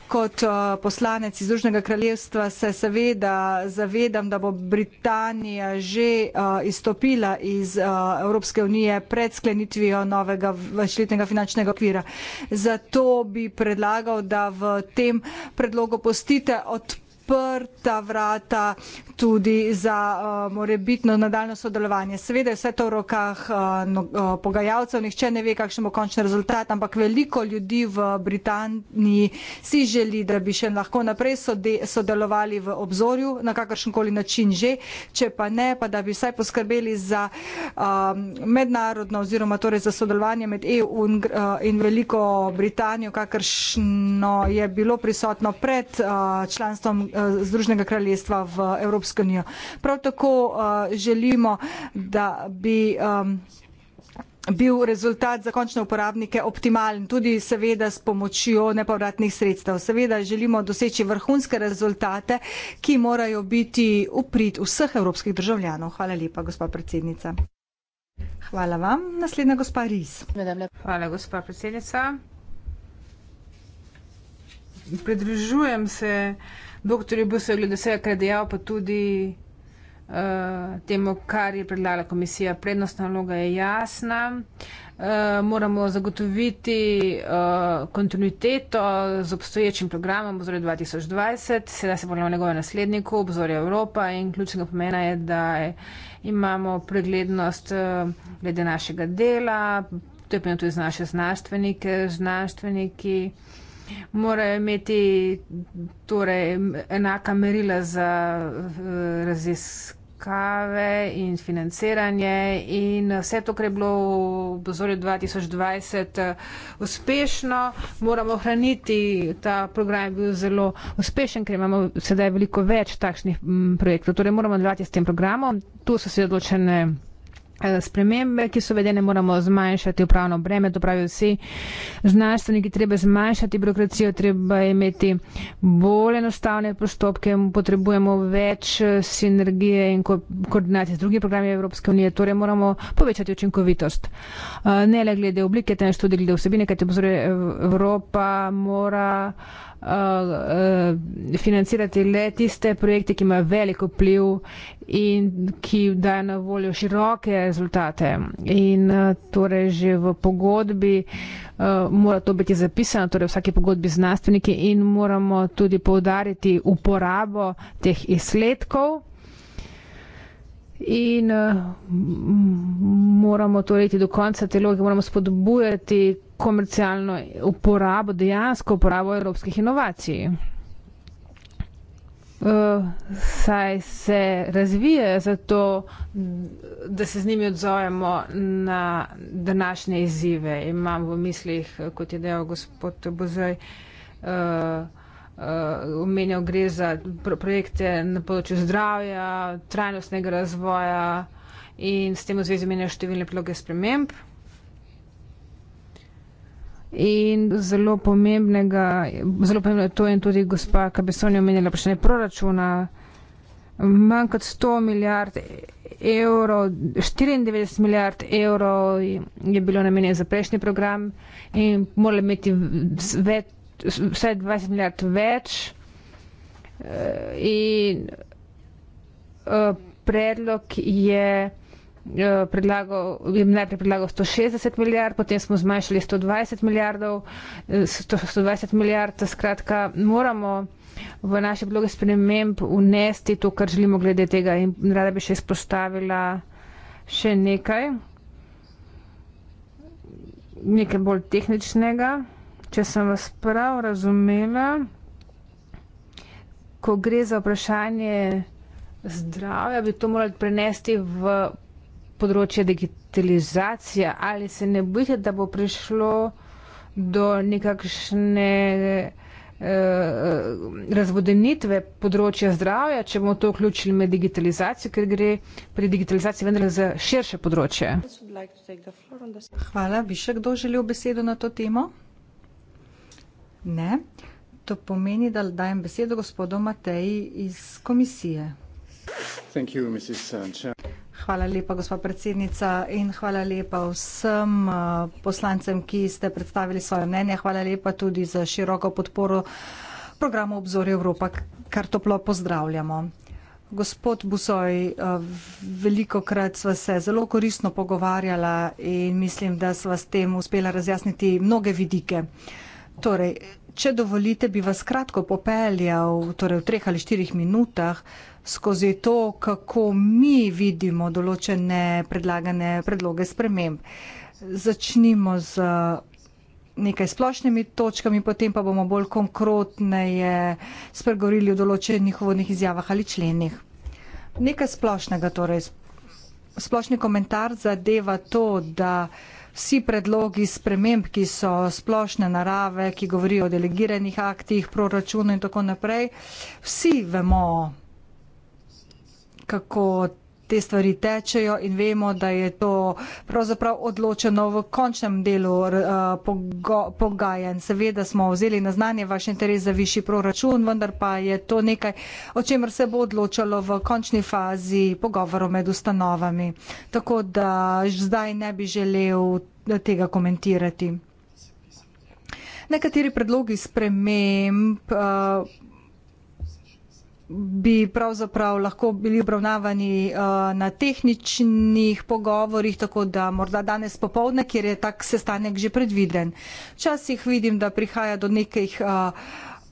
Speaker 1: Kot eh, poslanec iz Združenega kraljestva se seveda zavedam, da bo Britanija že eh, izstopila iz eh, Evropske unije pred sklenitvijo novega večletnega finančnega okvira. Zato bi predlagal, da v tem predlogu postite odprto odprta vrata tudi za uh, morebitno nadaljno sodelovanje. Seveda je vse to v rokah uh, no, uh, pogajalcev, nihče ne ve, kakšen bo končni rezultat, ampak veliko ljudi v Britaniji si želi, da bi še lahko naprej sode, sodelovali v obzorju na kakršen koli način že, če pa ne, pa da bi vsaj poskrbeli za uh, mednarodno oziroma torej za sodelovanje med EU in, uh, in Veliko Britanijo, kakršno je bilo prisotno pred uh, članstvom uh, Eh, Združenega kraljestva v Evropsko unijo. Prav tako eh, želimo, da bi bil rezultat za končne uporabnike optimalen, tudi seveda s pomočjo nepovratnih sredstev. Seveda želimo doseči vrhunske rezultate, ki morajo biti uprit vseh evropskih državljanov. Hvala lepa, gospa predsednica. Hvala vam.
Speaker 2: Naslednja gospa Riz. Hvala, gospa predsednica. Pridružujem se doktorju Bruslju glede vsega, kar je dejal, pa tudi uh, temu, kar je predlagala komisija. Prednostna vloga je jasna. Uh, moramo zagotoviti uh, kontinuiteto z obstoječim programom obzorja 2020, sedaj se bomo njegovem nasledniku, obzorja Evropa in ključnega pomena je, da imamo preglednost uh, glede našega dela, to je pomenilo tudi za naše znanstvenike, znanstveniki. znanstveniki morajo imeti torej, enaka merila za eh, raziskave in financiranje in vse to, kar je bilo v obzorju 2020 eh, uspešno, moramo ohraniti. Ta program je bil zelo uspešen, ker imamo sedaj veliko več takšnih mm, projektov. Torej, moramo delati s tem programom. Tu so se odločene. Eh, spremembe, ki so vedene, moramo zmanjšati upravno breme, to pravijo vsi znanstveniki, treba zmanjšati birokracijo, treba imeti bolj enostavne postopke, potrebujemo več eh, sinergije in ko koordinacije z drugimi programi Evropske unije, torej moramo povečati učinkovitost. Eh, ne le glede oblike, temveč tudi glede vsebine, kajte obzore Evropa mora uh, Eh, eh, financirati le tiste projekte, ki imajo veliko pliv in ki dajo na voljo široke rezultate. In eh, torej že v pogodbi mora to biti zapisano, torej v vsaki pogodbi z znanstveniki in moramo tudi povdariti uporabo teh izsledkov. In uh, moramo to leti do konca te loge, moramo spodbujati komercialno uporabo, dejansko uporabo evropskih inovacij. Uh, saj se razvije zato, da se z njimi odzovemo na današnje izzive. Imam v mislih, kot je dejal gospod Bozoj, eh, eh, omenjal uh, uh, gre za pro projekte na področju zdravja, trajnostnega razvoja in s tem v zvezi omenjal številne ploge sprememb in zelo pomembnega, zelo pomembno je to in tudi gospa Kabesoni omenjala vprašanje proračuna, manj kot 100 milijard evrov, 94 milijard evrov je bilo namenjen za prejšnji program in morali imeti več, vsaj 20 milijard več eh, in eh, predlog je Eh, predlagal, jim najprej predlagal 160 milijard, potem smo zmanjšali 120 milijardov, 120 eh, milijard, skratka, moramo v naše bloge sprememb unesti to, kar želimo glede tega in rada bi še izpostavila še nekaj, nekaj bolj tehničnega, če sem vas prav razumela, ko gre za vprašanje zdravja, bi to morali prenesti v področje digitalizacije, ali se ne bojite, da bo prišlo do nekakšne eh, eh, razvodenitve področja zdravja, če bomo to vključili med digitalizacijo, ker gre pri digitalizaciji vendar za širše
Speaker 1: področje. Hvala. Bi še kdo želel besedo na to temo? Ne. To pomeni, da dajem besedo gospodu Mateji iz komisije. Hvala lepa, gospa predsednica in hvala lepa vsem eh, poslancem, ki ste predstavili svoje mnenje. Hvala lepa tudi za široko podporo programu Obzor Evropa, kar toplo pozdravljamo. Gospod Busoj, eh, veliko krat sva se zelo koristno pogovarjala in mislim, da sva s tem uspela razjasniti mnoge vidike. Torej, če dovolite, bi vas kratko popeljal, torej v treh ali štirih minutah, skozi to, kako mi vidimo določene predlagane predloge sprememb. Začnimo z eh, nekaj splošnimi točkami, potem pa bomo bolj konkretneje spregovorili o določenih vodnih izjavah ali členih. Nekaj splošnega, torej splošni komentar zadeva to, da vsi predlogi sprememb, ki so splošne narave, ki govorijo o delegiranih aktih, proračunu in tako naprej, vsi vemo, kako te stvari tečejo in vemo, da je to pravzaprav odločeno v končnem delu uh, pogo, pogajanj. Seveda smo vzeli na znanje vaš interes za višji proračun, vendar pa je to nekaj, o čemer se bo odločalo v končni fazi pogovorov med ustanovami. Tako da zdaj ne bi želel eh, tega komentirati. Nekateri predlogi sprememb. Uh, bi pravzaprav lahko bili obravnavani eh, na tehničnih pogovorjih, tako da morda danes popovdne, kjer je tak sestanek že predviden. Včasih vidim, da prihaja do nekih eh,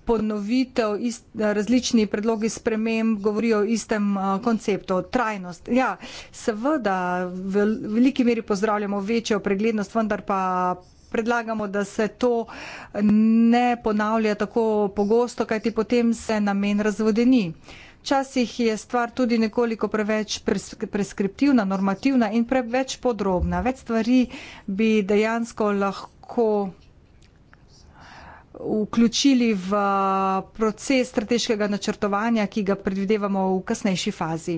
Speaker 1: ponovitev, ist, različni predlogi sprememb govorijo o istem uh, konceptu, trajnost. Ja, seveda v veliki meri pozdravljamo večjo preglednost, vendar pa predlagamo, da se to ne ponavlja tako pogosto, kajti potem se namen razvodeni. Včasih je stvar tudi nekoliko preveč preskriptivna, normativna in preveč podrobna. Več stvari bi dejansko lahko vključili v proces strateškega načrtovanja, ki ga predvidevamo v kasnejši fazi.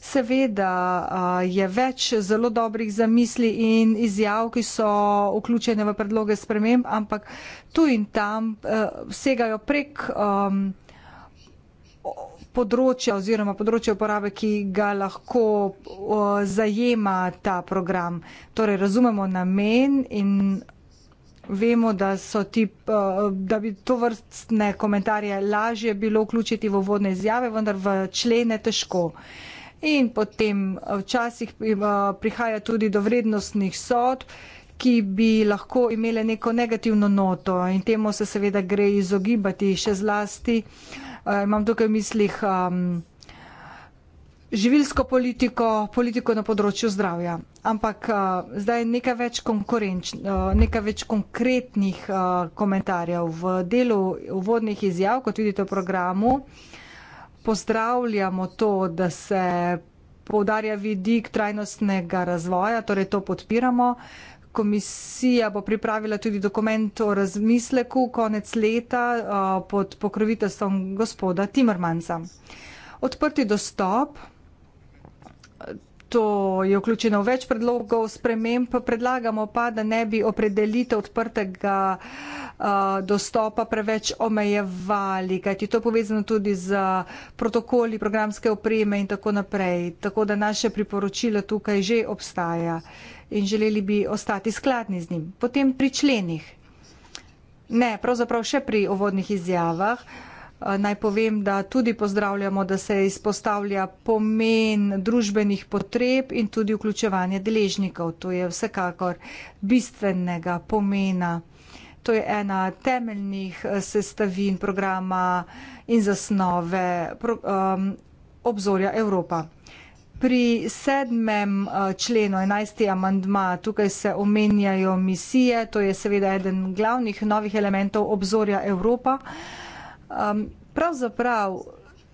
Speaker 1: Seveda je več zelo dobrih zamisli in izjav, ki so vključene v predloge sprememb, ampak tu in tam segajo prek področja oziroma področja uporabe, ki ga lahko zajema ta program. Torej razumemo namen in Vemo, da, ti, eh, da bi to vrstne komentarje lažje bilo vključiti v vodne izjave, vendar v člene težko. In potem eh, včasih eh, prihaja tudi do vrednostnih sod, ki bi lahko imele neko negativno noto in temu se seveda gre izogibati še zlasti. Imam tukaj v mislih. Um, živilsko politiko, politiko na področju zdravja. Ampak uh, zdaj nekaj več, uh, nekaj več konkretnih uh, komentarjev v delu uvodnih izjav, kot vidite v programu. Pozdravljamo to, da se povdarja vidik trajnostnega razvoja, torej to podpiramo. Komisija bo pripravila tudi dokument o razmisleku konec leta uh, pod pokroviteljstvom gospoda Timrmansa. Odprti dostop. To je vključeno v več predlogov sprememb. Predlagamo pa, da ne bi opredelitev odprtega eh, dostopa preveč omejevali, kajti to je povezano tudi z protokoli programske opreme in tako naprej. Tako da naše priporočilo tukaj že obstaja in želeli bi ostati skladni z njim. Potem pri členih. Ne, pravzaprav še pri uvodnih izjavah. Uh, Eh, naj povem, da tudi pozdravljamo, da se izpostavlja pomen družbenih potreb in tudi vključevanje deležnikov. To je vsekakor bistvenega pomena. To je ena temeljnih eh, sestavin programa in zasnove um, obzorja Evropa. Pri sedmem eh, členu, enajsti amandma, tukaj se omenjajo misije, to je seveda eden glavnih novih elementov obzorja Evropa. Uh, Um, pravzaprav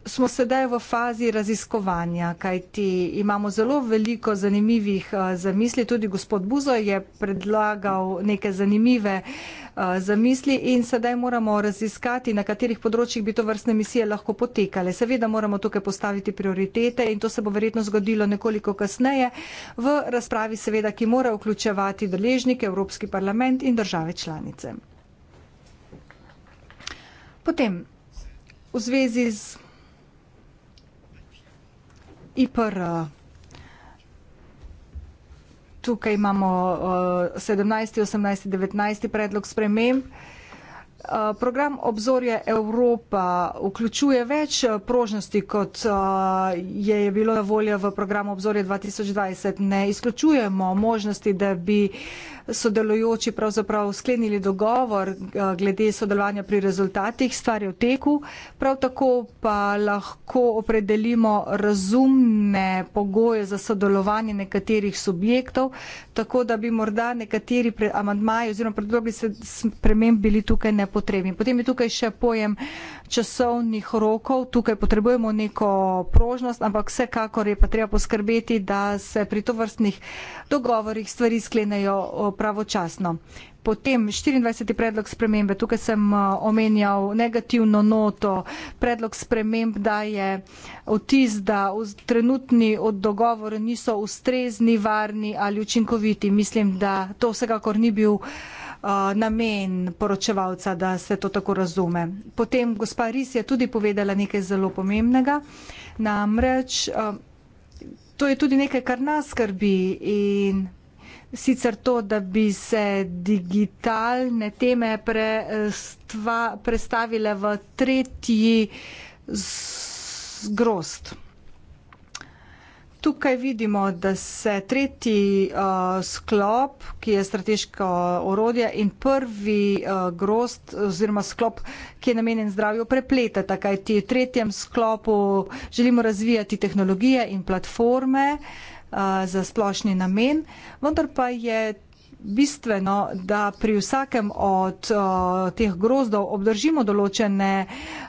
Speaker 1: smo sedaj v fazi raziskovanja, kajti imamo zelo veliko zanimivih uh, zamisli. Tudi gospod Buzo je predlagal neke zanimive uh, zamisli in sedaj moramo raziskati, na katerih področjih bi to vrstne misije lahko potekale. Seveda moramo tukaj postaviti prioritete in to se bo verjetno zgodilo nekoliko kasneje v razpravi, seveda, ki mora vključevati deležnike, Evropski parlament in države članice. Potem, v zvezi z IPR, tukaj imamo 17., 18., 19. predlog sprememb. Eh, program obzorja Evropa vključuje več eh, prožnosti, kot eh, je bilo na voljo v programu obzorja 2020. Ne izključujemo možnosti, da bi sodelujoči pravzaprav sklenili dogovor eh, glede sodelovanja pri rezultatih, stvar je v teku, prav tako pa lahko opredelimo razumne pogoje za sodelovanje nekaterih subjektov, tako da bi morda nekateri amantmaji oziroma predlogi sprememb bili tukaj nepotrebni. Potem je tukaj še pojem časovnih rokov, tukaj potrebujemo neko prožnost, ampak vsekakor je pa treba poskrbeti, da se pri to vrstnih dogovorih stvari sklenejo eh, pravočasno. Potem 24. predlog spremembe, tukaj sem eh, omenjal negativno noto, predlog sprememb daje otis, da trenutni od dogovor niso ustrezni, varni ali učinkoviti. Mislim, da to vsekakor ni bil eh, namen poročevalca, da se to tako razume. Potem gospa Ris je tudi povedala nekaj zelo pomembnega, namreč eh, to je tudi nekaj, kar nas skrbi in povedala, sicer to, da bi se digitalne teme prestva, prestavile v tretji grost. Tukaj vidimo, da se tretji uh, sklop, ki je strateško orodje in prvi uh, grost oziroma sklop, ki je namenjen zdravju, prepletata, kajti v tretjem sklopu želimo razvijati tehnologije in platforme, uh, za splošni namen, vendar pa je bistveno, da pri vsakem od uh, teh grozdov obdržimo določene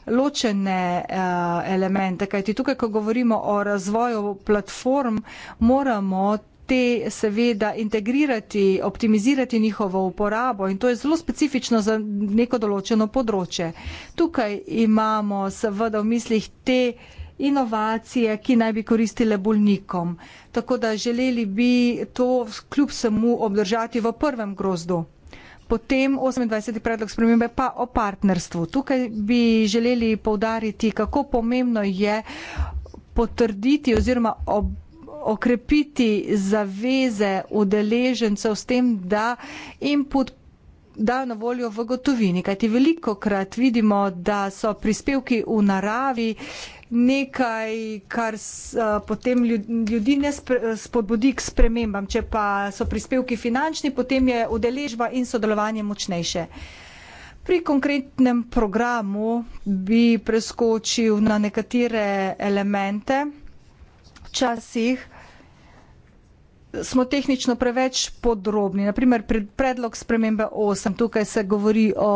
Speaker 1: ločene uh, elemente, kajti tukaj, ko govorimo o razvoju platform, moramo te seveda integrirati, optimizirati njihovo uporabo in to je zelo specifično za neko določeno področje. Tukaj imamo seveda v mislih te uh, inovacije, ki naj bi koristile bolnikom. Tako da želeli bi to kljub samo obdržati v prvem grozdu. Potem 28. predlog spremembe pa o partnerstvu. Tukaj bi želeli povdariti, kako pomembno je potrditi oziroma ob, okrepiti zaveze udeležencev s tem, da input dajo na voljo v gotovini. Kajti veliko krat vidimo, da so prispevki v naravi nekaj, kar s, eh, potem ljudi ne eh, spodbudi k spremembam. Če pa so prispevki finančni, potem je udeležba in sodelovanje močnejše. Pri konkretnem programu bi preskočil na nekatere elemente. Včasih smo tehnično preveč podrobni. Naprimer, predlog spremembe 8, tukaj se govori o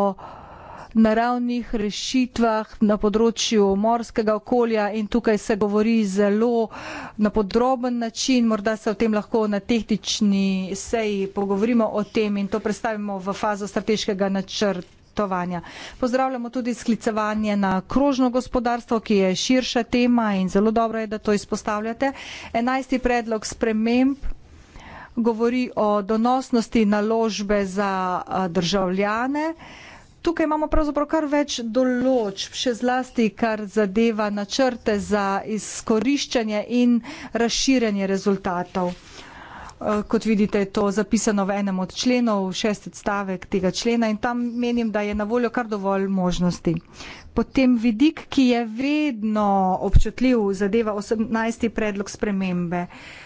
Speaker 1: naravnih rešitvah, na področju morskega okolja in tukaj se govori zelo na podroben način. Morda se o tem lahko na tehnični seji pogovorimo o tem in to predstavimo v fazo strateškega načrta. Pozdravljamo tudi sklicevanje na krožno gospodarstvo, ki je širša tema in zelo dobro je, da to izpostavljate. Enajsti predlog sprememb govori o donosnosti naložbe za državljane tukaj imamo pravzaprav kar več določb, še zlasti, kar zadeva načrte za izkoriščanje in razširjanje rezultatov. Eh, kot vidite, je to zapisano v enem od členov, šest odstavek tega člena in tam menim, da je na voljo kar dovolj možnosti. Potem vidik, ki je vedno občutljiv, zadeva 18. predlog spremembe. Uh,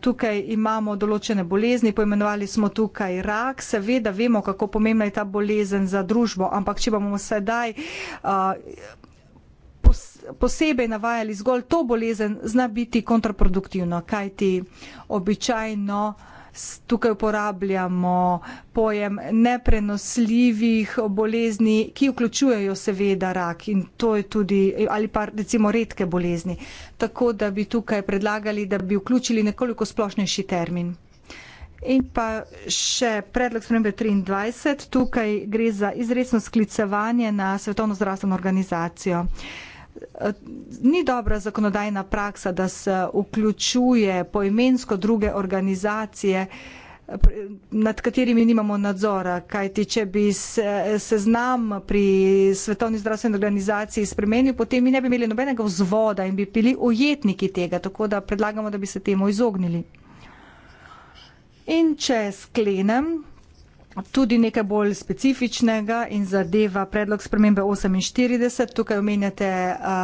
Speaker 1: Tukaj imamo določene bolezni, poimenovali smo tukaj rak, seveda vemo, kako pomembna je ta bolezen za družbo, ampak če bomo sedaj posebej navajali zgolj to bolezen, zna biti kontraproduktivno, kajti običajno tukaj uporabljamo pojem neprenosljivih bolezni, ki vključujejo seveda rak in to je tudi, ali pa recimo redke bolezni. Tako da bi tukaj predlagali, da bi vključili nekoliko splošnejši termin. In pa še predlog spremembe 23, tukaj gre za izredno sklicevanje na Svetovno zdravstveno organizacijo ni dobra zakonodajna praksa, da se vključuje poimensko druge organizacije, nad katerimi nimamo nadzora, kajti če bi se, seznam pri Svetovni zdravstveni organizaciji spremenil, potem mi ne bi imeli nobenega vzvoda in bi bili ujetniki tega, tako da predlagamo, da bi se temu izognili. In če sklenem, tudi nekaj bolj specifičnega in zadeva predlog spremembe 48. Tukaj omenjate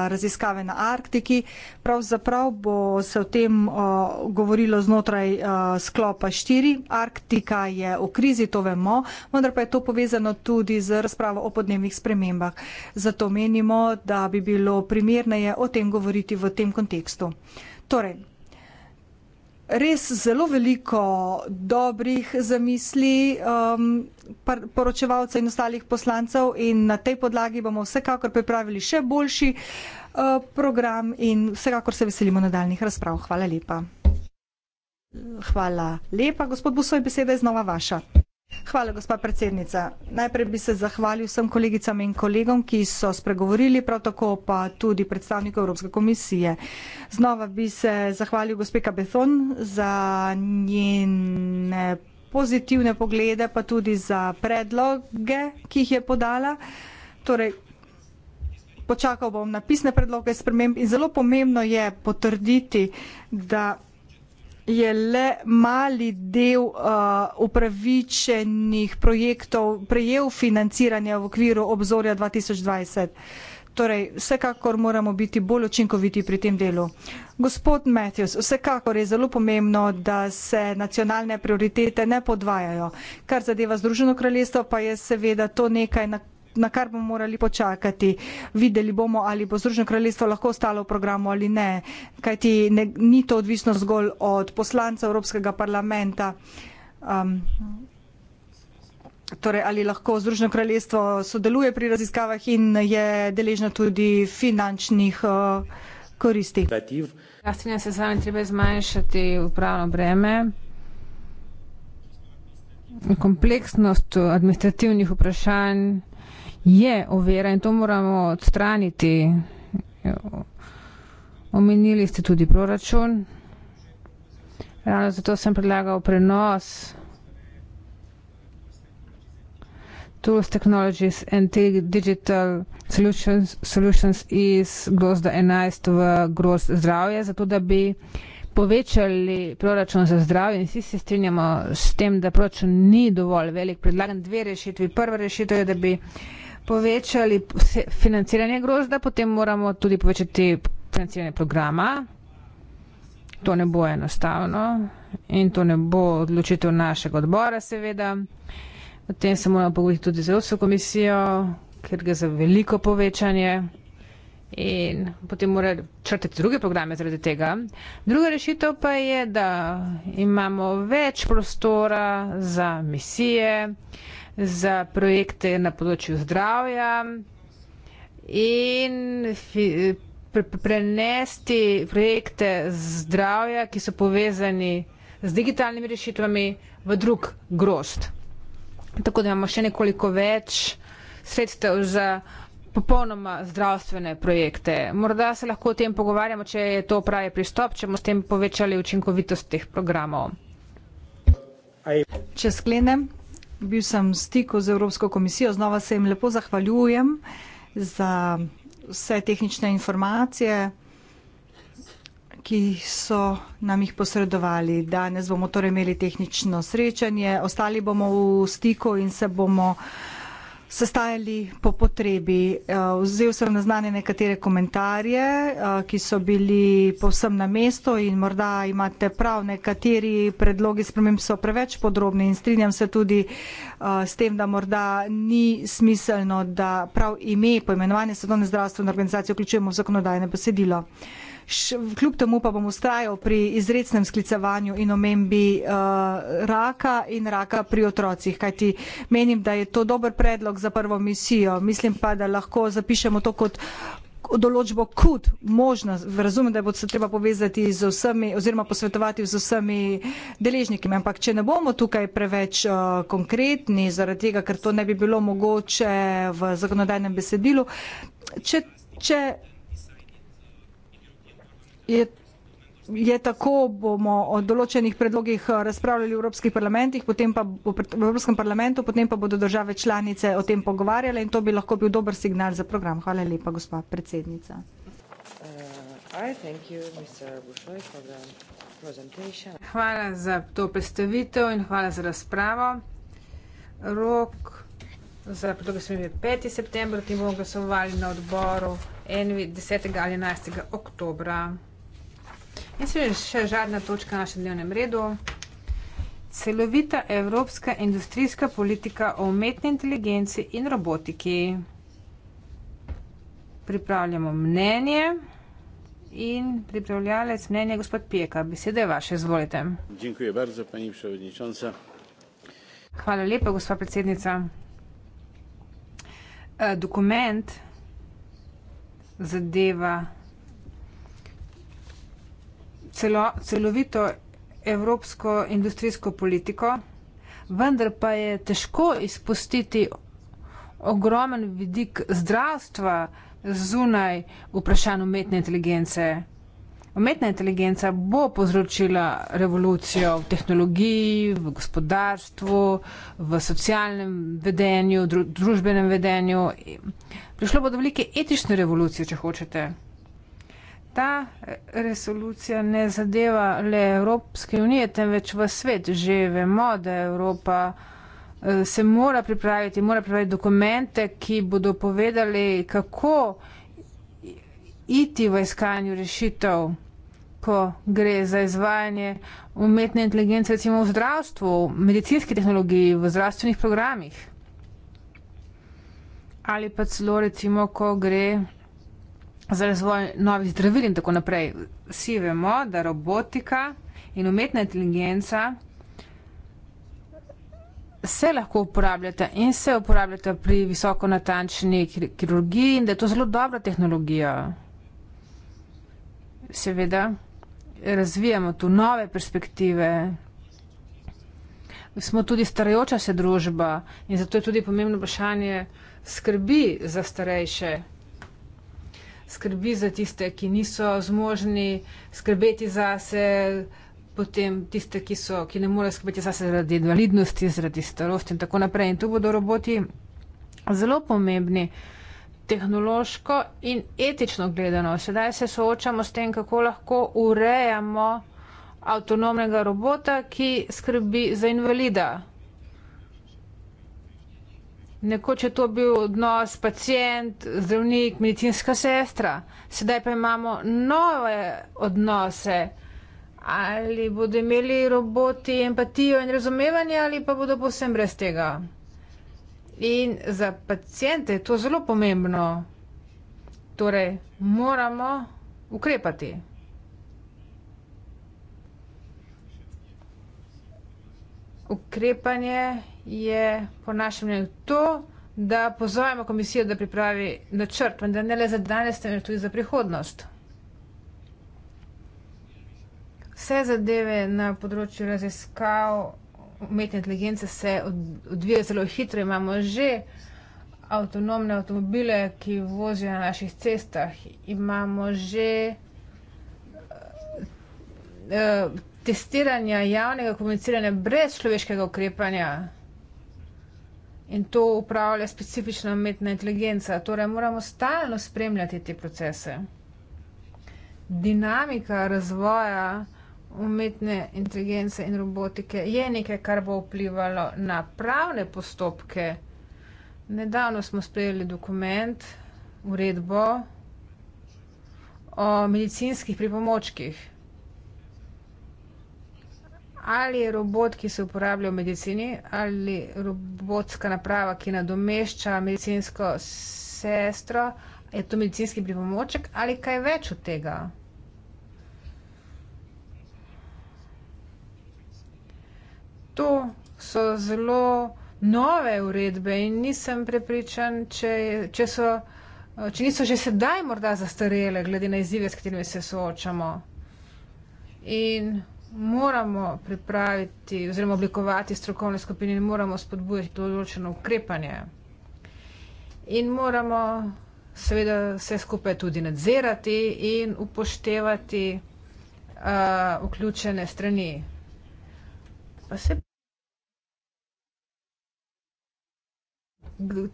Speaker 1: raziskave na Arktiki. Pravzaprav bo se o tem govorilo znotraj sklopa 4. Arktika je v krizi, to vemo, vendar pa je to povezano tudi z razpravo o podnebnih spremembah. Zato menimo, da bi bilo primerneje o tem govoriti v tem kontekstu. Torej, res zelo veliko dobrih zamisli um, poročevalcev in ostalih poslancev in na tej podlagi bomo vsekakor pripravili še boljši uh, program in vsekakor se veselimo nadaljnih razprav. Hvala lepa. Hvala lepa. Gospod Busoj, beseda je znova vaša. Hvala, gospa predsednica. Najprej bi se zahvalil vsem kolegicam in kolegom, ki so spregovorili, prav tako pa tudi predstavniku Evropske komisije. Znova bi se zahvalil gospe Kabethon za njene pozitivne poglede, pa tudi za predloge, ki jih je podala. Torej, počakal bom na pisne predloge sprememb in zelo pomembno je potrditi, da je le mali del uh, upravičenih projektov prejel financiranje v okviru obzorja 2020. Torej, vsekakor moramo biti bolj učinkoviti pri tem delu. Gospod Matthews, vsekakor je zelo pomembno, da se nacionalne prioritete ne podvajajo. Kar zadeva Združeno kraljestvo, pa je seveda to nekaj, na na kar bomo morali počakati. Videli bomo, ali bo Združeno kraljestvo lahko ostalo v programu ali ne, kajti ne, ni to odvisno zgolj od poslanca Evropskega parlamenta. Um, torej, ali lahko Združeno kraljestvo sodeluje pri raziskavah in je deležno tudi finančnih uh, koristi.
Speaker 2: Jasne, se sami treba zmanjšati upravno breme. Kompleksnost administrativnih vprašanj je ovira in to moramo odstraniti. Omenili ste tudi proračun. Ravno zato sem predlagal prenos Tools, Technologies and Digital Solutions, solutions iz Grozda 11 v Groz zdravje, zato da bi povečali proračun za zdravje in vsi se strinjamo s tem, da proračun ni dovolj velik. Predlagam dve rešitvi. Prva rešitev je, da bi povečali financiranje grožda, potem moramo tudi povečati financiranje programa. To ne bo enostavno in to ne bo odločitev našega odbora, seveda. O tem se moramo pogovoriti tudi z Evropsko komisijo, ker gre za veliko povečanje in potem mora črtati druge programe zaradi tega. Druga rešitev pa je, da imamo več prostora za misije, uh, za projekte na področju zdravja in prenesti projekte zdravja, ki so povezani z digitalnimi rešitvami, v drug grost. Tako da imamo še nekoliko več sredstev za popolnoma zdravstvene projekte. Morda se lahko o tem pogovarjamo, če je to pravi pristop, če bomo s tem povečali učinkovitost teh programov.
Speaker 1: Če sklenem bil sem v stiku z Evropsko komisijo, znova se jim lepo zahvaljujem za vse tehnične informacije, ki so nam jih posredovali. Danes bomo torej imeli tehnično srečanje, ostali bomo v stiku in se bomo sestajali po potrebi. Eh, vzel sem na znanje nekatere komentarje, eh, ki so bili povsem na mesto in morda imate prav, nekateri predlogi sprememb so preveč podrobni in strinjam se tudi eh, s tem, da morda ni smiselno, da prav ime poimenovanja Svetovne zdravstvene organizacije vključujemo v zakonodajne besedilo kljub temu pa bom ustrajal pri izrecnem sklicevanju in omembi uh, raka in raka pri otrocih, kajti menim, da je to dober predlog za prvo misijo. Mislim pa, da lahko zapišemo to kot določbo kud možno, razumem, da bo se treba povezati z vsemi oziroma posvetovati z vsemi deležniki, ampak če ne bomo tukaj preveč uh, konkretni zaradi tega, ker to ne bi bilo mogoče v zakonodajnem besedilu, če, če je, je tako, bomo o določenih predlogih eh, razpravljali v Evropskih parlamentih, potem pa v Evropskem parlamentu, potem pa bodo države članice o tem pogovarjale in to bi lahko bil dober signal za program. Hvala lepa, gospa predsednica.
Speaker 3: Uh,
Speaker 1: hvala za to predstavitev
Speaker 2: in hvala za razpravo. Rok za predloge smo imeli 5. september, ti bomo glasovali na odboru 10. ali 11. oktobra. In se še žadna točka našem dnevnem redu. Celovita evropska industrijska politika o umetni inteligenci in robotiki. Pripravljamo mnenje in pripravljalec mnenja gospod Pijeka. Beseda je vaša, izvolite. Bardzo, pani Hvala lepa, gospa predsednica. E, dokument zadeva celo, celovito evropsko industrijsko politiko, vendar pa je težko izpustiti ogromen vidik zdravstva zunaj vprašan umetne inteligence. Umetna inteligenca bo povzročila revolucijo v tehnologiji, v gospodarstvu, v socialnem vedenju, dru, družbenem vedenju. Prišlo bo do velike etične revolucije, če hočete ta eh, resolucija ne zadeva le Evropske unije, temveč v svet. Že vemo, da Evropa eh, se mora pripraviti, mora pripraviti dokumente, ki bodo povedali, kako iti v iskanju rešitev, ko gre za izvajanje umetne inteligence, recimo v zdravstvu, v medicinski tehnologiji, v zdravstvenih programih. Ali pa celo recimo, ko gre za razvoj novih zdravil in tako naprej. Vsi vemo, da robotika in umetna inteligenca se lahko uporabljata in se uporabljata pri visoko natančni kirurgiji in da je to zelo dobra tehnologija. Seveda, razvijamo tu nove perspektive. Smo tudi starajoča se družba in zato je tudi pomembno vprašanje skrbi za starejše skrbi za tiste, ki niso zmožni skrbeti za sebe. Potem tiste, ki, so, ki ne morejo skrbeti zase zaradi invalidnosti, zaradi starosti in tako naprej. In tu bodo roboti zelo pomembni tehnološko in etično gledano. Sedaj se soočamo s tem, kako lahko urejamo avtonomnega robota, ki skrbi za invalida. Nekoč je to bil odnos pacijent, zdravnik, medicinska sestra, sedaj pa imamo nove odnose. Ali bodo imeli roboti empatijo in razumevanje ali pa bodo povsem brez tega. In za pacijente je to zelo pomembno. Torej, moramo ukrepati. Ukrepanje je po našem mnenju to, da pozovemo komisijo, da pripravi načrt, vendar ne le za danes, temveč tudi za prihodnost. Vse zadeve na področju raziskav umetne inteligence se odvijajo zelo hitro. Imamo že avtonomne avtomobile, ki vozijo na naših cestah. Imamo že uh, testiranja javnega komuniciranja brez človeškega ukrepanja in to upravlja specifična umetna inteligenca. Torej, moramo stalno spremljati te procese. Dinamika razvoja umetne inteligence in robotike je nekaj, kar bo vplivalo na pravne postopke. Nedavno smo sprejeli dokument, uredbo o medicinskih pripomočkih ali je robot, ki se uporablja v medicini, ali robotska naprava, ki nadomešča medicinsko sestro, je to medicinski pripomoček ali kaj več od tega? To so zelo nove uredbe in nisem prepričan, če, če, so, če niso že sedaj morda zastarele, glede na izzive, s katerimi se soočamo. In moramo pripraviti oziroma oblikovati strokovne skupine in moramo spodbujati določeno ukrepanje. In moramo seveda vse skupaj tudi nadzirati in upoštevati uh, vključene strani. Pa se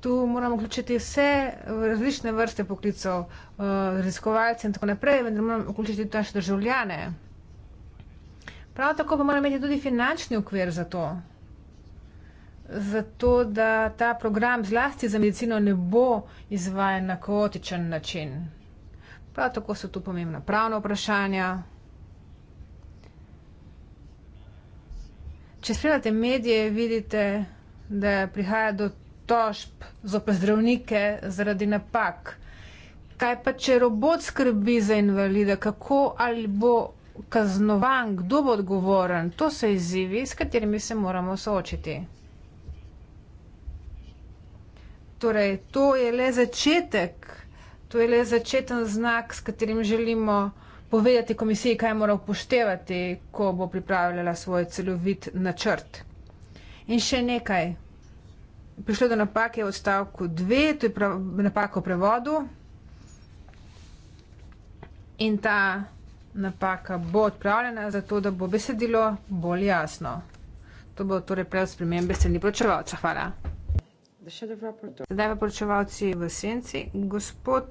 Speaker 2: Tu moramo vključiti vse različne vrste poklicov, uh, raziskovalce in tako naprej, vendar moramo vključiti tudi naše državljane. Prav tako pa mora imeti tudi finančni okvir za to. Zato, da ta program zlasti za medicino ne bo izvajan na kaotičen način. Prav tako so tu pomembna pravna vprašanja. Če spremljate medije, vidite, da prihaja do tožb zoper zdravnike zaradi napak. Kaj pa, če robot skrbi za invalida, kako ali bo kaznovan, kdo bo odgovoren, to so izzivi, s katerimi se moramo soočiti. Torej, to je le začetek, to je le začeten znak, s katerim želimo povedati komisiji, kaj mora upoštevati, ko bo pripravljala svoj celovit načrt. In še nekaj. Prišlo do napake v odstavku 2, to je napaka v prevodu. In ta napaka bo odpravljena, zato da bo besedilo bolj jasno. To bo torej prav spremem besedni poročevalca. Hvala. Sedaj pa poročevalci v senci. Gospod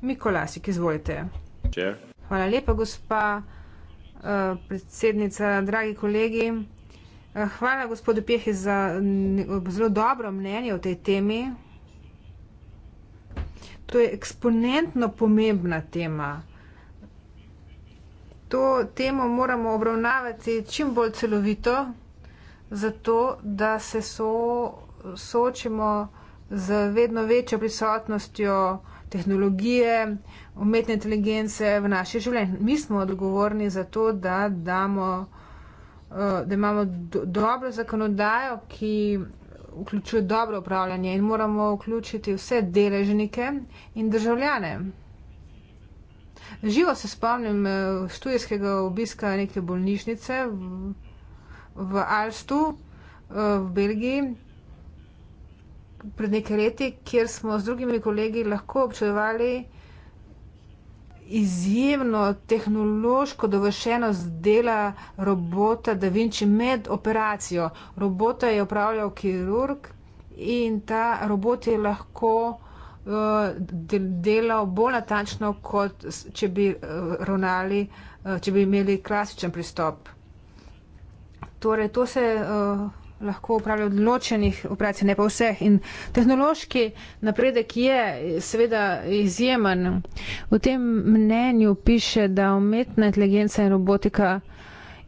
Speaker 2: Mikolasik, izvolite. Hvala lepa, gospa eh, predsednica, dragi kolegi. Eh, hvala gospodu Pjehi za zelo dobro mnenje o tej temi. To je eksponentno pomembna tema to temo moramo obravnavati čim bolj celovito, zato da se so, soočimo z vedno večjo prisotnostjo tehnologije, umetne inteligence v naši življenji. Mi smo odgovorni za to, da, damo, eh, da imamo do, dobro zakonodajo, ki vključuje dobro upravljanje in moramo vključiti vse deležnike in državljane. Živo se spomnim eh, študijskega obiska neke bolnišnice v Alstu eh, v Belgiji pred nekaj leti, kjer smo z drugimi kolegi lahko občudovali izjemno tehnološko dovršenost dela robota Da Vinci med operacijo. Robota je opravljal kirurg in ta robot je lahko Eh, delal bolj natančno, kot če bi eh, ravnali, eh, če bi imeli klasičen pristop. Torej, to se lahko upravlja v odločenih operacijah, ne pa vseh. In tehnološki napredek je seveda izjemen. V tem mnenju piše, da umetna inteligenca in robotika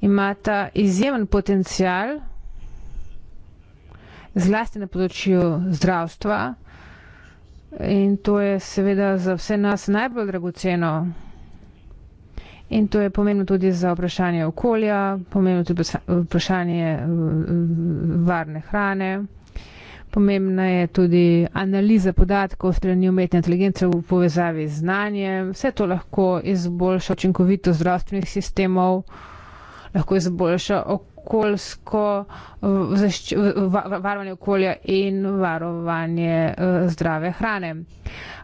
Speaker 2: imata izjemen potencial, zlasti na področju zdravstva, In to je seveda za vse nas najbolj dragoceno. In to je pomembno tudi za vprašanje okolja, pomembno tudi vprašanje varne hrane, pomembna je tudi analiza podatkov strani umetne inteligence v povezavi z znanjem. Vse to lahko izboljša učinkovitost zdravstvenih sistemov, lahko izboljša okolje okoljsko eh, zašč, varovanje okolja in varovanje eh, zdrave hrane.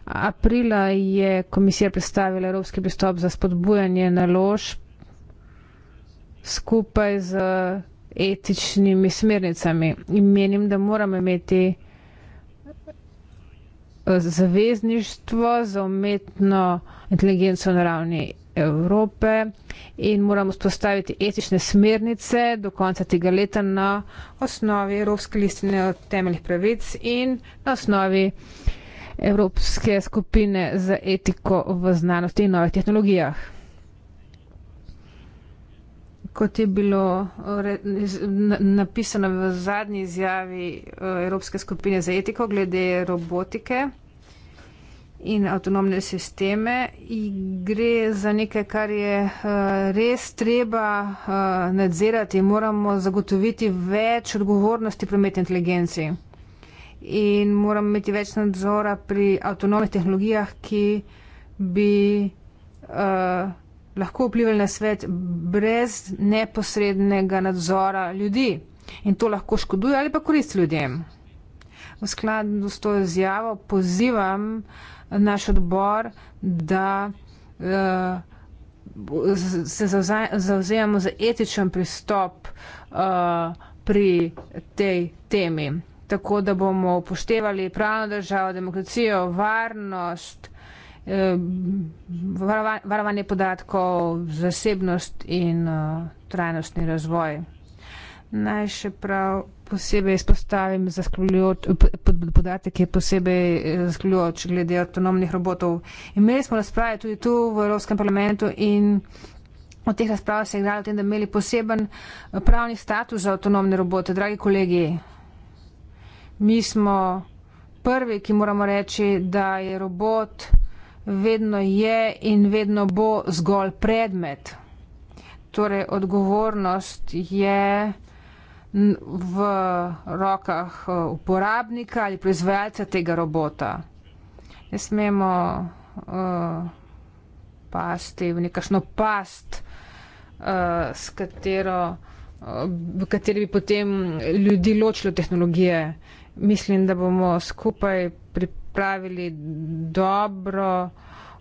Speaker 2: Aprila je komisija predstavila Evropski pristop za spodbujanje nalož skupaj z etičnimi smernicami. In menim, da moramo imeti eh, zavezništvo za umetno inteligenco na ravni Evrope in moramo spostaviti etične smernice do konca tega leta na osnovi Evropske listine o temeljih pravic in na osnovi Evropske skupine za etiko v znanosti in novih tehnologijah. Kot je bilo napisano v zadnji izjavi eh, Evropske skupine za etiko glede robotike, in avtonomne sisteme. In gre za nekaj, kar je eh, res treba eh, nadzirati. Moramo zagotoviti več odgovornosti prometne inteligenci in moramo imeti več nadzora pri avtonomnih tehnologijah, ki bi eh, lahko vplivali na svet brez neposrednega nadzora ljudi. In to lahko škoduje ali pa koristi ljudem. V skladu s to izjavo pozivam uh, naš odbor, da uh, se zauzemamo za etičen pristop uh, pri tej temi. Tako da bomo upoštevali pravno državo, demokracijo, varnost, eh, varovanje podatkov, zasebnost in eh, trajnostni razvoj. Naj še prav posebej izpostavim podatek, ki je posebej eh, zaskrbljujoč glede avtonomnih robotov. Imeli smo razprave tudi tu v Evropskem parlamentu in v teh razpravah se je igralo tem, da imeli poseben eh, pravni status za avtonomne robote. Dragi kolegi, mi smo prvi, ki moramo reči, da je robot vedno je in vedno bo zgolj predmet. Torej, odgovornost je v rokah eh, uporabnika ali proizvajalca tega robota. Ne smemo uh, pasti v nekašno past, uh, katero, uh, v kateri bi potem ljudi ločilo tehnologije. Mislim, da bomo skupaj pripravili dobro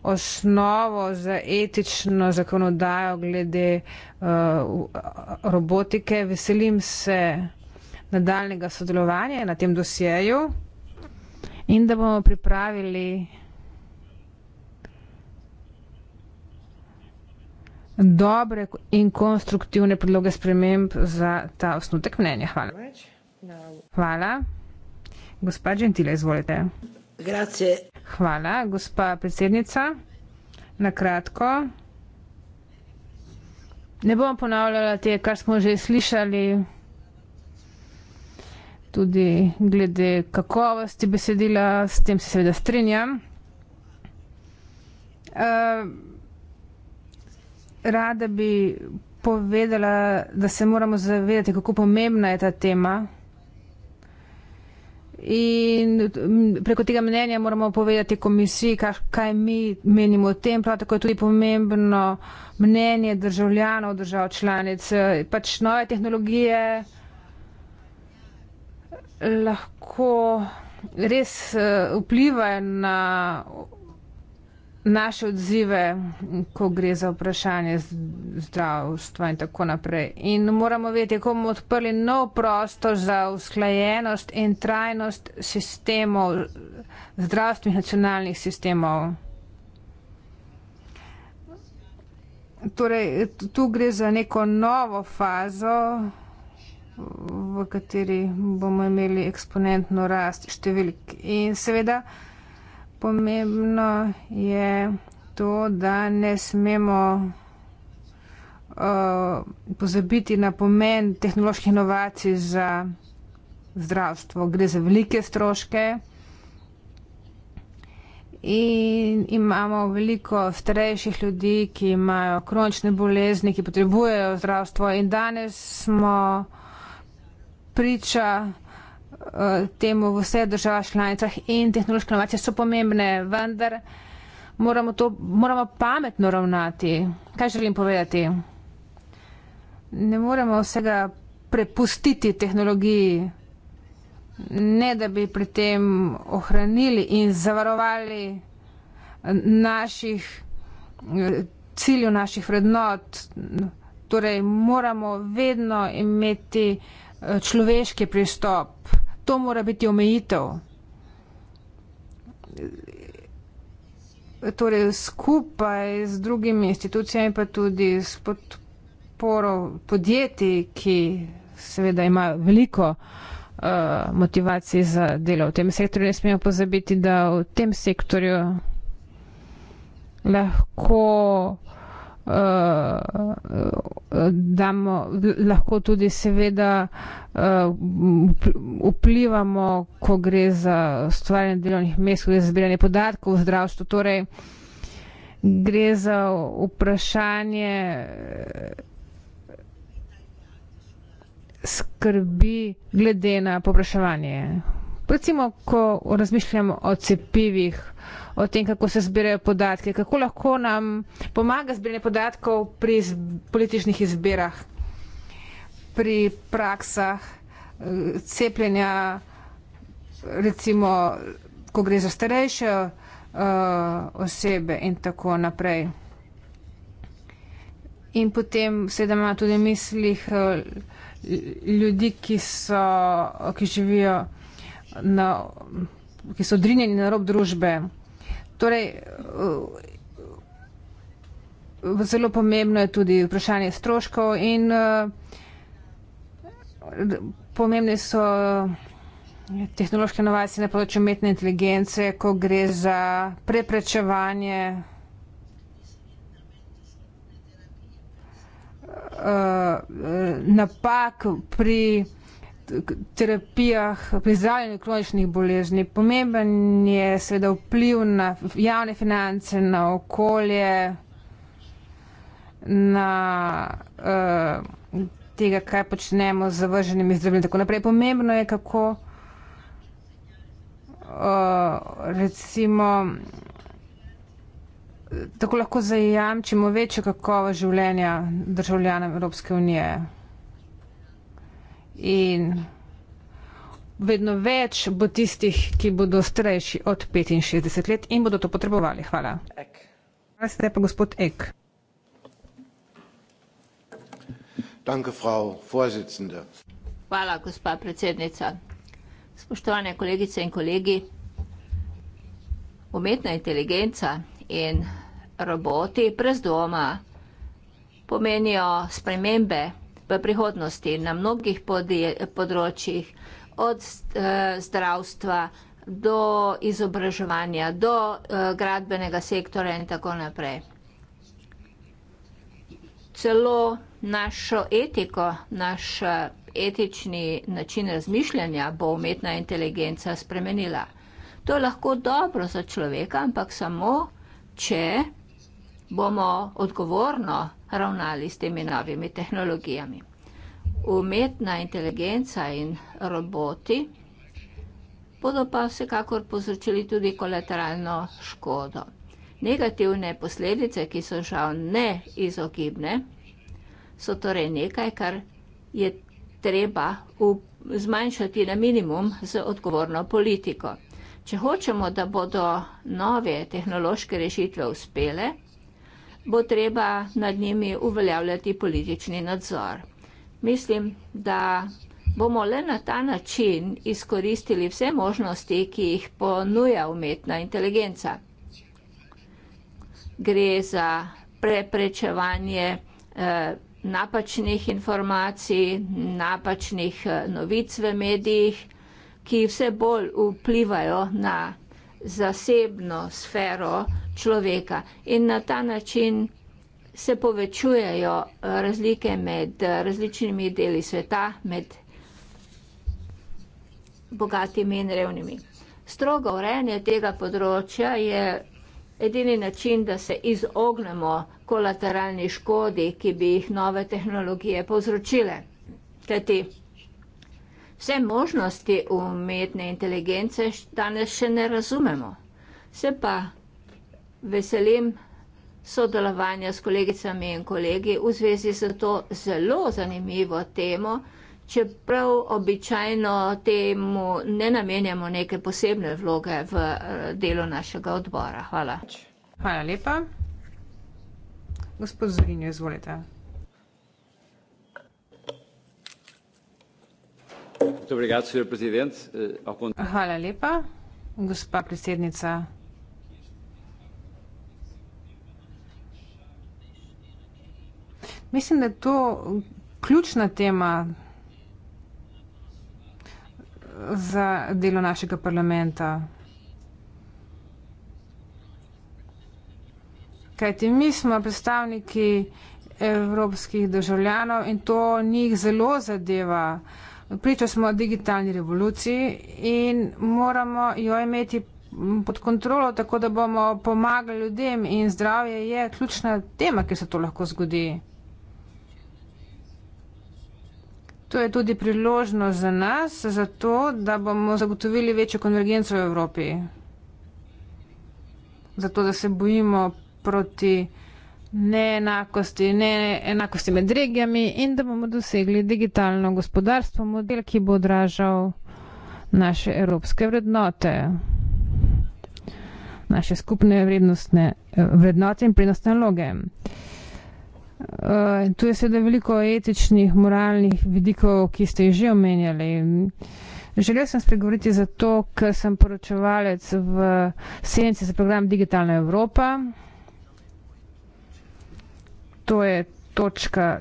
Speaker 2: osnovo za etično zakonodajo glede uh, robotike. Veselim se nadaljnega sodelovanja na tem dosjeju in da bomo pripravili dobre in konstruktivne predloge sprememb za ta osnutek mnenja. Hvala. Hvala. Gospod Gentile, izvolite. Grazie. Hvala, gospa predsednica. Na kratko. Ne bom ponavljala te, kar smo že slišali, tudi glede kakovosti besedila, s tem se seveda strinjam. Uh, rada bi povedala, da se moramo zavedati, kako pomembna je ta tema in preko tega mnenja moramo povedati komisiji, kaj, kaj mi menimo o tem, prav tako je tudi pomembno mnenje državljanov držav članic. Pač nove tehnologije lahko res eh, vplivajo na naše odzive, ko gre za vprašanje zdravstva in tako naprej. In moramo vedeti, kako bomo odprli nov prostor za usklajenost in trajnost sistemov, zdravstvenih nacionalnih sistemov. Torej, tu gre za neko novo fazo, v kateri bomo imeli eksponentno rast številk. In seveda, pomembno, je to, da ne smemo uh, pozabiti na pomen tehnoloških inovacij za zdravstvo. Gre za velike stroške in imamo veliko starejših ljudi, ki imajo kronične bolezni, ki potrebujejo zdravstvo in danes smo priča Eh, temu v vseh državah članicah in tehnološke inovacije so pomembne, vendar moramo, to, moramo pametno ravnati. Kaj želim povedati? Ne moremo vsega prepustiti tehnologiji, ne da bi pri tem ohranili in zavarovali eh, naših eh, ciljev, naših vrednot. Torej, moramo vedno imeti človeški pristop. To mora biti omejitev. Torej, skupaj z drugimi institucijami, pa tudi s podporo podjetij, ki seveda imajo veliko uh, motivacij za delo v tem sektorju, ne smemo pozabiti, da v tem sektorju lahko uh, damo, lahko tudi seveda uh, vplivamo, ko gre za ustvarjanje delovnih mest, ko gre za zbiranje podatkov v zdravstvu. Torej, gre za vprašanje eh, skrbi glede na popraševanje. Recimo, ko razmišljamo o cepivih, o tem, kako se zbirajo podatke, kako lahko nam pomaga zbiranje podatkov pri političnih izbirah, pri praksah eh, cepljenja, recimo, ko gre za starejše uh, osebe in tako naprej. In potem seveda imamo tudi mislih eh, ljudi, ki, so, ki živijo na, ki so odrinjeni na rob družbe. Torej, eh, zelo pomembno je tudi vprašanje stroškov in eh, pomembne so tehnološke inovacije na področju umetne inteligence, ko gre za preprečevanje eh, napak pri terapijah, pri zdravljenju kroničnih bolezni. Pomemben je seveda vpliv na javne finance, na okolje, na uh, tega, kaj počnemo z zavrženimi zdravili in tako naprej. Pomembno je, kako uh, recimo tako lahko zajamčimo večjo kakovo življenja državljanem Evropske unije in vedno več bo tistih, ki bodo starejši od 65 let in bodo to potrebovali. Hvala. Hvala ste pa gospod Ek.
Speaker 3: Danke, frau Vorsitzende. Hvala, gospa predsednica. Spoštovane kolegice in kolegi, umetna inteligenca in roboti brez doma pomenijo spremembe v prihodnosti na mnogih področjih, od eh, zdravstva do izobraževanja, do eh, gradbenega sektora in tako naprej. Celo našo etiko, naš eh, etični način razmišljanja bo umetna inteligenca spremenila. To je lahko dobro za človeka, ampak samo, če bomo odgovorno ravnali s temi novimi tehnologijami. Umetna inteligenca in roboti bodo pa vsekakor povzročili tudi kolateralno škodo. Negativne posledice, ki so žal neizogibne, so torej nekaj, kar je treba zmanjšati na minimum z odgovorno politiko. Če hočemo, da bodo nove tehnološke rešitve uspele, bo treba nad njimi uveljavljati politični nadzor. Mislim, da bomo le na ta način izkoristili vse možnosti, ki jih ponuja umetna inteligenca. Gre za preprečevanje eh, napačnih informacij, napačnih eh, novic v medijih, ki vse bolj vplivajo na zasebno sfero človeka in na ta način se povečujejo eh, razlike med eh, različnimi deli sveta, med bogatimi in revnimi. Strogo urejanje tega področja je edini način, da se izognemo kolateralni škodi, ki bi jih nove tehnologije povzročile. Kajti, Vse možnosti umetne inteligence danes še ne razumemo. Se pa veselim sodelovanja s kolegicami in kolegi v zvezi z to zelo zanimivo temo, čeprav običajno temu ne namenjamo neke posebne vloge v eh, delu našega odbora. Hvala. Hvala lepa. Gospod Zvinjo, izvolite. Eh,
Speaker 2: Hvala lepa, gospa predsednica. Mislim, da je to ključna tema za delo našega parlamenta. Kajti mi smo predstavniki evropskih državljanov in to njih zelo zadeva priča smo digitalni revoluciji in moramo jo imeti pod kontrolo, tako da bomo pomagali ljudem in zdravje je ključna tema, ki se to lahko zgodi. To je tudi priložnost za nas, za to, da bomo zagotovili večjo konvergenco v Evropi. Zato, da se bojimo proti neenakosti, neenakosti med regijami in da bomo dosegli digitalno gospodarstvo, model, ki bo odražal naše evropske vrednote, naše skupne vrednostne vrednote in prednostne naloge. Uh, tu je seveda veliko etičnih, moralnih vidikov, ki ste jih že omenjali. Želel sem spregovoriti zato, ker sem poročevalec v senci za program Digitalna Evropa to je točka,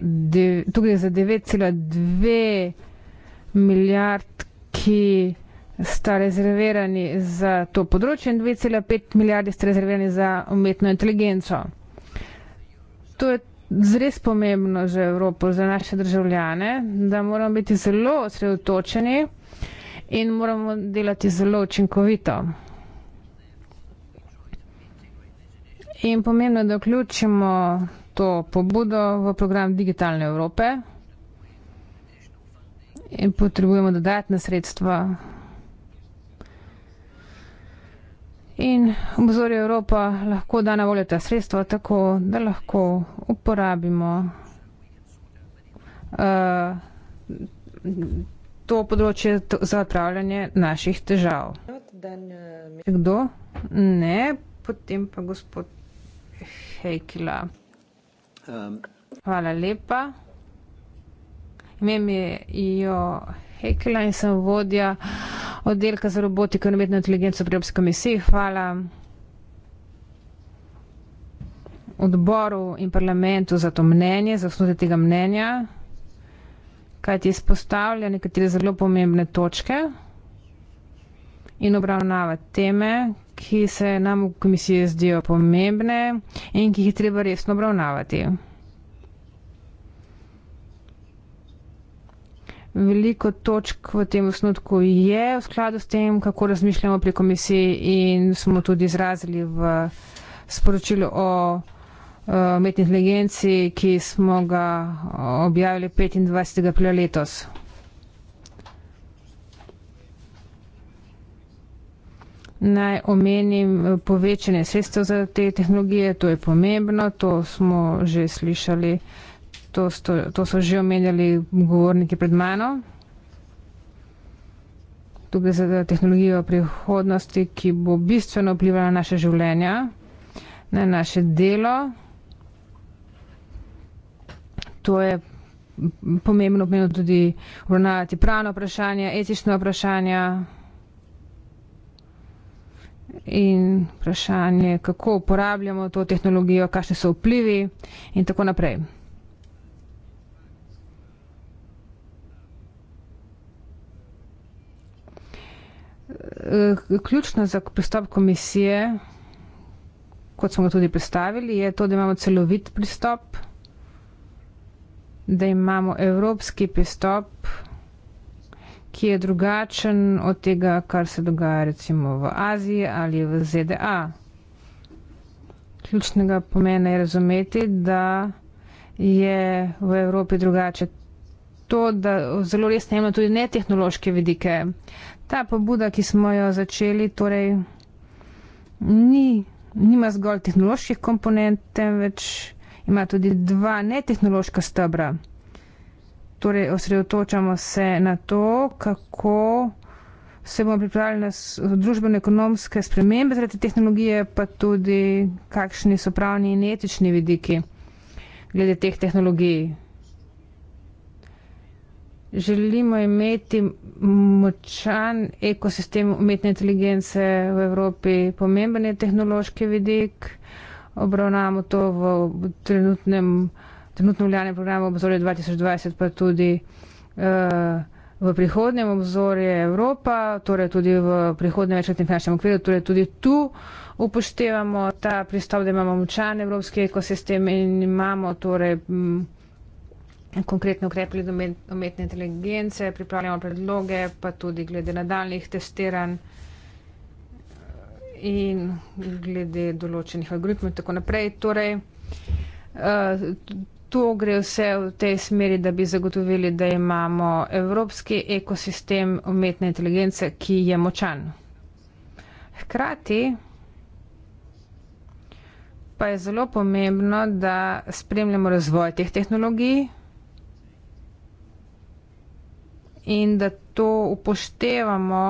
Speaker 2: tu gre za 9,2 milijard, ki sta rezervirani za to področje in 2,5 milijardi sta rezervirani za umetno inteligenco. To je zres pomembno za Evropo, za naše državljane, da moramo biti zelo osredotočeni in moramo delati zelo učinkovito. In pomembno je, da vključimo to pobudo v program Digitalne Evrope in potrebujemo dodatne sredstva. In obzorje Evropa lahko da na voljo ta sredstva tako, da lahko uporabimo uh, to področje za odpravljanje naših težav. Kdo? Ne, potem pa gospod Hekila. Hvala lepa. Ime mi je Jo Hekla in sem vodja oddelka za robotiko in umetno inteligenco pri Evropski komisiji. Hvala odboru in parlamentu za to mnenje, za osnutek tega mnenja, kajti izpostavlja nekatere zelo pomembne točke in obravnava teme, ki se nam v komisiji zdijo pomembne in ki jih je treba resno obravnavati. Veliko točk v tem osnutku je v skladu s tem, kako razmišljamo pri komisiji in smo tudi izrazili v sporočilu o umetni inteligenci, ki smo ga objavili 25. aprila letos. Naj omenim eh, povečanje sredstev za te tehnologije, to je pomembno, to smo že slišali, to, sto, to so že omenjali govorniki pred mano. Tu gre za tehnologijo prihodnosti, ki bo bistveno vplivala na naše življenja, na naše delo. To je pomembno, pomembno tudi obravnavati pravno vprašanje, etično vprašanje in vprašanje, kako uporabljamo to tehnologijo, kakšne so vplivi in tako naprej. Eh, ključno za pristop komisije, kot smo ga tudi predstavili, je to, da imamo celovit pristop, da imamo evropski pristop ki je drugačen od tega, kar se dogaja recimo v Aziji ali v ZDA. Ključnega pomena je razumeti, da je v Evropi drugače to, da zelo resno imamo tudi netehnološke vidike. Ta pobuda, ki smo jo začeli, torej ni, nima zgolj tehnoloških komponent, temveč ima tudi dva netehnološka stebra torej osredotočamo se na to, kako se bomo pripravili na družbeno-ekonomske spremembe zaradi tehnologije, pa tudi kakšni so pravni in etični vidiki glede teh tehnologij. Želimo imeti močan ekosistem umetne inteligence v Evropi, pomemben je tehnološki vidik, obravnavamo to v trenutnem času trenutno vljane programe obzorje 2020, pa tudi uh, v prihodnjem obzorje Evropa, torej tudi v prihodnjem večletnem finančnem okviru, torej tudi tu upoštevamo ta pristop, da imamo močan evropski ekosistem in imamo torej m, mm, konkretne ukrepe glede umetne inteligence, pripravljamo predloge, pa tudi glede nadaljnih testiranj in glede določenih algoritmov in tako naprej. Torej, eh, to gre vse v tej smeri, da bi zagotovili, da imamo evropski ekosistem umetne inteligence, ki je močan. Hkrati pa je zelo pomembno, da spremljamo razvoj teh tehnologij in da to upoštevamo.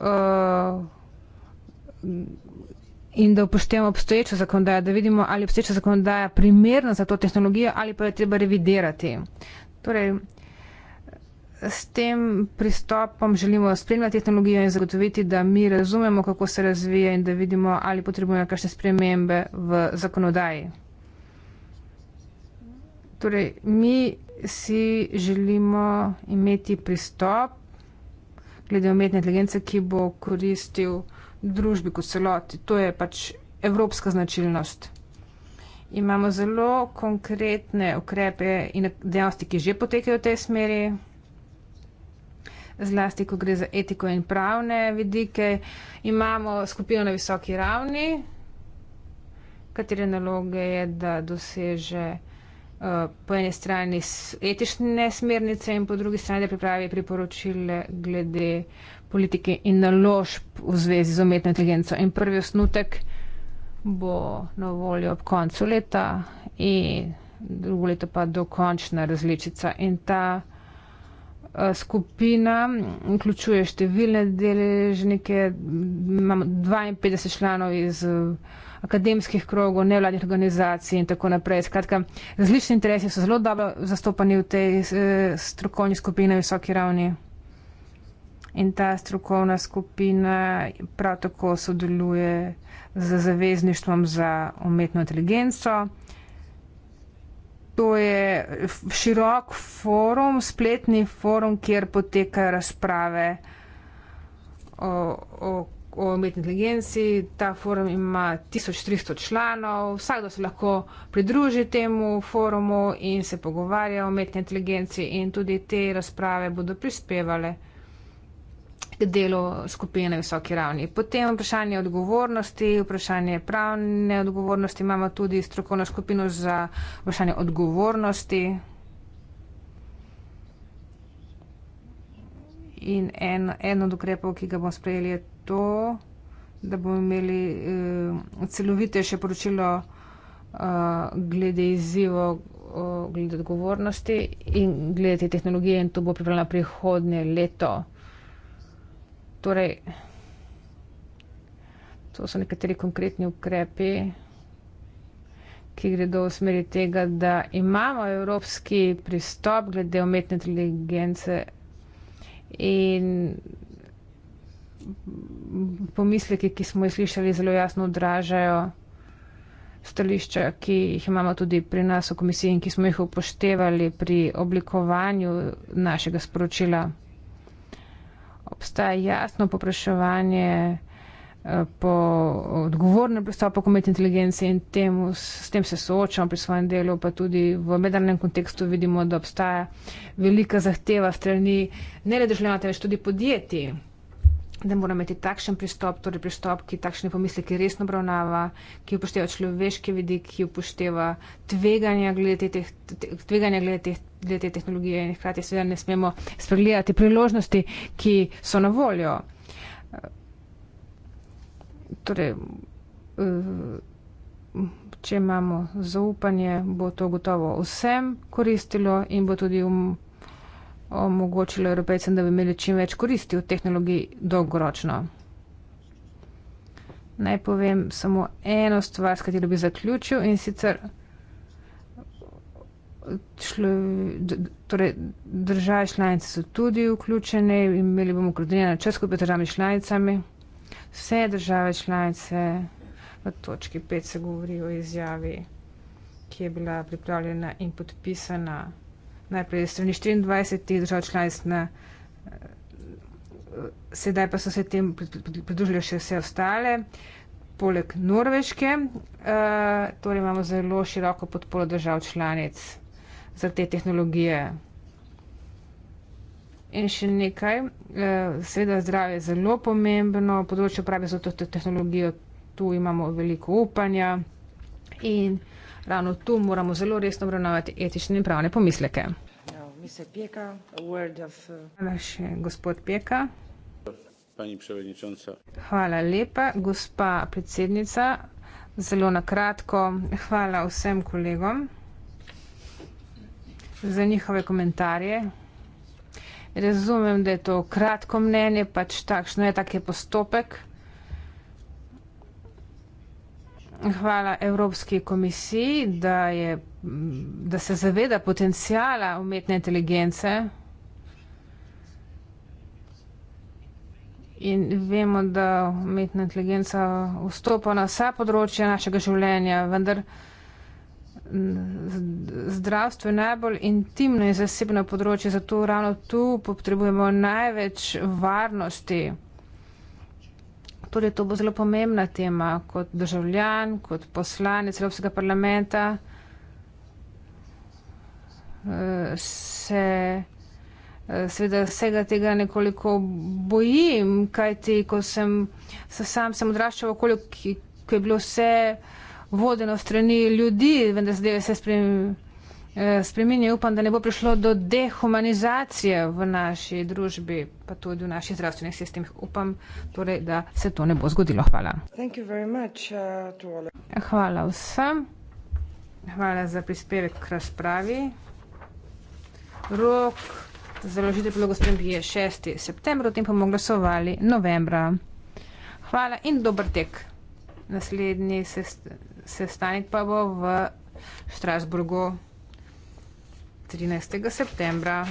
Speaker 2: Uh, in da upoštevamo obstoječo zakonodajo, da vidimo, ali je obstoječa zakonodaja primerna za to tehnologijo ali pa jo treba revidirati. Torej, s tem pristopom želimo spremljati tehnologijo in zagotoviti, da mi razumemo, kako se razvija in da vidimo, ali potrebujemo kakšne spremembe v zakonodaji. Torej, mi si želimo imeti pristop glede umetne inteligence, ki bo koristil družbi kot celoti. To je pač evropska značilnost. Imamo zelo konkretne ukrepe in dejavnosti, ki že potekajo v tej smeri, zlasti, ko gre za etiko in pravne vidike. Imamo skupino na visoki ravni, katere naloge je, da doseže uh, po eni strani etične smernice in po drugi strani, da pripravi priporočile glede politike in naložb v zvezi z umetno inteligenco. In prvi osnutek bo na voljo ob koncu leta in drugo leto pa dokončna različica. In ta eh, skupina vključuje številne deležnike, imamo 52 članov iz eh, akademskih krogov, nevladnih organizacij in tako naprej. Skratka, različni interesi so zelo dobro zastopani v tej eh, strokovni skupini na visoki ravni in ta strokovna skupina prav tako sodeluje z zavezništvom za umetno inteligenco. To je širok forum, spletni forum, kjer potekajo razprave o, o, o umetni inteligenci. Ta forum ima 1300 članov, vsakdo se lahko pridruži temu forumu in se pogovarja o umetni inteligenci in tudi te razprave bodo prispevale delu skupine visoki ravni. Potem vprašanje odgovornosti, vprašanje pravne odgovornosti, imamo tudi strokovno skupino za vprašanje odgovornosti. In en, en od ukrepov, ki ga bomo sprejeli, je to, da bomo imeli uh, celovitejše poročilo uh, glede izzivov, uh, glede odgovornosti in glede te tehnologije in to bo pripravljeno prihodnje leto. Torej, to so nekateri konkretni ukrepi, ki gredo v smeri tega, da imamo evropski pristop glede umetne inteligence in pomisleki, ki smo jih slišali, zelo jasno odražajo stališča, ki jih imamo tudi pri nas v komisiji in ki smo jih upoštevali pri oblikovanju našega sporočila obstaja jasno popraševanje eh, po odgovornem pristopu k umetni inteligenci in temu, s tem se soočamo pri svojem delu, pa tudi v mednarodnem kontekstu vidimo, da obstaja velika zahteva strani ne le državljanov, temveč tudi podjetij, da mora imeti takšen pristop, torej pristop, ki takšne pomisleke resno obravnava, ki upošteva človeške vidike, ki upošteva tveganja glede, te, te, te, tveganja glede, te, glede te tehnologije in hkrati seveda ne smemo spregledati priložnosti, ki so na voljo. Torej, eh, če imamo zaupanje, bo to gotovo vsem koristilo in bo tudi um omogočilo evropejcem, da bi imeli čim več koristi od tehnologij dolgoročno. Naj povem samo eno stvar, s katero bi zaključil in sicer torej države članice so tudi vključene, imeli bomo koordinirano čas skupaj državami članicami. Vse države članice v točki 5 se govori o izjavi, ki je bila pripravljena in podpisana najprej strani 24 teh držav članic, na, eh, sedaj pa so se tem pridružile še vse ostale, poleg Norveške. E, torej imamo zelo široko podporo držav članic za te tehnologije. In še nekaj, eh, seveda zdravje je zelo pomembno, področje uprave za to tehnologijo, tu imamo veliko upanja in Ravno tu moramo zelo resno obravnavati etične in pravne pomisleke. No, uh, hvala še, gospod Pjeka. Hvala lepa, gospa predsednica. Zelo nakratko, hvala vsem kolegom za njihove komentarje. Razumem, da je to kratko mnenje, pač takšno je, tak je postopek. Hvala Evropski komisiji, da, je, da se zaveda potencijala umetne inteligence. In vemo, da umetna inteligenca vstopa na vsa področja našega življenja, vendar zdravstvo je najbolj intimno in zasebno področje, zato ravno tu potrebujemo največ varnosti. Tudi torej, to bo zelo pomembna tema kot državljan, kot poslanec Evropskega parlamenta. Eh, se eh, seveda vsega tega nekoliko bojim, kajti ko sem se sam sem odraščal v okolju, ki, ki je bilo vse vodeno strani ljudi, vendar zdaj se spremljam. Eh, spremeni. Upam, da ne bo prišlo do dehumanizacije v naši družbi, pa tudi v naših zdravstvenih sistemih. Upam torej, da se to ne bo zgodilo. Hvala. Uh, Hvala vsem. Hvala za prispevek k razpravi. Rok založite bilo gospodin Pije 6. september, o tem bomo glasovali novembra. Hvala in dober tek. Naslednji sestanek pa bo v Strasburgu. 13. septembra.